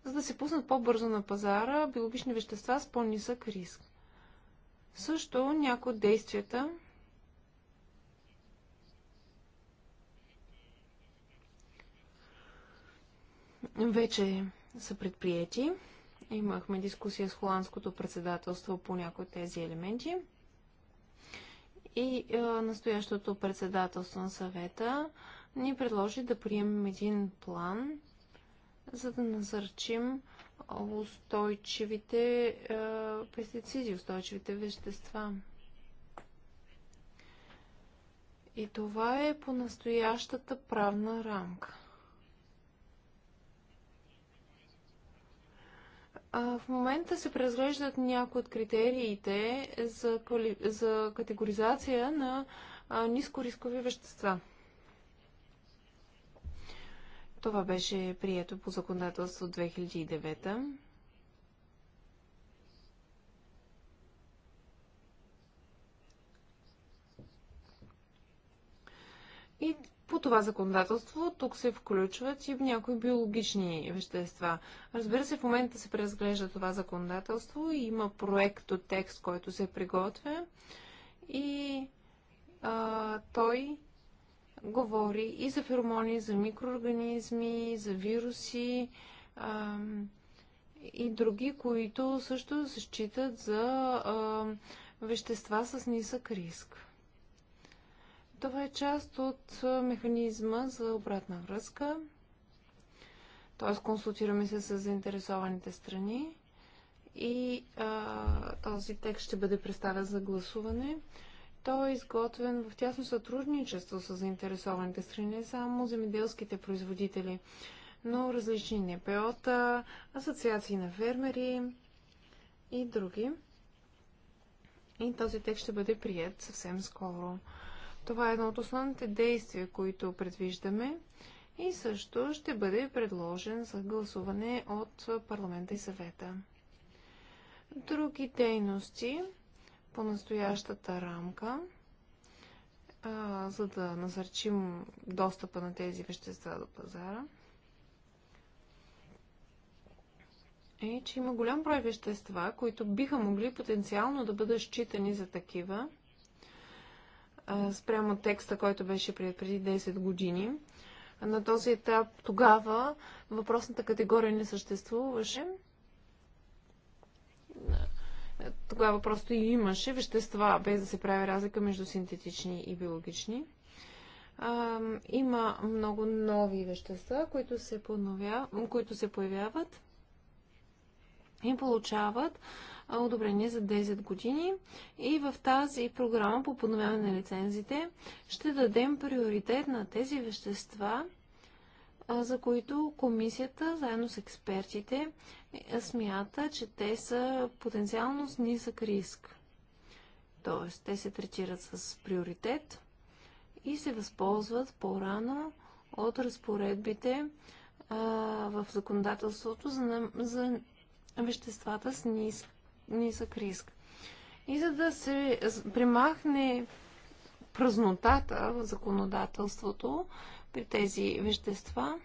Speaker 5: за да се пуснат по-бързо на пазара биологични вещества с по-нисък риск. Също някои от действията вече са предприяти. Имахме дискусия с холандското председателство по някои от тези елементи. И е, настоящото председателство на съвета ни предложи да приемем един план за да насърчим устойчивите е, пестициди, устойчивите вещества. И това е по настоящата правна рамка. А в момента се преразглеждат някои от критериите за, за категоризация на а, нискорискови вещества. Това беше прието по законодателство от 2009. И по това законодателство тук се включват и някои биологични вещества. Разбира се, в момента се преразглежда това законодателство и има проект от текст, който се приготвя и а, той говори и за феромони, за микроорганизми, за вируси а, и други, които също се считат за а, вещества с нисък риск. Това е част от механизма за обратна връзка. Т.е. консултираме се с заинтересованите страни и а, този текст ще бъде представен за гласуване. Той е изготвен в тясно сътрудничество с заинтересованите страни, не само земеделските производители, но различни НПО-та, асоциации на фермери и други. И този текст ще бъде прият съвсем скоро. Това е едно от основните действия, които предвиждаме и също ще бъде предложен за гласуване от парламента и съвета. Други дейности по настоящата рамка, а, за да насърчим достъпа на тези вещества до пазара, е, че има голям брой вещества, които биха могли потенциално да бъдат считани за такива, а, спрямо текста, който беше преди 10 години. На този етап тогава въпросната категория не съществуваше тогава просто и имаше вещества, без да се прави разлика между синтетични и биологични. А, има много нови вещества, които се, подновя, които се появяват и получават одобрение за 10 години. И в тази програма по подновяване на лицензите ще дадем приоритет на тези вещества, за които комисията, заедно с експертите, смята, че те са потенциално с нисък риск. Тоест, те се третират с приоритет и се възползват по-рано от разпоредбите а, в законодателството за, за веществата с нисък риск. И за да се примахне празнотата в законодателството, при тези вещества,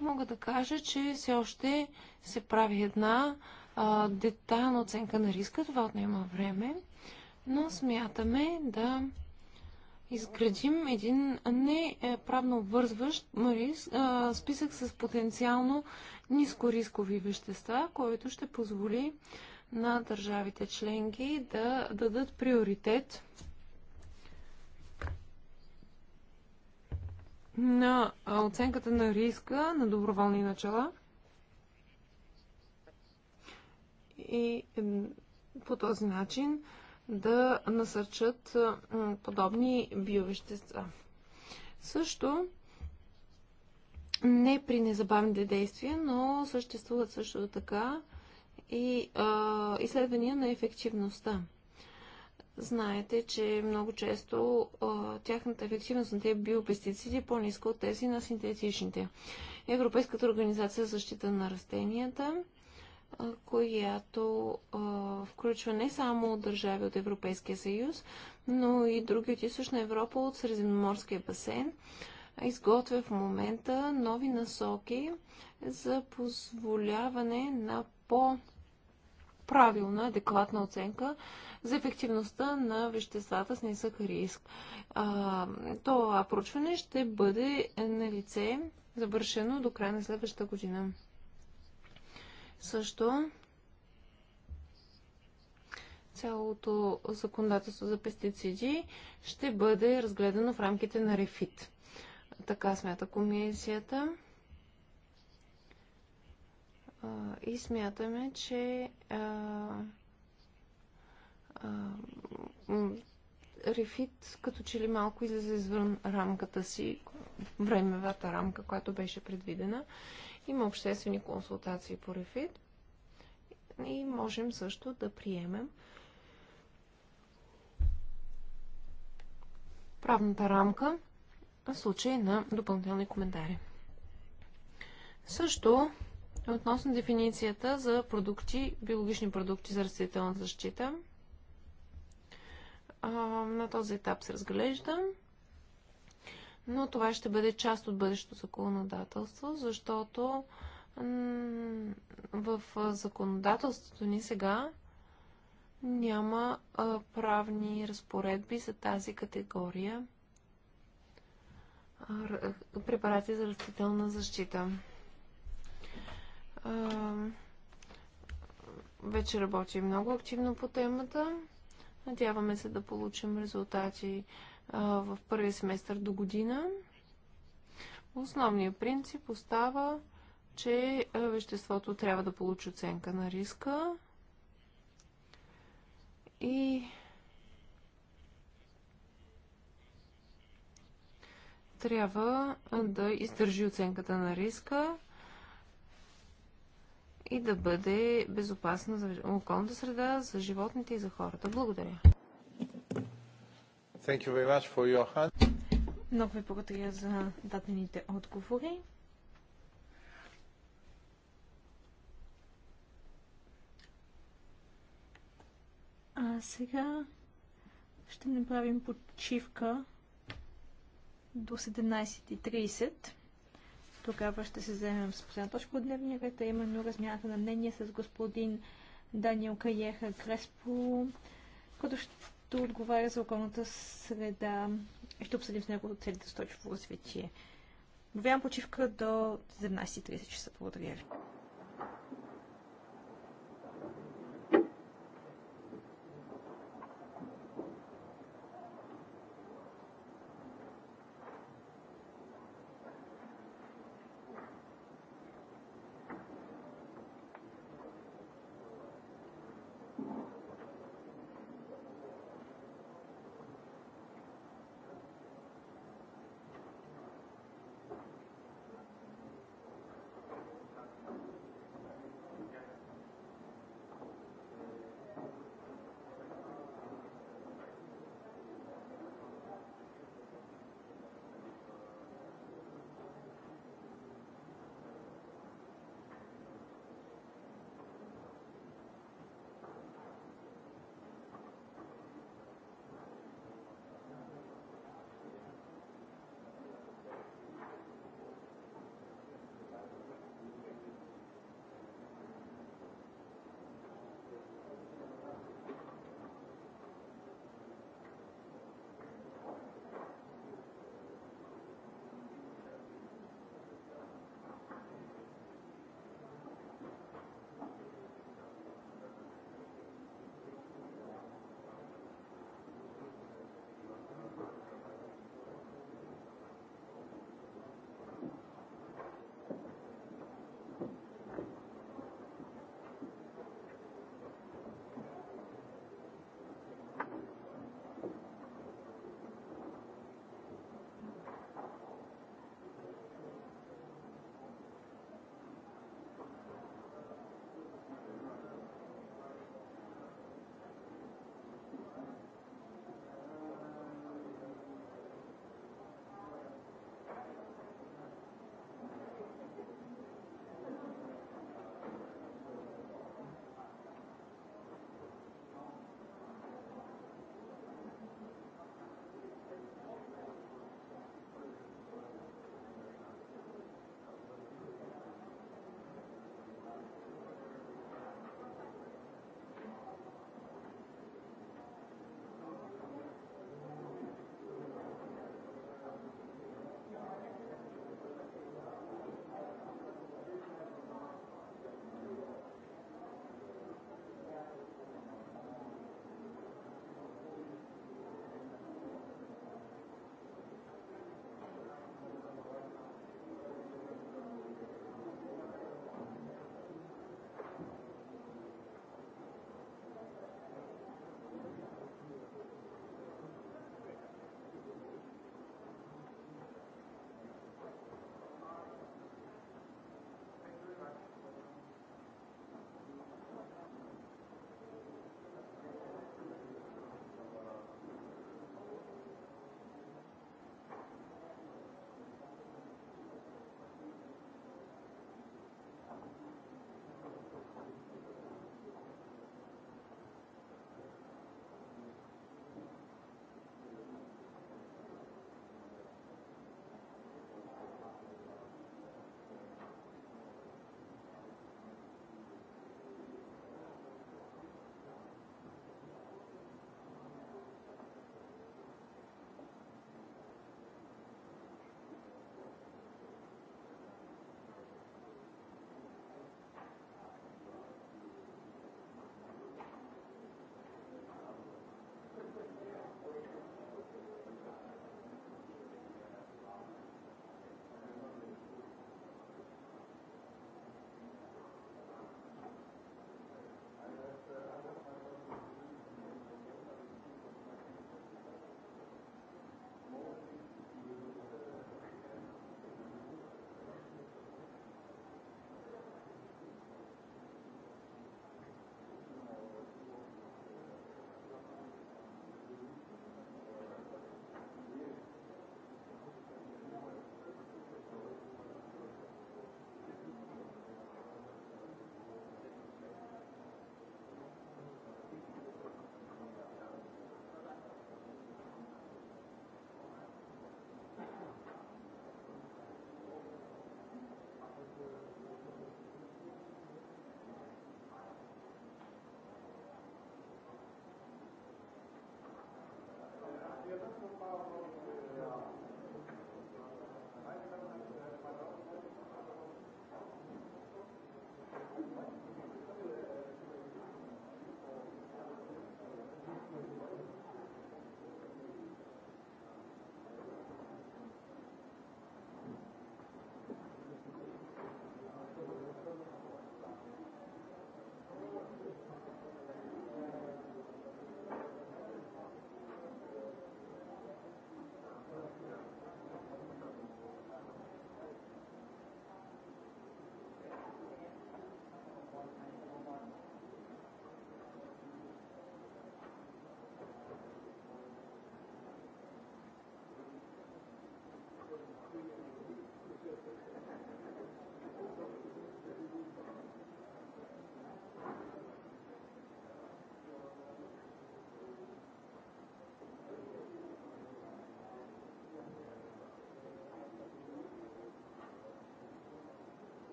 Speaker 5: мога да кажа, че все още се прави една детайна детайлна оценка на риска. Това отнема време, но смятаме да изградим един неправно обвързващ списък с потенциално нискорискови вещества, който ще позволи на държавите членки да дадат приоритет на оценката на риска на доброволни начала. И по този начин да насърчат подобни биовещества. Също не при незабавните действия, но съществуват също така и а, изследвания на ефективността. Знаете, че много често а, тяхната ефективност на тези биопестициди е по-ниска от тези на синтетичните. Европейската организация за защита на растенията, а, която а, включва не само държави от Европейския съюз, но и други от Източна Европа, от Средиземноморския басейн, изготвя в момента нови насоки за позволяване на по-правилна, адекватна оценка за ефективността на веществата с нисък риск. А, това проучване ще бъде на лице завършено до края на следващата година. Също цялото законодателство за пестициди ще бъде разгледано в рамките на РЕФИТ. Така смята комисията. И смятаме, че Рефит като че ли малко излезе извън рамката си, времевата рамка, която беше предвидена. Има обществени консултации по Рефит и можем също да приемем правната рамка в случай на допълнителни коментари. Също относно дефиницията за продукти, биологични продукти за растителна защита – а, на този етап се разглежда. Но това ще бъде част от бъдещото законодателство, защото в законодателството ни сега няма правни разпоредби за тази категория препарати за растителна защита. вече работи много активно по темата. Надяваме се да получим резултати в първия семестър до година. Основният принцип остава, че веществото трябва да получи оценка на риска и трябва да издържи оценката на риска и да бъде безопасна за околната среда, за животните и за хората. Благодаря.
Speaker 3: Thank you very much for your hand.
Speaker 2: Много ви благодаря за дадените отговори. А сега ще направим почивка до 17.30. Тогава ще се вземем с последна точка от дневния ред, а именно размяната на мнение с господин Даниел Каеха Креспо, който ще отговаря за околната среда и ще обсъдим с него целите точково развитие. Обявявам почивка до 17.30
Speaker 4: часа. Благодаря ви.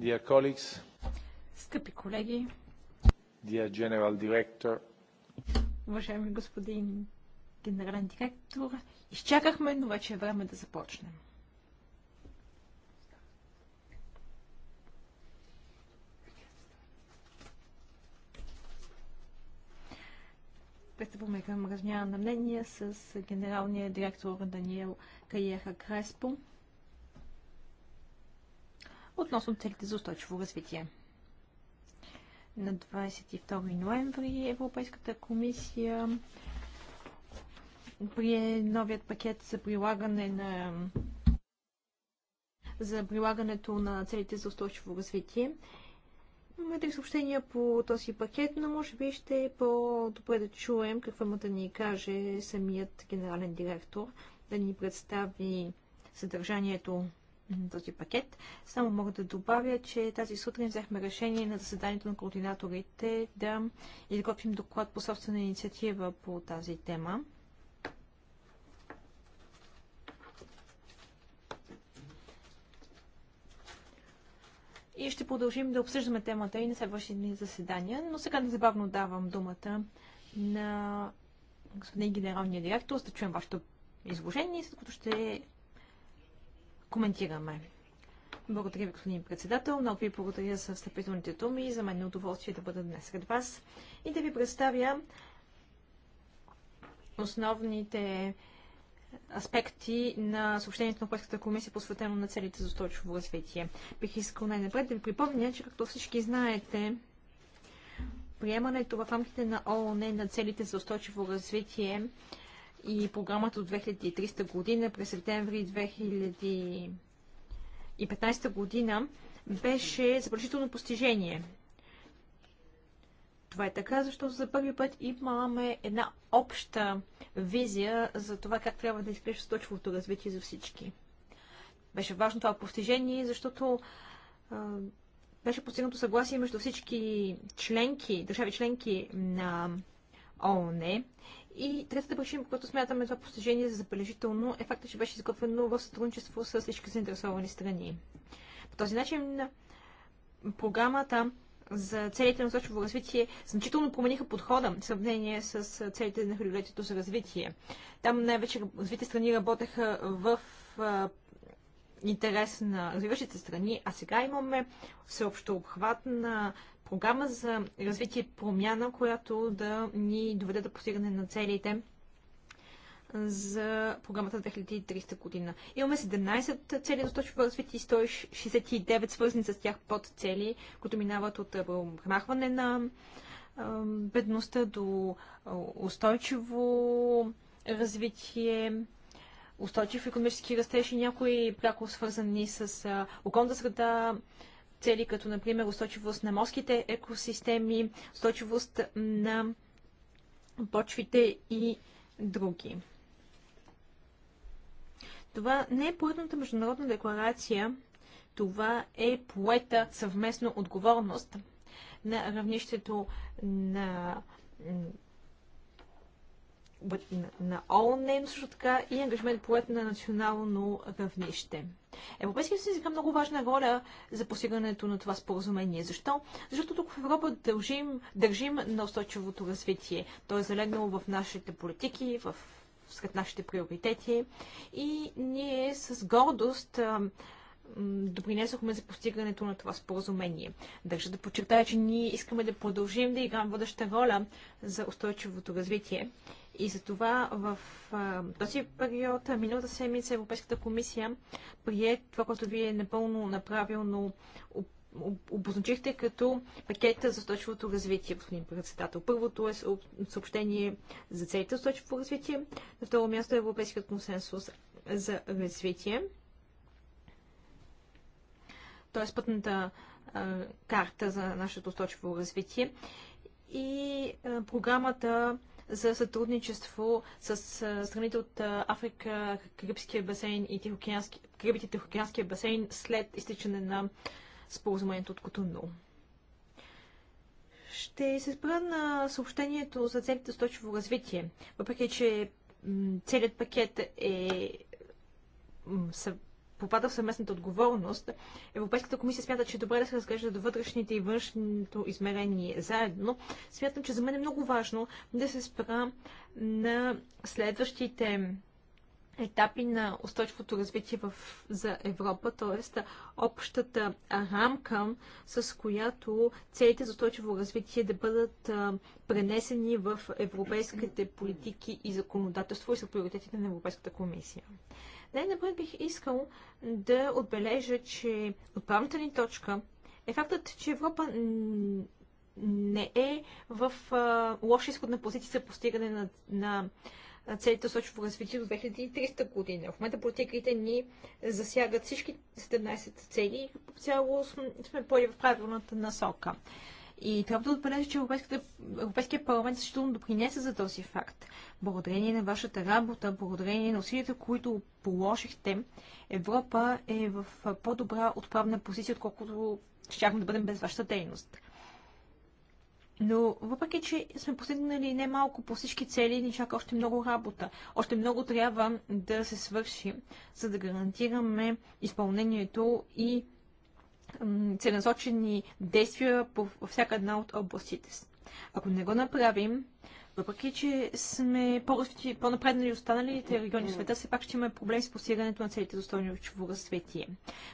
Speaker 1: Dear
Speaker 3: colleagues,
Speaker 2: Скъпи колеги,
Speaker 3: Dear General Director,
Speaker 2: уважаеми господин генерален директор, изчакахме, но вече е време да започнем. Пристъпваме към размяна на мнения с генералния директор Даниел Каеха Креспо относно целите за устойчиво развитие. На 22 ноември Европейската комисия прие новият пакет за прилагане на за прилагането на целите за устойчиво развитие. Имаме три съобщения по този пакет, но може би ще е по-добре да чуем какво има да ни каже самият генерален директор, да ни представи съдържанието този пакет. Само мога да добавя, че тази сутрин взехме решение на заседанието на координаторите да изготвим доклад по собствена инициатива по тази тема. И ще продължим да обсъждаме темата и на следващите заседания, но сега незабавно давам думата на господин генералния директор, за да чуем вашето изложение, след което ще коментираме. Благодаря ви, господин председател. Много ви благодаря за встъпителните думи. За мен е удоволствие да бъда днес сред вас и да ви представя основните аспекти на съобщението на Европейската комисия, посветено на целите за устойчиво развитие. Бих искал най-напред да ви припомня, че както всички знаете, приемането в рамките на ООН на целите за устойчиво развитие и програмата от 2300 година през септември 2015 година беше заключително постижение. Това е така, защото за първи път имаме една обща визия за това как трябва да изглежда устойчивото развитие за всички. Беше важно това постижение, защото а, беше постигнато съгласие между всички членки, държави членки на ООН и третата причина, по която смятаме това постижение за забележително, е факта, че беше изготвено в сътрудничество с всички заинтересовани страни. По този начин програмата за целите на устойчиво развитие значително промениха подхода в сравнение с целите на хилядолетието за развитие. Там най-вече развитите страни работеха в интерес на развиващите страни, а сега имаме всеобщо обхват на програма за развитие и промяна, която да ни доведе до постигане на целите за програмата 2300 година. Имаме 17 цели за точно развитие и 169 свързани с тях под цели, които минават от премахване на бедността до устойчиво развитие, устойчив економически растеж и някои пряко свързани с околната среда, цели, като например устойчивост на морските екосистеми, устойчивост на почвите и други. Това не е поетната международна декларация, това е поета съвместно отговорност на равнището на на ООН, но също така и ангажмент поет на национално равнище. Европейският съюз игра е много важна роля за постигането на това споразумение. Защо? Защото тук в Европа държим, държим на устойчивото развитие. То е залегнало в нашите политики, в сред нашите приоритети и ние с гордост допринесохме за постигането на това споразумение. Държа да подчертая, че ние искаме да продължим да играем водеща роля за устойчивото развитие и за това в а, този период, миналата седмица, Европейската комисия прие това, което вие напълно направилно обозначихте като пакета за устойчивото развитие, господин председател. Първото е съобщение за целите за устойчиво развитие, на второ място е Европейският консенсус за развитие, т.е. пътната а, карта за нашето устойчиво развитие и а, програмата за сътрудничество с страните от Африка, Карибския басейн и Карибите Тихоокеанския басейн след изтичане на споразумението от Котону. Ще се спра на съобщението за целите устойчиво развитие, въпреки че целият пакет е попада в съвместната отговорност, Европейската комисия смята, че е добре да се разглеждат вътрешните и външното измерение заедно. Смятам, че за мен е много важно да се спра на следващите етапи на устойчивото развитие в, за Европа, т.е. общата рамка, с която целите за устойчиво развитие да бъдат а, пренесени в европейските политики и законодателство и са приоритетите на Европейската комисия. Най-напред бих искал да отбележа, че отправната ни точка е фактът, че Европа не е в лоша изходна позиция за постигане на, на целите устойчиво развитие до 2300 година. В момента политиките ни засягат всички 17 цели и по цяло сме, сме поли в правилната насока. И трябва да отбележа, че Европейския парламент защитно допринесе за този факт. Благодарение на вашата работа, благодарение на усилията, които положихте, Европа е в по-добра отправна позиция, отколкото щяхме да бъдем без вашата дейност. Но въпреки, че сме постигнали не малко по всички цели, ни чака още много работа. Още много трябва да се свърши, за да гарантираме изпълнението и целенасочени действия по всяка една от областите. си. Ако не го направим, въпреки, че сме по-напреднали останалите региони в света, все пак ще имаме проблем с постигането на целите за устойчиво развитие.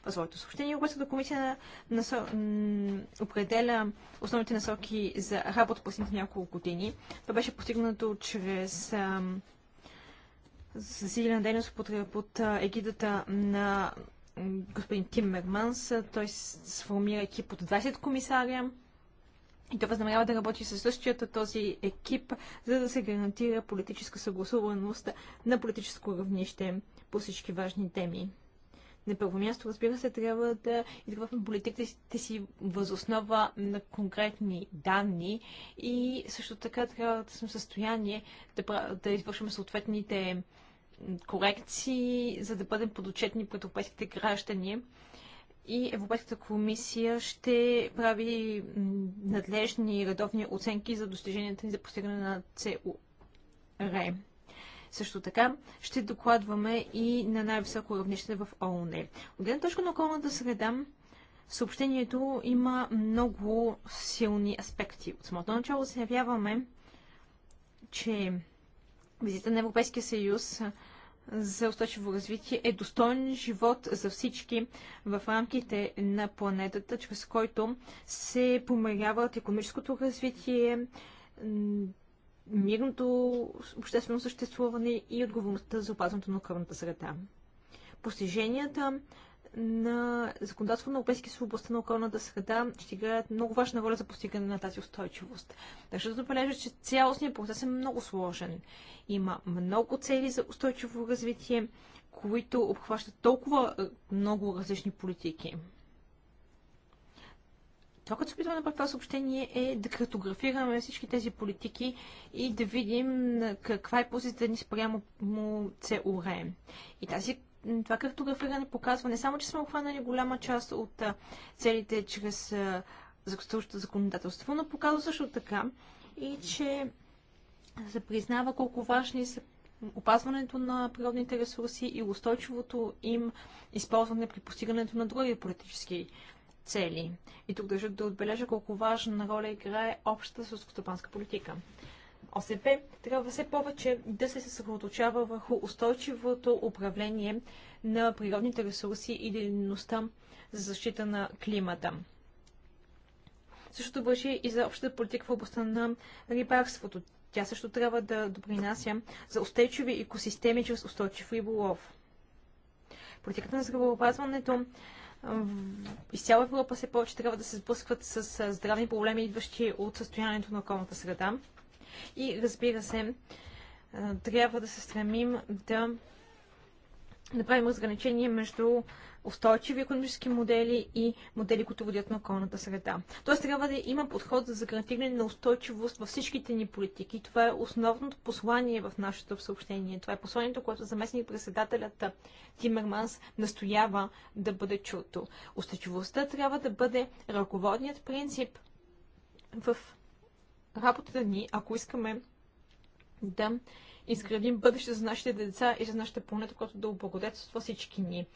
Speaker 2: В своето съобщение Европейската комисия насо... определя основните насоки за работа по последните няколко години. Това беше постигнато чрез засилена дейност под, под егидата на господин Тим Мерманс, Той сформира екип от 20 комисаря и той възнамерява да работи със същията този екип, за да се гарантира политическа съгласуваност на политическо равнище по всички важни теми. На първо място, разбира се, трябва да изготвим политиките си възоснова на конкретни данни и също така трябва да сме в състояние да, да извършваме съответните корекции, за да бъдем подотчетни пред европейските граждани и Европейската комисия ще прави надлежни редовни оценки за достиженията ни за постигане на ЦУР. Също така ще докладваме и на най-високо равнище в ООН. Е. От една точка на околната среда, съобщението има много силни аспекти. От самото начало заявяваме, че визита на Европейския съюз за устойчиво развитие е достоен живот за всички в рамките на планетата, чрез който се помиряват економическото развитие, мирното обществено съществуване и отговорността за опазването на кръвната среда. Постиженията на законодателство на Европейския съюз в областта на околната среда ще играят много важна роля за постигане на тази устойчивост. Държа да забележа, че цялостният процес е много сложен. Има много цели за устойчиво развитие, които обхващат толкова е, много различни политики. Това, което се опитваме да направим това съобщение е да картографираме всички тези политики и да видим каква е позицията ни спрямо ЦУР. И тази това картографиране показва не само, че сме обхванали голяма част от целите чрез законодателството, законодателство, но показва също така и че се признава колко важни са опазването на природните ресурси и устойчивото им използване при постигането на други политически цели. И тук държа да отбележа колко важна роля играе общата селскостопанска политика. ОСП трябва все повече да се съсредоточава върху устойчивото управление на природните ресурси и дейността за защита на климата. Същото върши и за общата политика в областта на рибарството. Тя също трябва да допринася за устойчиви екосистеми чрез устойчив риболов. Политиката на здравеопазването из цяла Европа все повече трябва да се сблъскват с здравни проблеми, идващи от състоянието на околната среда. И разбира се, трябва да се стремим да направим разграничение между устойчиви економически модели и модели, които водят на околната среда. Тоест трябва да има подход за гарантиране на устойчивост във всичките ни политики. Това е основното послание в нашето съобщение. Това е посланието, което заместник председателят Тимерманс настоява да бъде чуто. Устойчивостта трябва да бъде ръководният принцип в работата ни, ако искаме да изградим бъдеще за нашите деца и за нашата планета, която да облагодетелства всички ни.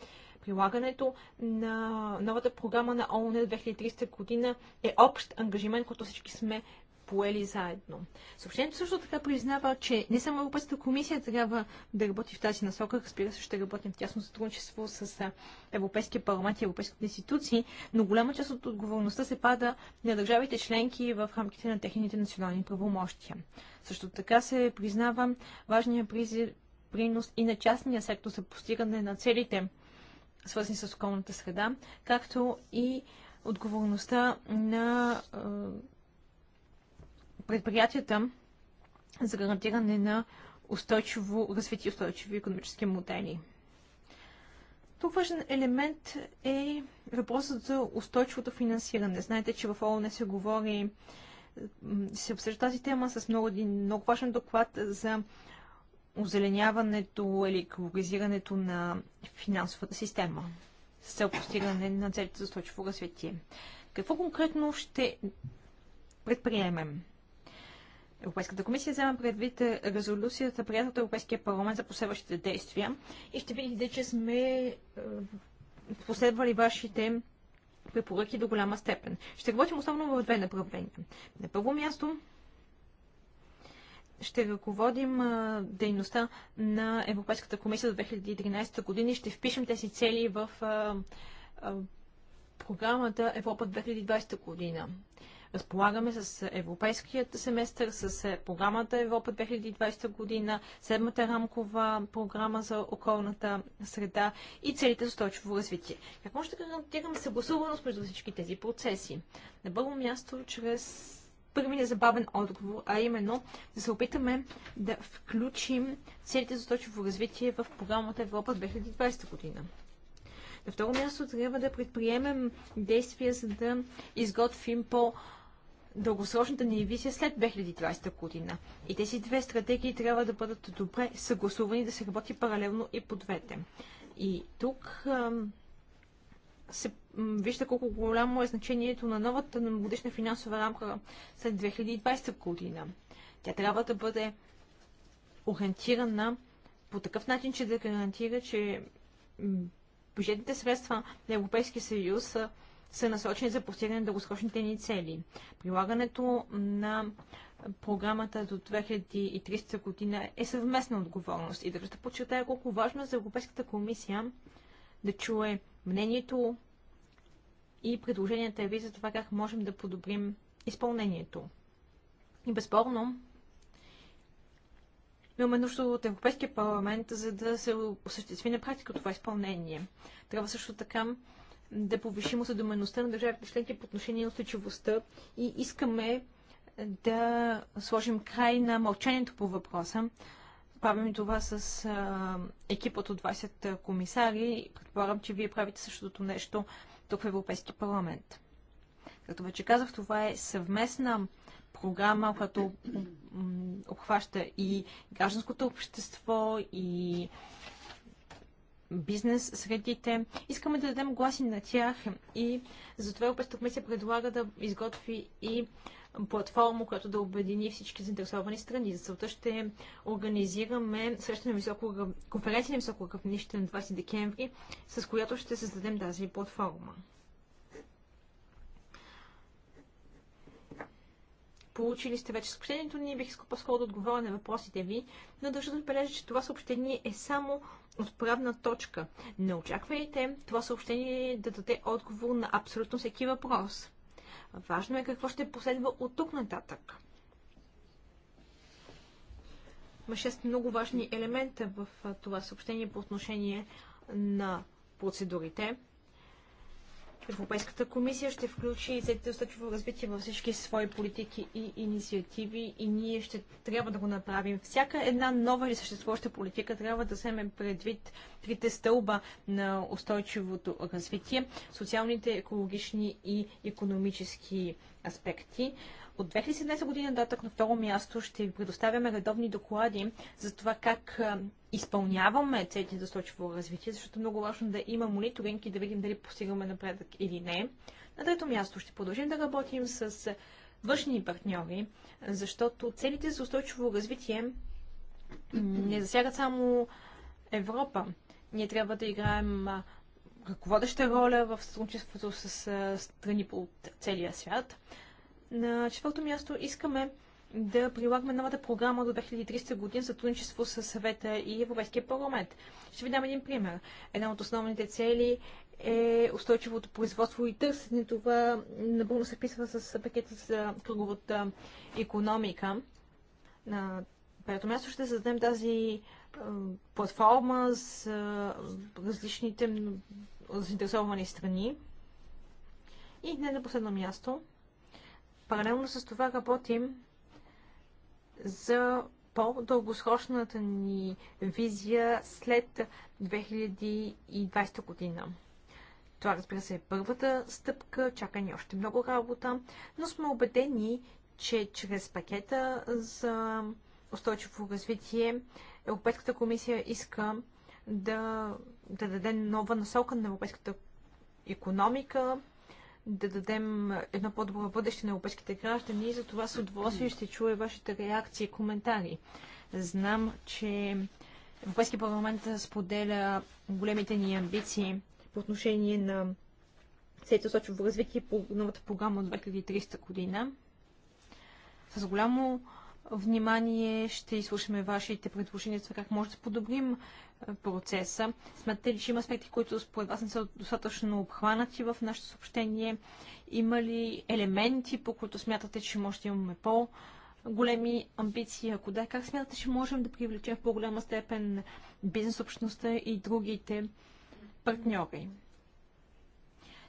Speaker 2: Прилагането на новата програма на ООН 2300 година е общ ангажимент, който всички сме поели заедно. Съобщението също така признава, че не само Европейската комисия трябва да работи в тази насока, разбира се, ще работим в тясно сътрудничество с Европейския парламент и Европейските институции, но голяма част от отговорността се пада на държавите членки в рамките на техните национални правомощия. Също така се признава важния призи, принос и на частния сектор за постигане на целите, свързани с околната среда, както и отговорността на предприятията за гарантиране на устойчиво развитие, устойчиви економически модели. Тук важен елемент е въпросът за устойчивото финансиране. Знаете, че в ООН се говори, се обсъжда тази тема с много, много важен доклад за озеленяването или екологизирането на финансовата система с цел постигане на целите за устойчиво развитие. Какво конкретно ще предприемем? Европейската комисия взема предвид е, резолюцията, приятел от Европейския парламент за последващите действия и ще видите, че сме е, последвали вашите препоръки до голяма степен. Ще работим основно в две направления. На първо място ще ръководим е, дейността на Европейската комисия до 2013 година и ще впишем тези цели в програмата Европа 2020 година. Разполагаме с европейският семестър, с програмата Европа 2020 година, седмата рамкова програма за околната среда и целите за устойчиво развитие. Как може да гарантираме съгласуваност между всички тези процеси? На първо място, чрез първи незабавен отговор, а именно да се опитаме да включим целите за устойчиво развитие в програмата Европа 2020 година. На второ място трябва да предприемем действия, за да изготвим по- дългосрочната ни визия след 2020 година. И тези две стратегии трябва да бъдат добре съгласувани, да се работи паралелно и по двете. И тук се вижда колко голямо е значението на новата годишна финансова рамка след 2020 година. Тя трябва да бъде ориентирана по такъв начин, че да гарантира, че бюджетните средства на Европейския съюз са са насочени за постигане на дългосрочните ни цели. Прилагането на програмата до 2030 година е съвместна отговорност. И държа да подчертая колко важно е за Европейската комисия да чуе мнението и предложенията ви за това как можем да подобрим изпълнението. И безспорно, имаме нужда от Европейския парламент, за да се осъществи на практика това изпълнение. Трябва също така да повишим осведомеността на държавите членки по отношение на устойчивостта и искаме е, да сложим край на мълчанието по въпроса. Правим това с а, е, екипът от 20 е, комисари. Предполагам, че вие правите същото нещо тук в Европейски парламент. Като вече казах, това е съвместна програма, която обхваща и гражданското общество, и бизнес средите. Искаме да дадем гласи на тях и затова Европейската комисия предлага да изготви и платформа, която да обедини всички заинтересовани страни. За целта ще организираме среща на високо, конференция на високо равнище на 20 декември, с която ще създадем тази платформа. получили сте вече съобщението ние бих искал по-скоро да отговоря на въпросите ви, но държа да отбележа, че това съобщение е само отправна точка. Не очаквайте това съобщение да даде отговор на абсолютно всеки въпрос. Важно е какво ще последва от тук нататък. Има шест много важни елемента в това съобщение по отношение на процедурите. Европейската комисия ще включи целите устойчиво развитие във всички свои политики и инициативи и ние ще трябва да го направим. Всяка една нова или съществуваща политика трябва да вземе предвид трите стълба на устойчивото развитие, социалните, екологични и економически аспекти. От 2017 година датък на второ място ще ви предоставяме редовни доклади за това как изпълняваме целите за устойчиво развитие, защото е много важно да има мониторинг и да видим дали постигаме напредък или не. На трето място ще продължим да работим с външни партньори, защото целите за устойчиво развитие не засягат само Европа. Ние трябва да играем ръководеща роля в сътрудничеството с страни по целия свят. На четвърто място искаме да прилагаме новата програма до 2030 година за сътрудничество с съвета и Европейския парламент. Ще ви дам един пример. Една от основните цели е устойчивото производство и търсене. Това напълно се писва с пакета за кръговата економика. На пето място ще създадем тази платформа с различните заинтересовани страни. И не на последно място, Паралелно с това работим за по-дългосрочната ни визия след 2020 година. Това, разбира се, е първата стъпка, чака ни още много работа, но сме убедени, че чрез пакета за устойчиво развитие Европейската комисия иска да, да даде нова насока на европейската економика, да дадем едно по-добро бъдеще на европейските граждани и за това с удоволствие ще чуя вашите реакции и коментари. Знам, че Европейския парламент споделя големите ни амбиции по отношение на Сето сочово развитие по новата програма от 2300 година. С голямо внимание, ще изслушаме вашите предложения за как може да подобрим е, процеса. Смятате ли, че има аспекти, които според вас не са достатъчно обхванати в нашето съобщение? Има ли елементи, по които смятате, че може да имаме по- големи амбиции? Ако да, как смятате, че можем да привлечем в по-голяма степен бизнес общността и другите партньори?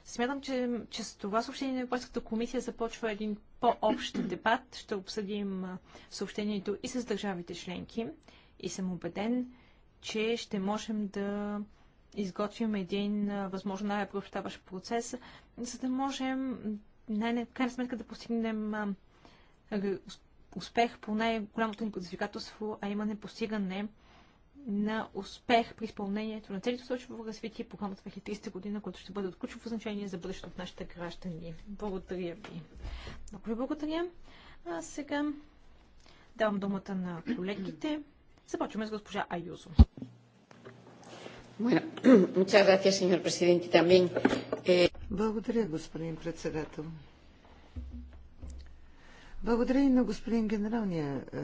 Speaker 2: Смятам, че, че с това съобщение на Европейската комисия започва един по-общ [CLEARS THROAT] дебат. Ще обсъдим съобщението и с държавите членки. И съм убеден, че ще можем да изготвим един възможно най-приобщаващ процес, за да можем най крайна сметка да постигнем успех по най-голямото ни предизвикателство, а именно постигане на успех при изпълнението на целите във развитие по програма 2030 година, което ще бъде от ключово значение за бъдещето от нашите граждани. Благодаря ви. Много ви благодаря. А сега давам думата на колегите. Започваме с госпожа Аюзо.
Speaker 4: [CLEARS THROAT] Eh, благодаря, господин председател. Благодаря и на господин генералния е,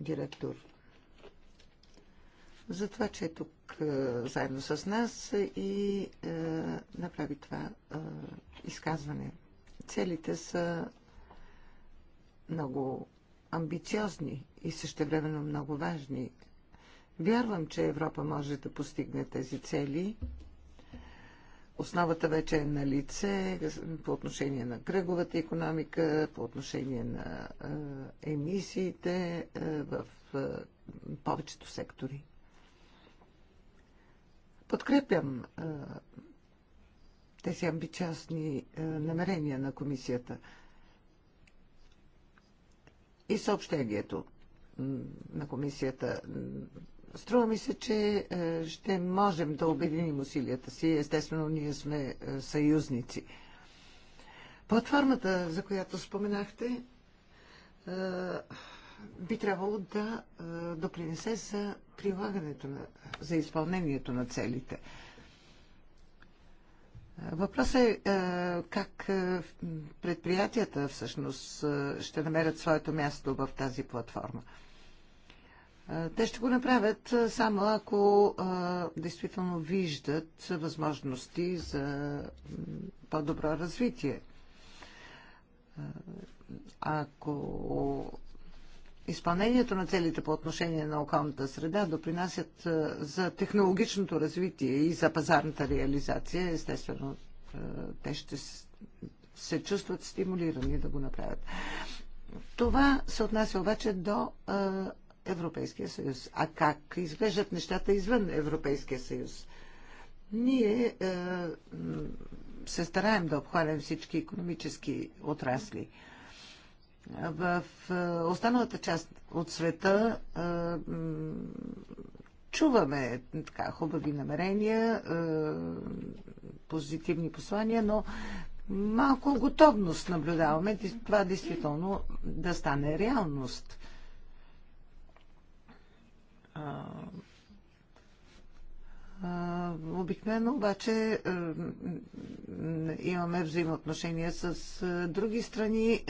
Speaker 4: директор за това, че е тук е, заедно с нас и е, направи това е, изказване. Целите са много амбициозни и същевременно много важни. Вярвам, че Европа може да постигне тези цели. Основата вече е на лице по отношение на кръговата економика, по отношение на емисиите в повечето сектори. Подкрепям тези амбициозни намерения на комисията и съобщението на комисията. Струва ми се, че ще можем да обединим усилията си. Естествено, ние сме съюзници. Платформата, за която споменахте, би трябвало да е, допринесе за прилагането на, за изпълнението на целите. Въпросът е, е как е, предприятията всъщност ще намерят своето място в тази платформа. Те ще го направят само ако а, действително виждат възможности за по-добро развитие. Ако изпълнението на целите по отношение на околната среда допринасят е, за технологичното развитие и за пазарната реализация. Естествено, е, те ще се чувстват стимулирани да го направят. Това се отнася обаче до е, Европейския съюз. А как изглеждат нещата извън Европейския съюз? Ние се стараем да обхванем всички економически отрасли. Mm-hmm в е, останалата част от света е, чуваме така хубави намерения, е, позитивни послания, но малко готовност наблюдаваме това действително да стане реалност Обикновено обаче имаме взаимоотношения с други страни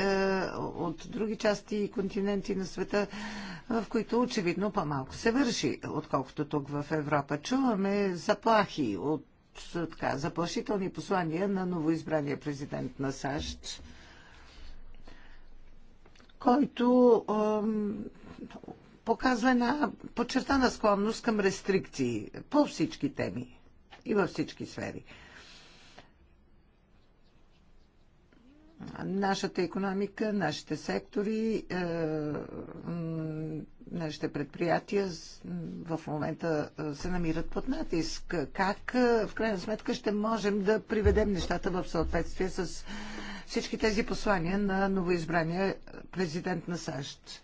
Speaker 4: от други части и континенти на света, в които очевидно по-малко се върши, отколкото тук в Европа. Чуваме заплахи от така, заплашителни послания на новоизбрания президент на САЩ, който показва една подчертана склонност към рестрикции по всички теми и във всички сфери. Нашата економика, нашите сектори, е, нашите предприятия в момента е, се намират под натиск. Как е, в крайна сметка ще можем да приведем нещата в съответствие с всички тези послания на новоизбрания президент на САЩ?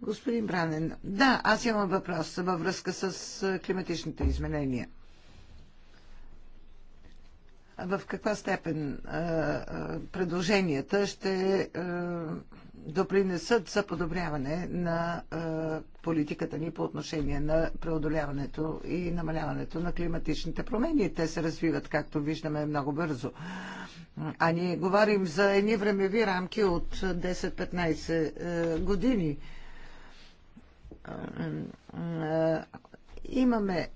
Speaker 4: Господин Бранен, да, аз имам въпрос във връзка с климатичните изменения. В каква степен предложенията ще допринесат за подобряване на политиката ни по отношение на преодоляването и намаляването на климатичните промени. Те се развиват, както виждаме, много бързо. А ние говорим за едни времеви рамки от 10-15 години. Имаме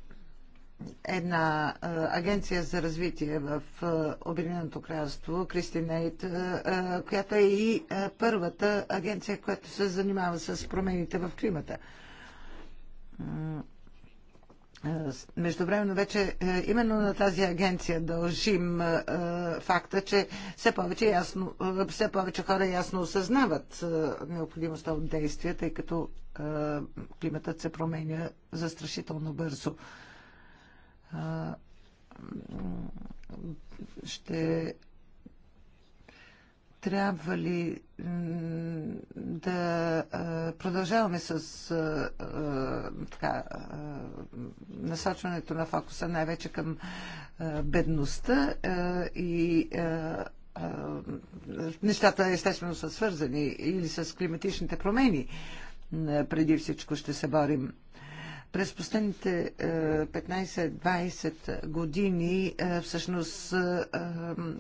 Speaker 4: една агенция за развитие в Обединеното кралство, Кристинейт, която е и първата агенция, която се занимава с промените в климата. Междувременно вече е, именно на тази агенция дължим е, е, факта, че все повече, ясно, все повече хора ясно осъзнават необходимостта от действия, тъй като климатът се променя застрашително бързо. Ще трябва ли да продължаваме с така, насочването на фокуса най-вече към бедността и нещата естествено са свързани или с климатичните промени. Преди всичко ще се борим през последните 15-20 години, всъщност,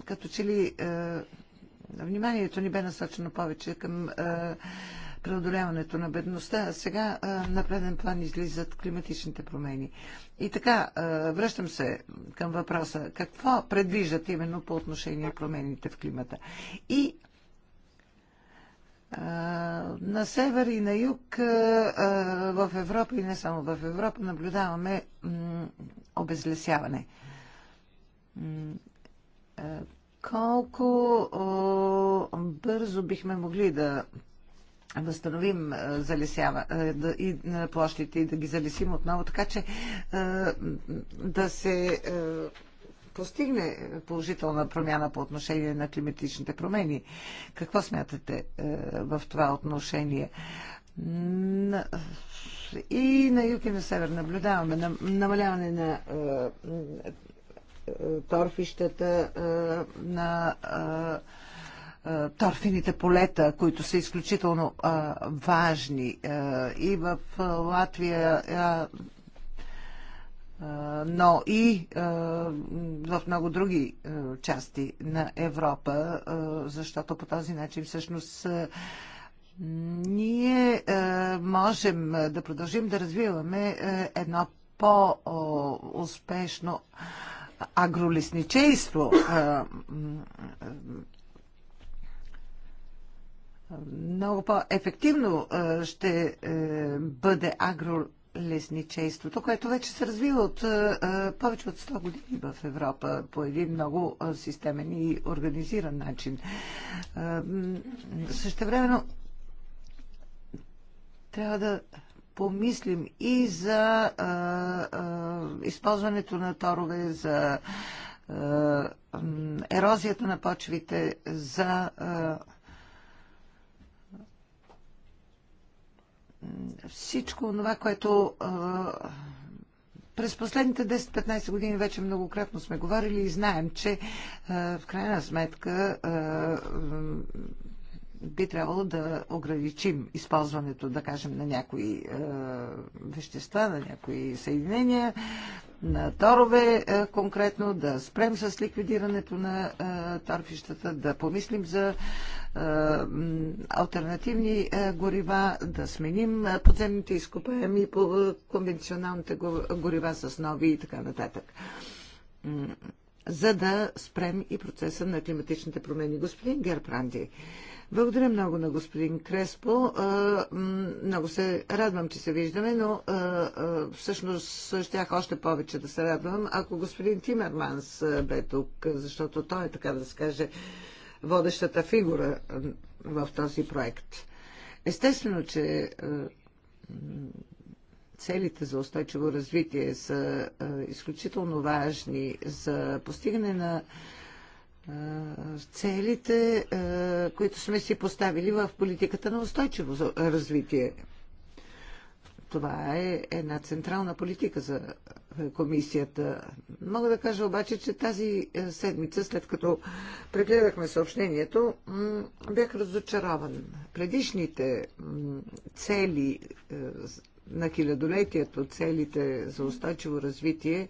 Speaker 4: като че ли вниманието ни бе насочено повече към е, преодоляването на бедността, а сега е, на преден план излизат климатичните промени. И така, е, връщам се към въпроса, какво предвиждат именно по отношение на промените в климата? И на север и на юг в Европа и не само в Европа наблюдаваме обезлесяване колко о, бързо бихме могли да възстановим е, залесява, е, да, и на площите и да ги залесим отново, така че е, да се постигне положителна промяна по отношение на климатичните промени. Какво смятате в това отношение? И на юг и на север наблюдаваме намаляване на торфищата на торфините полета, които са изключително важни. И в Латвия но и в много други части на Европа, защото по този начин всъщност ние можем да продължим да развиваме едно по-успешно агролесничейство. Много по-ефективно ще е, бъде агролесничейството, което вече се развива от е, е, повече от 100 години в Европа по един много системен и организиран начин. Също времено трябва да помислим и за а, а, използването на торове, за а, ерозията на почвите, за а, всичко това, което а, през последните 10-15 години вече многократно сме говорили и знаем, че а, в крайна сметка а, би трябвало да ограничим използването, да кажем, на някои е, вещества, на някои съединения, на торове е, конкретно, да спрем с ликвидирането на е, торфищата, да помислим за е, альтернативни е, горива, да сменим е, подземните изкопаеми по конвенционалните горива с нови и така нататък за да спрем и процеса на климатичните промени. Господин Герпранди, благодаря много на господин Креспо. Много се радвам, че се виждаме, но всъщност щях още повече да се радвам, ако господин Тимерманс бе тук, защото той е, така да се каже, водещата фигура в този проект. Естествено, че целите за устойчиво развитие са изключително важни за постигане на целите, които сме си поставили в политиката на устойчиво развитие. Това е една централна политика за комисията. Мога да кажа обаче, че тази седмица, след като прегледахме съобщението, бях разочарован. Предишните цели на хилядолетието целите за устойчиво развитие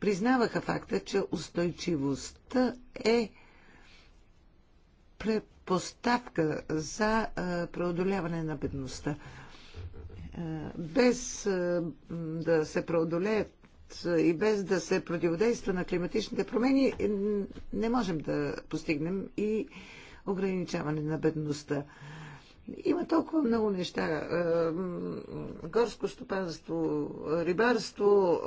Speaker 4: признаваха факта, че устойчивостта е предпоставка за преодоляване на бедността. Без да се преодолеят и без да се противодейства на климатичните промени, е, не можем да постигнем и ограничаване на бедността. Има толкова много неща. Е, горско стопанство, рибарство,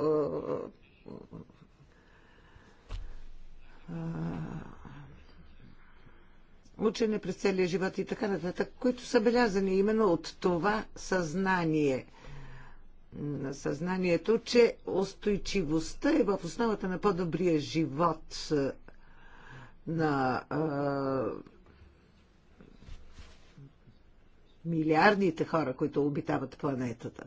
Speaker 4: е, е, учене през целия живот и така нататък, които са белязани именно от това съзнание. На съзнанието, че устойчивостта е в основата на по-добрия живот на милиардите хора, които обитават планетата.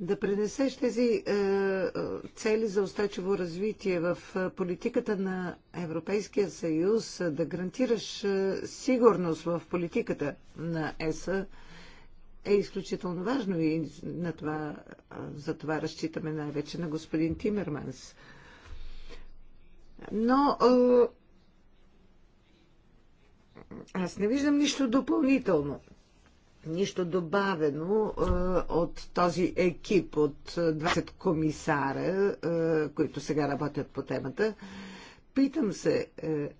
Speaker 4: Да пренесеш тези е, е цели за устойчиво развитие в е, политиката на Европейския съюз, е, да гарантираш сигурност в политиката на ЕСА е изключително важно и на това, за това разчитаме най-вече на господин Тимерманс. Но аз не виждам нищо допълнително, нищо добавено от този екип от 20 комисара, които сега работят по темата. Питам се, е, е,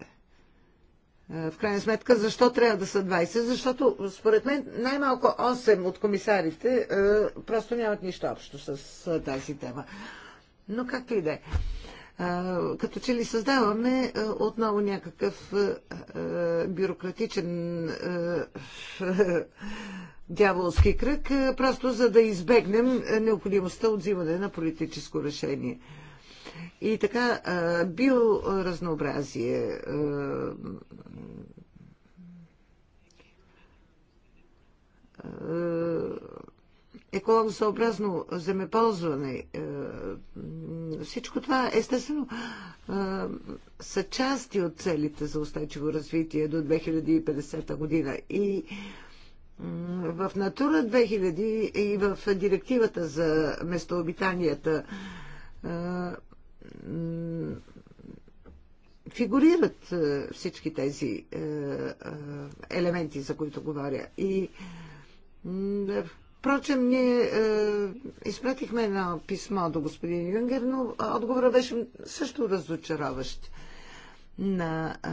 Speaker 4: в крайна сметка, защо трябва да са 20? Защото, според мен, най-малко 8 от комисарите е, просто нямат нищо общо с тази тема. Но както и да е като че ли създаваме отново някакъв бюрократичен [LAUGHS] дяволски кръг, просто за да избегнем необходимостта от взимане на политическо решение. И така, биоразнообразие, екологосъобразно земеползване. Е, всичко това, естествено, е, са части от целите за устойчиво развитие до 2050 година. И в Натура 2000 и в директивата за местообитанията е, фигурират всички тези елементи, за които говоря. И Впрочем, ние е, изпратихме едно писмо до господин Юнгер, но отговорът беше също разочароващ. На е,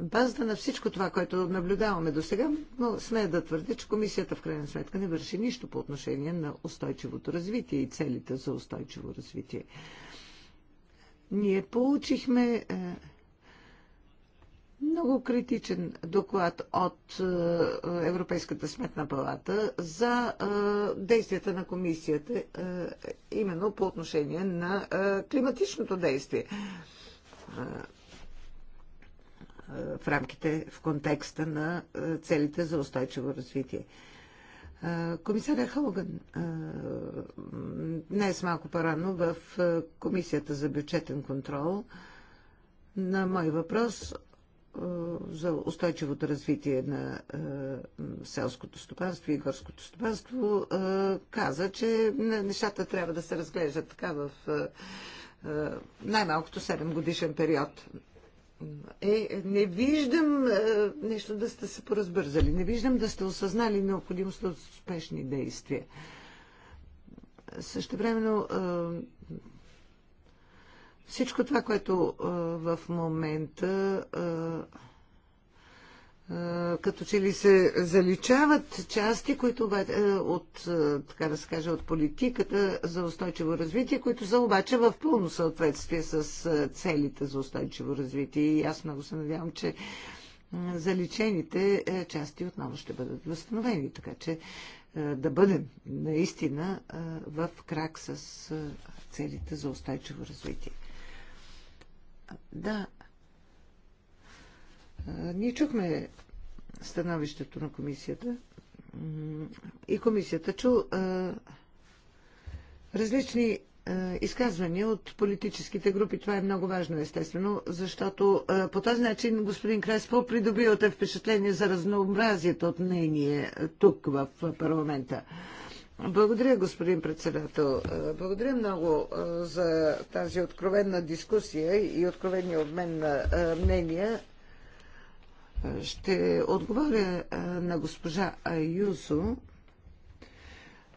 Speaker 4: базата на всичко това, което наблюдаваме до сега, сме да твърдя, че комисията в крайна сметка не върши нищо по отношение на устойчивото развитие и целите за устойчиво развитие. Ние получихме. Е, много критичен доклад от е, Европейската сметна палата за е, действията на комисията, е, именно по отношение на климатичното действие в рамките, в контекста на целите за устойчиво развитие. Комисаря Хоган днес малко по-рано в Комисията за бюджетен контрол на мой въпрос за устойчивото развитие на селското стопанство и горското стопанство каза, че нещата трябва да се разглеждат така в най-малкото 7 годишен период. Е, не виждам е, нещо да сте се поразбързали. Не виждам да сте осъзнали необходимостта от успешни действия. Също е, всичко това, което в момента като че ли се заличават части, които от, така да се каже, от политиката за устойчиво развитие, които са обаче в пълно съответствие с целите за устойчиво развитие. И аз много се надявам, че заличените части отново ще бъдат възстановени, така че да бъдем наистина в крак с целите за устойчиво развитие. Да. Ние чухме становището на комисията и комисията чу а, различни а, изказвания от политическите групи. Това е много важно, естествено, защото а, по този начин господин Креспо придобивате впечатление за разнообразието от мнение тук в парламента. Благодаря, господин председател. Е, благодаря много е, за тази откровенна дискусия и откровения обмен на е, мнения. Ще отговоря на госпожа Аюзо.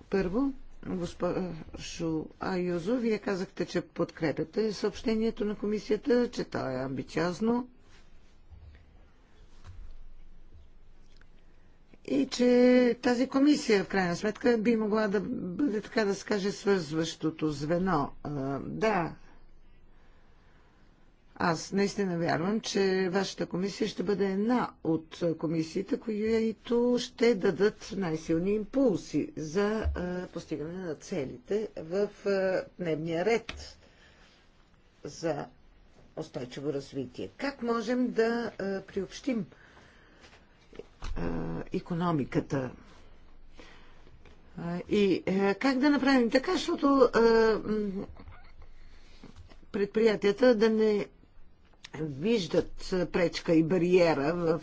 Speaker 4: Първо, госпожо Аюзо, вие казахте, че подкрепяте съобщението на комисията, че то е амбициозно, и че тази комисия в крайна сметка би могла да бъде, така да се каже, свързващото звено. Да, аз наистина вярвам, че вашата комисия ще бъде една от комисиите, които ще дадат най-силни импулси за постигане на целите в дневния ред за устойчиво развитие. Как можем да приобщим економиката. И е, как да направим така, защото предприятията да не виждат пречка и бариера в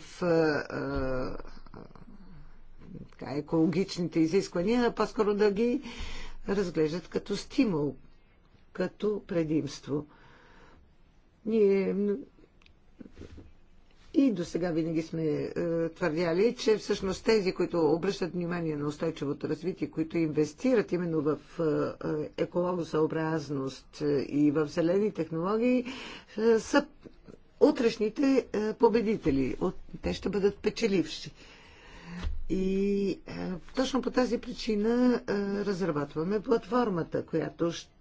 Speaker 4: така, екологичните изисквания, а по-скоро да ги разглеждат като стимул, като предимство. Ние и до сега винаги сме е, твърдяли, че всъщност тези, които обръщат внимание на устойчивото развитие, които инвестират именно в е, е екологосъобразност е, и в зелени технологии, е, са утрешните е, победители. От, те ще бъдат печеливши. И е, точно по тази причина е, разработваме платформата, която ще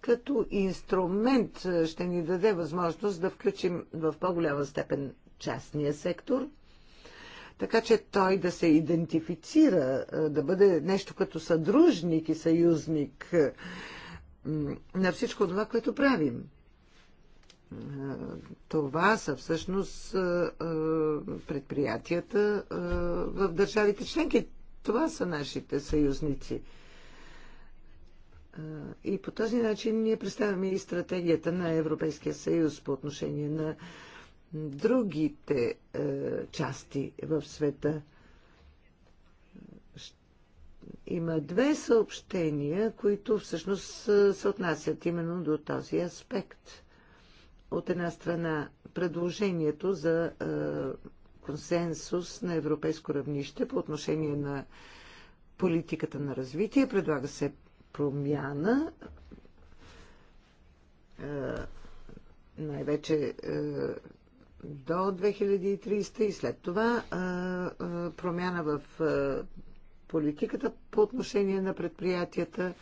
Speaker 4: като инструмент ще ни даде възможност да включим в по-голяма степен частния сектор, така че той да се идентифицира, да бъде нещо като съдружник и съюзник на всичко това, което правим. Това са всъщност предприятията в държавите членки. Това са нашите съюзници. И по този начин ние представяме и стратегията на Европейския съюз по отношение на другите е, части в света. Има две съобщения, които всъщност е, се отнасят именно до този аспект. От една страна предложението за е, консенсус на европейско равнище по отношение на политиката на развитие. Предлага се промяна, най-вече до 2300 и след това промяна в политиката по отношение на предприятията.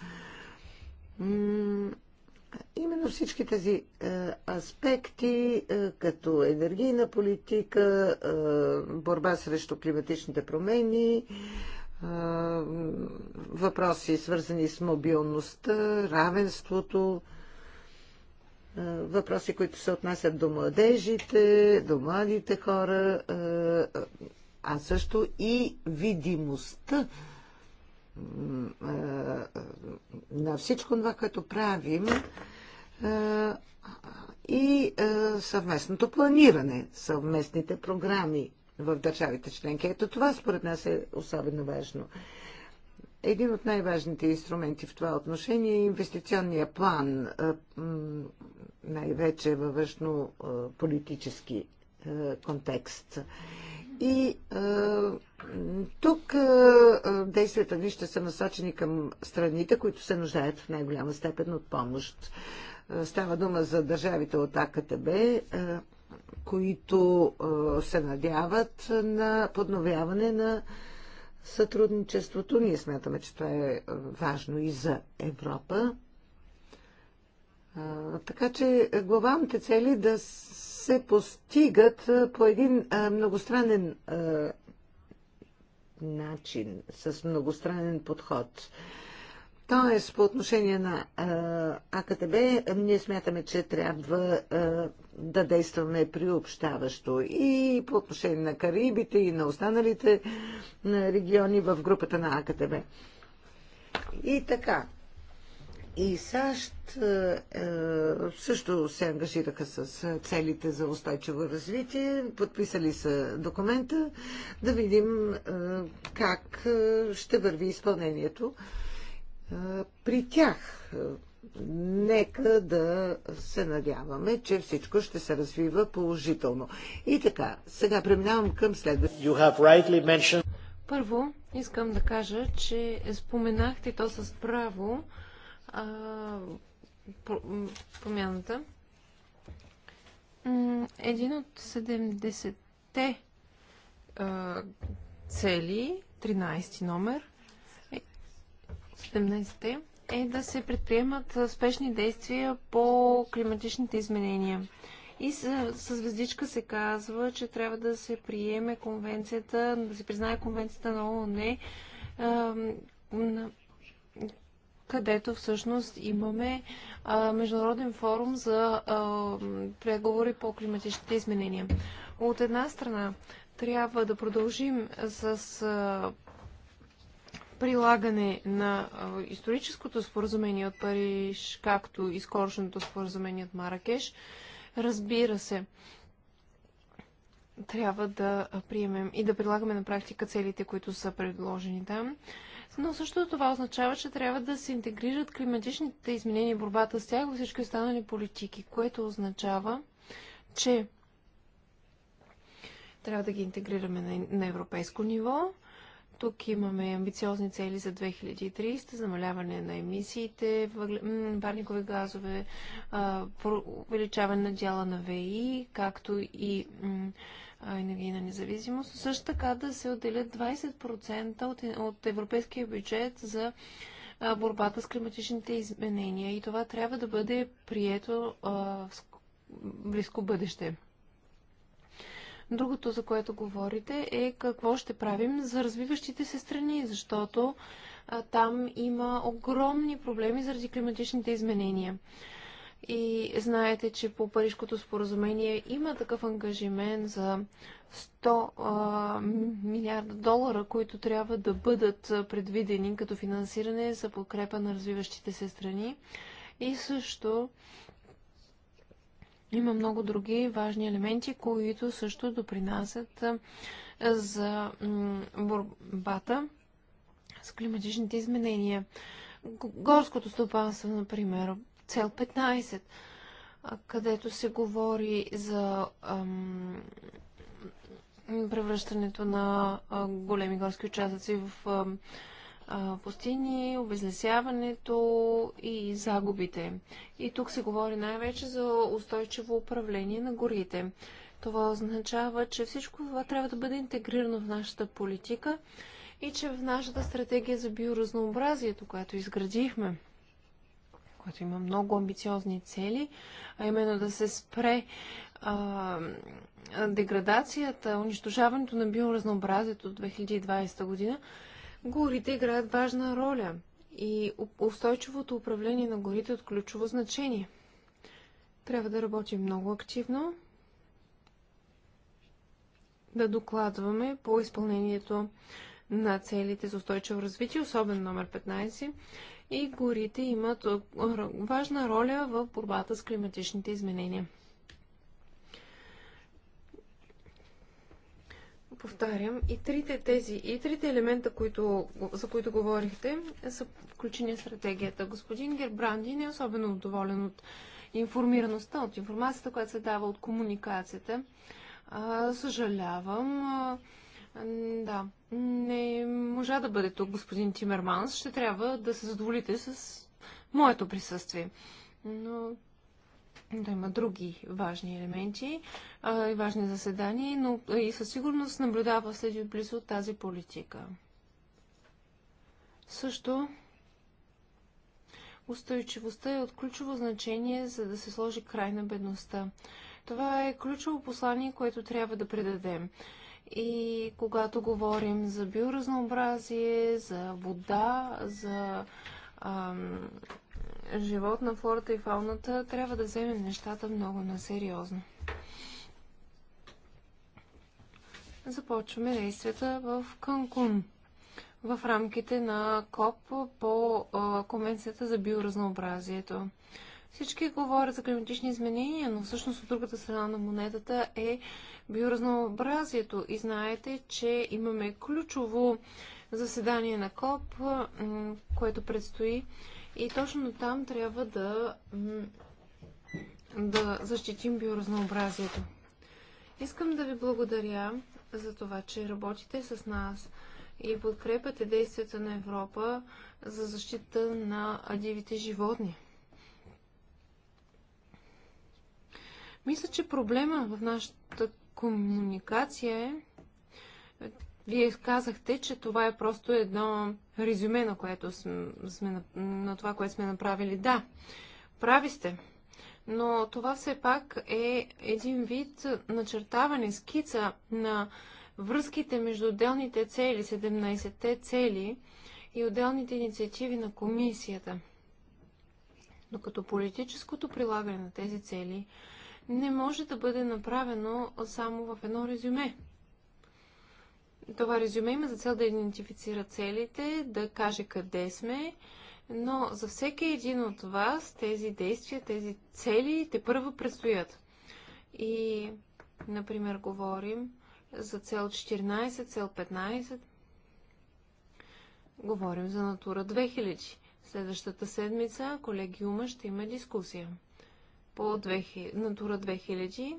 Speaker 4: Именно всички тези аспекти, като енергийна политика, борба срещу климатичните промени, въпроси, свързани с мобилността, равенството, въпроси, които се отнасят до младежите, до младите хора, а също и видимостта на всичко това, което правим и съвместното планиране, съвместните програми в държавите членки. Ето това според нас е особено важно. Един от най-важните инструменти в това отношение е инвестиционния план, най-вече във външно политически контекст. И тук действията ни ще са насочени към страните, които се нуждаят в най-голяма степен от помощ. Става дума за държавите от АКТБ, които се надяват на подновяване на сътрудничеството. Ние смятаме, че това е важно и за Европа. Така че глобалните цели да се постигат по един многостранен начин, с многостранен подход. Тоест, по отношение на АКТБ, ние смятаме, че трябва да действаме приобщаващо и по отношение на Карибите и на останалите региони в групата на АКТБ. И така. И САЩ е, е също се ангажираха с е, целите за устойчиво развитие, подписали са документа, да видим е, как е, ще върви изпълнението е, при тях нека да се надяваме, че всичко ще се развива положително. И така, сега преминавам към следващия. Mentioned...
Speaker 5: Първо, искам да кажа, че споменахте то с право а, промяната. Един от 70-те цели, 13 номер, 17-те, е, е да се предприемат спешни действия по климатичните изменения. И с, звездичка се казва, че трябва да се приеме конвенцията, да се признае конвенцията на ООН, където всъщност имаме международен форум за преговори по климатичните изменения. От една страна трябва да продължим с прилагане на историческото споразумение от Париж, както и скорошното споразумение от Маракеш, разбира се, трябва да приемем и да прилагаме на практика целите, които са предложени там. Но също това означава, че трябва да се интегрират климатичните изменения и борбата с тях във всички останали политики, което означава, че трябва да ги интегрираме на, на европейско ниво, тук имаме амбициозни цели за 2030, замаляване на емисиите, парникови газове, увеличаване на дяла на ВИ, както и енергийна независимост. Също така да се отделят 20% от, от европейския бюджет за а, борбата с климатичните изменения. И това трябва да бъде прието а, в близко бъдеще. Другото, за което говорите, е какво ще правим за развиващите се страни, защото а, там има огромни проблеми заради климатичните изменения. И знаете, че по Парижкото споразумение има такъв ангажимент за 100 а, милиарда долара, които трябва да бъдат предвидени като финансиране за подкрепа на развиващите се страни. И също има много други важни елементи, които също допринасят за борбата с климатичните изменения. Горското стопанство, например, цел 15, където се говори за превръщането на големи горски участъци в пустини, обезлесяването и загубите. И тук се говори най-вече за устойчиво управление на горите. Това означава, че всичко това трябва да бъде интегрирано в нашата политика и че в нашата стратегия за биоразнообразието, която изградихме, която има много амбициозни цели, а именно да се спре а, деградацията, унищожаването на биоразнообразието от 2020 година, горите играят важна роля и устойчивото управление на горите е от ключово значение. Трябва да работим много активно, да докладваме по изпълнението на целите за устойчиво развитие, особено номер 15, и горите имат важна роля в борбата с климатичните изменения. повтарям, и трите тези, и трите елемента, които, за които говорихте, са включени в стратегията. Господин Гербранди не е особено доволен от информираността, от информацията, която се дава от комуникацията. А, съжалявам. А, да, не можа да бъде тук господин Тимерманс. Ще трябва да се задоволите с моето присъствие. Но да има други важни елементи а, и важни заседания, но и със сигурност наблюдава след близо тази политика. Също устойчивостта е от ключово значение, за да се сложи край на бедността. Това е ключово послание, което трябва да предадем. И когато говорим за биоразнообразие, за вода, за ам, живот на флората и фауната, трябва да вземем нещата много на сериозно. Започваме действията в Канкун в рамките на КОП по Конвенцията за биоразнообразието. Всички говорят за климатични изменения, но всъщност от другата страна на монетата е биоразнообразието. И знаете, че имаме ключово заседание на КОП, което предстои и точно там трябва да, да защитим биоразнообразието. Искам да ви благодаря за това, че работите с нас и подкрепяте действията на Европа за защита на дивите животни. Мисля, че проблема в нашата комуникация е, вие казахте, че това е просто едно резюме на, което сме, на това, което сме направили. Да, прави сте. Но това все пак е един вид начертаване, скица на връзките между отделните цели, 17-те цели и отделните инициативи на комисията. Докато политическото прилагане на тези цели не може да бъде направено само в едно резюме. Това резюме има за цел да идентифицира целите, да каже къде сме, но за всеки един от вас тези действия, тези цели те първо предстоят. И, например, говорим за цел 14, цел 15, говорим за Натура 2000. Следващата седмица колегиума ще има дискусия по 2000, Натура 2000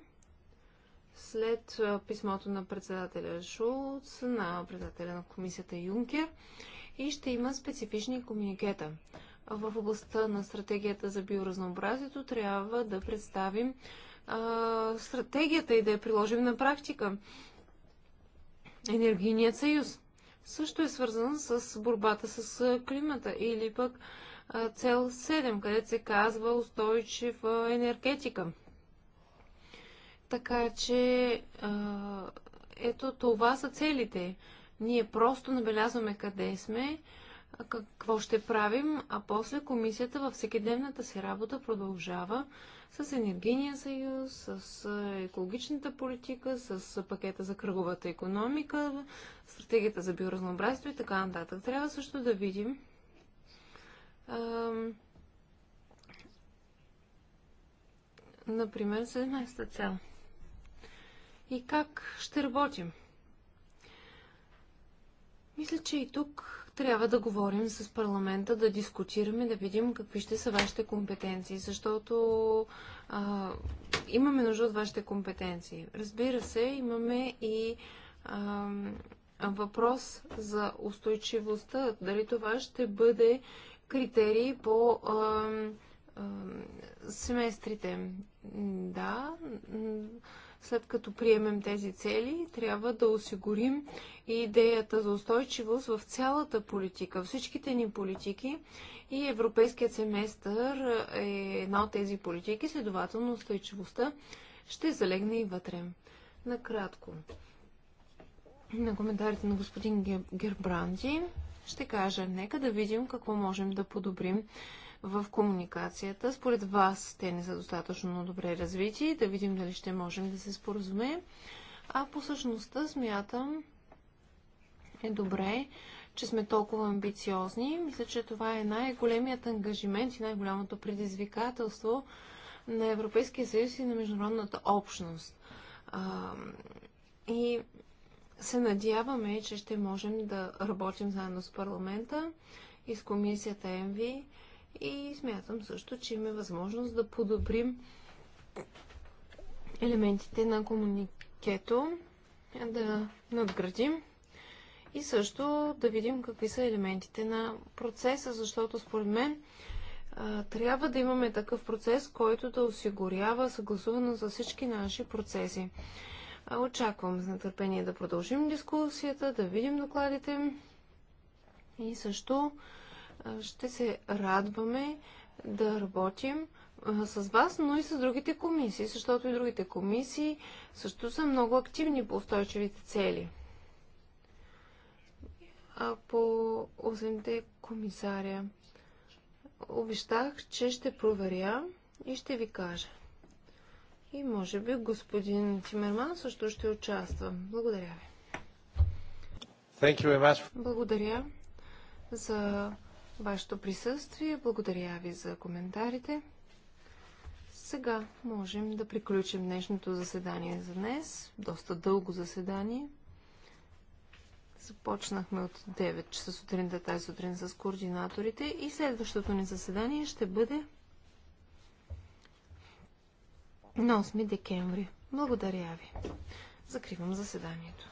Speaker 5: след писмото на председателя Шулц, на председателя на комисията Юнкер и ще има специфични комуникета. В областта на стратегията за биоразнообразието трябва да представим а, стратегията и да я приложим на практика. Енергийният съюз също е свързан с борбата с климата или пък цел 7, където се казва устойчива енергетика. Така че, ето това са целите. Ние просто набелязваме къде сме, какво ще правим, а после комисията във всекидневната си работа продължава с енергийния съюз, с екологичната политика, с пакета за кръговата економика, стратегията за биоразнообразието и така нататък. Трябва също да видим а, например 17 цяло и как ще работим. Мисля, че и тук трябва да говорим с парламента, да дискутираме, да видим какви ще са вашите компетенции, защото а, имаме нужда от вашите компетенции. Разбира се, имаме и а, въпрос за устойчивостта. Дали това ще бъде критерии по а, а, семестрите? Да след като приемем тези цели, трябва да осигурим и идеята за устойчивост в цялата политика, всичките ни политики и Европейският семестър е една от тези политики, следователно устойчивостта ще залегне и вътре. Накратко, на коментарите на господин Гербранди ще кажа, нека да видим какво можем да подобрим в комуникацията. Според вас те не са достатъчно добре развити. Да видим дали ще можем да се споразумеем. А по същността смятам е добре, че сме толкова амбициозни. Мисля, че това е най-големият ангажимент и най-голямото предизвикателство на Европейския съюз и на международната общност. А, и се надяваме, че ще можем да работим заедно с парламента и с комисията МВИ. И смятам също, че има възможност да подобрим елементите на комуникето, да надградим и също да видим какви са елементите на процеса, защото според мен трябва да имаме такъв процес, който да осигурява съгласувано за всички наши процеси. Очаквам с нетърпение да продължим дискусията, да видим докладите и също ще се радваме да работим с вас, но и с другите комисии, защото и другите комисии също са много активни по устойчивите цели. А по 8-те комисаря обещах, че ще проверя и ще ви кажа. И може би господин Тимерман също ще участва. Благодаря
Speaker 3: ви.
Speaker 5: Благодаря за вашето присъствие. Благодаря ви за коментарите. Сега можем да приключим днешното заседание за днес. Доста дълго заседание. Започнахме от 9 часа сутринта тази сутрин с координаторите и следващото ни заседание ще бъде на 8 декември. Благодаря ви. Закривам заседанието.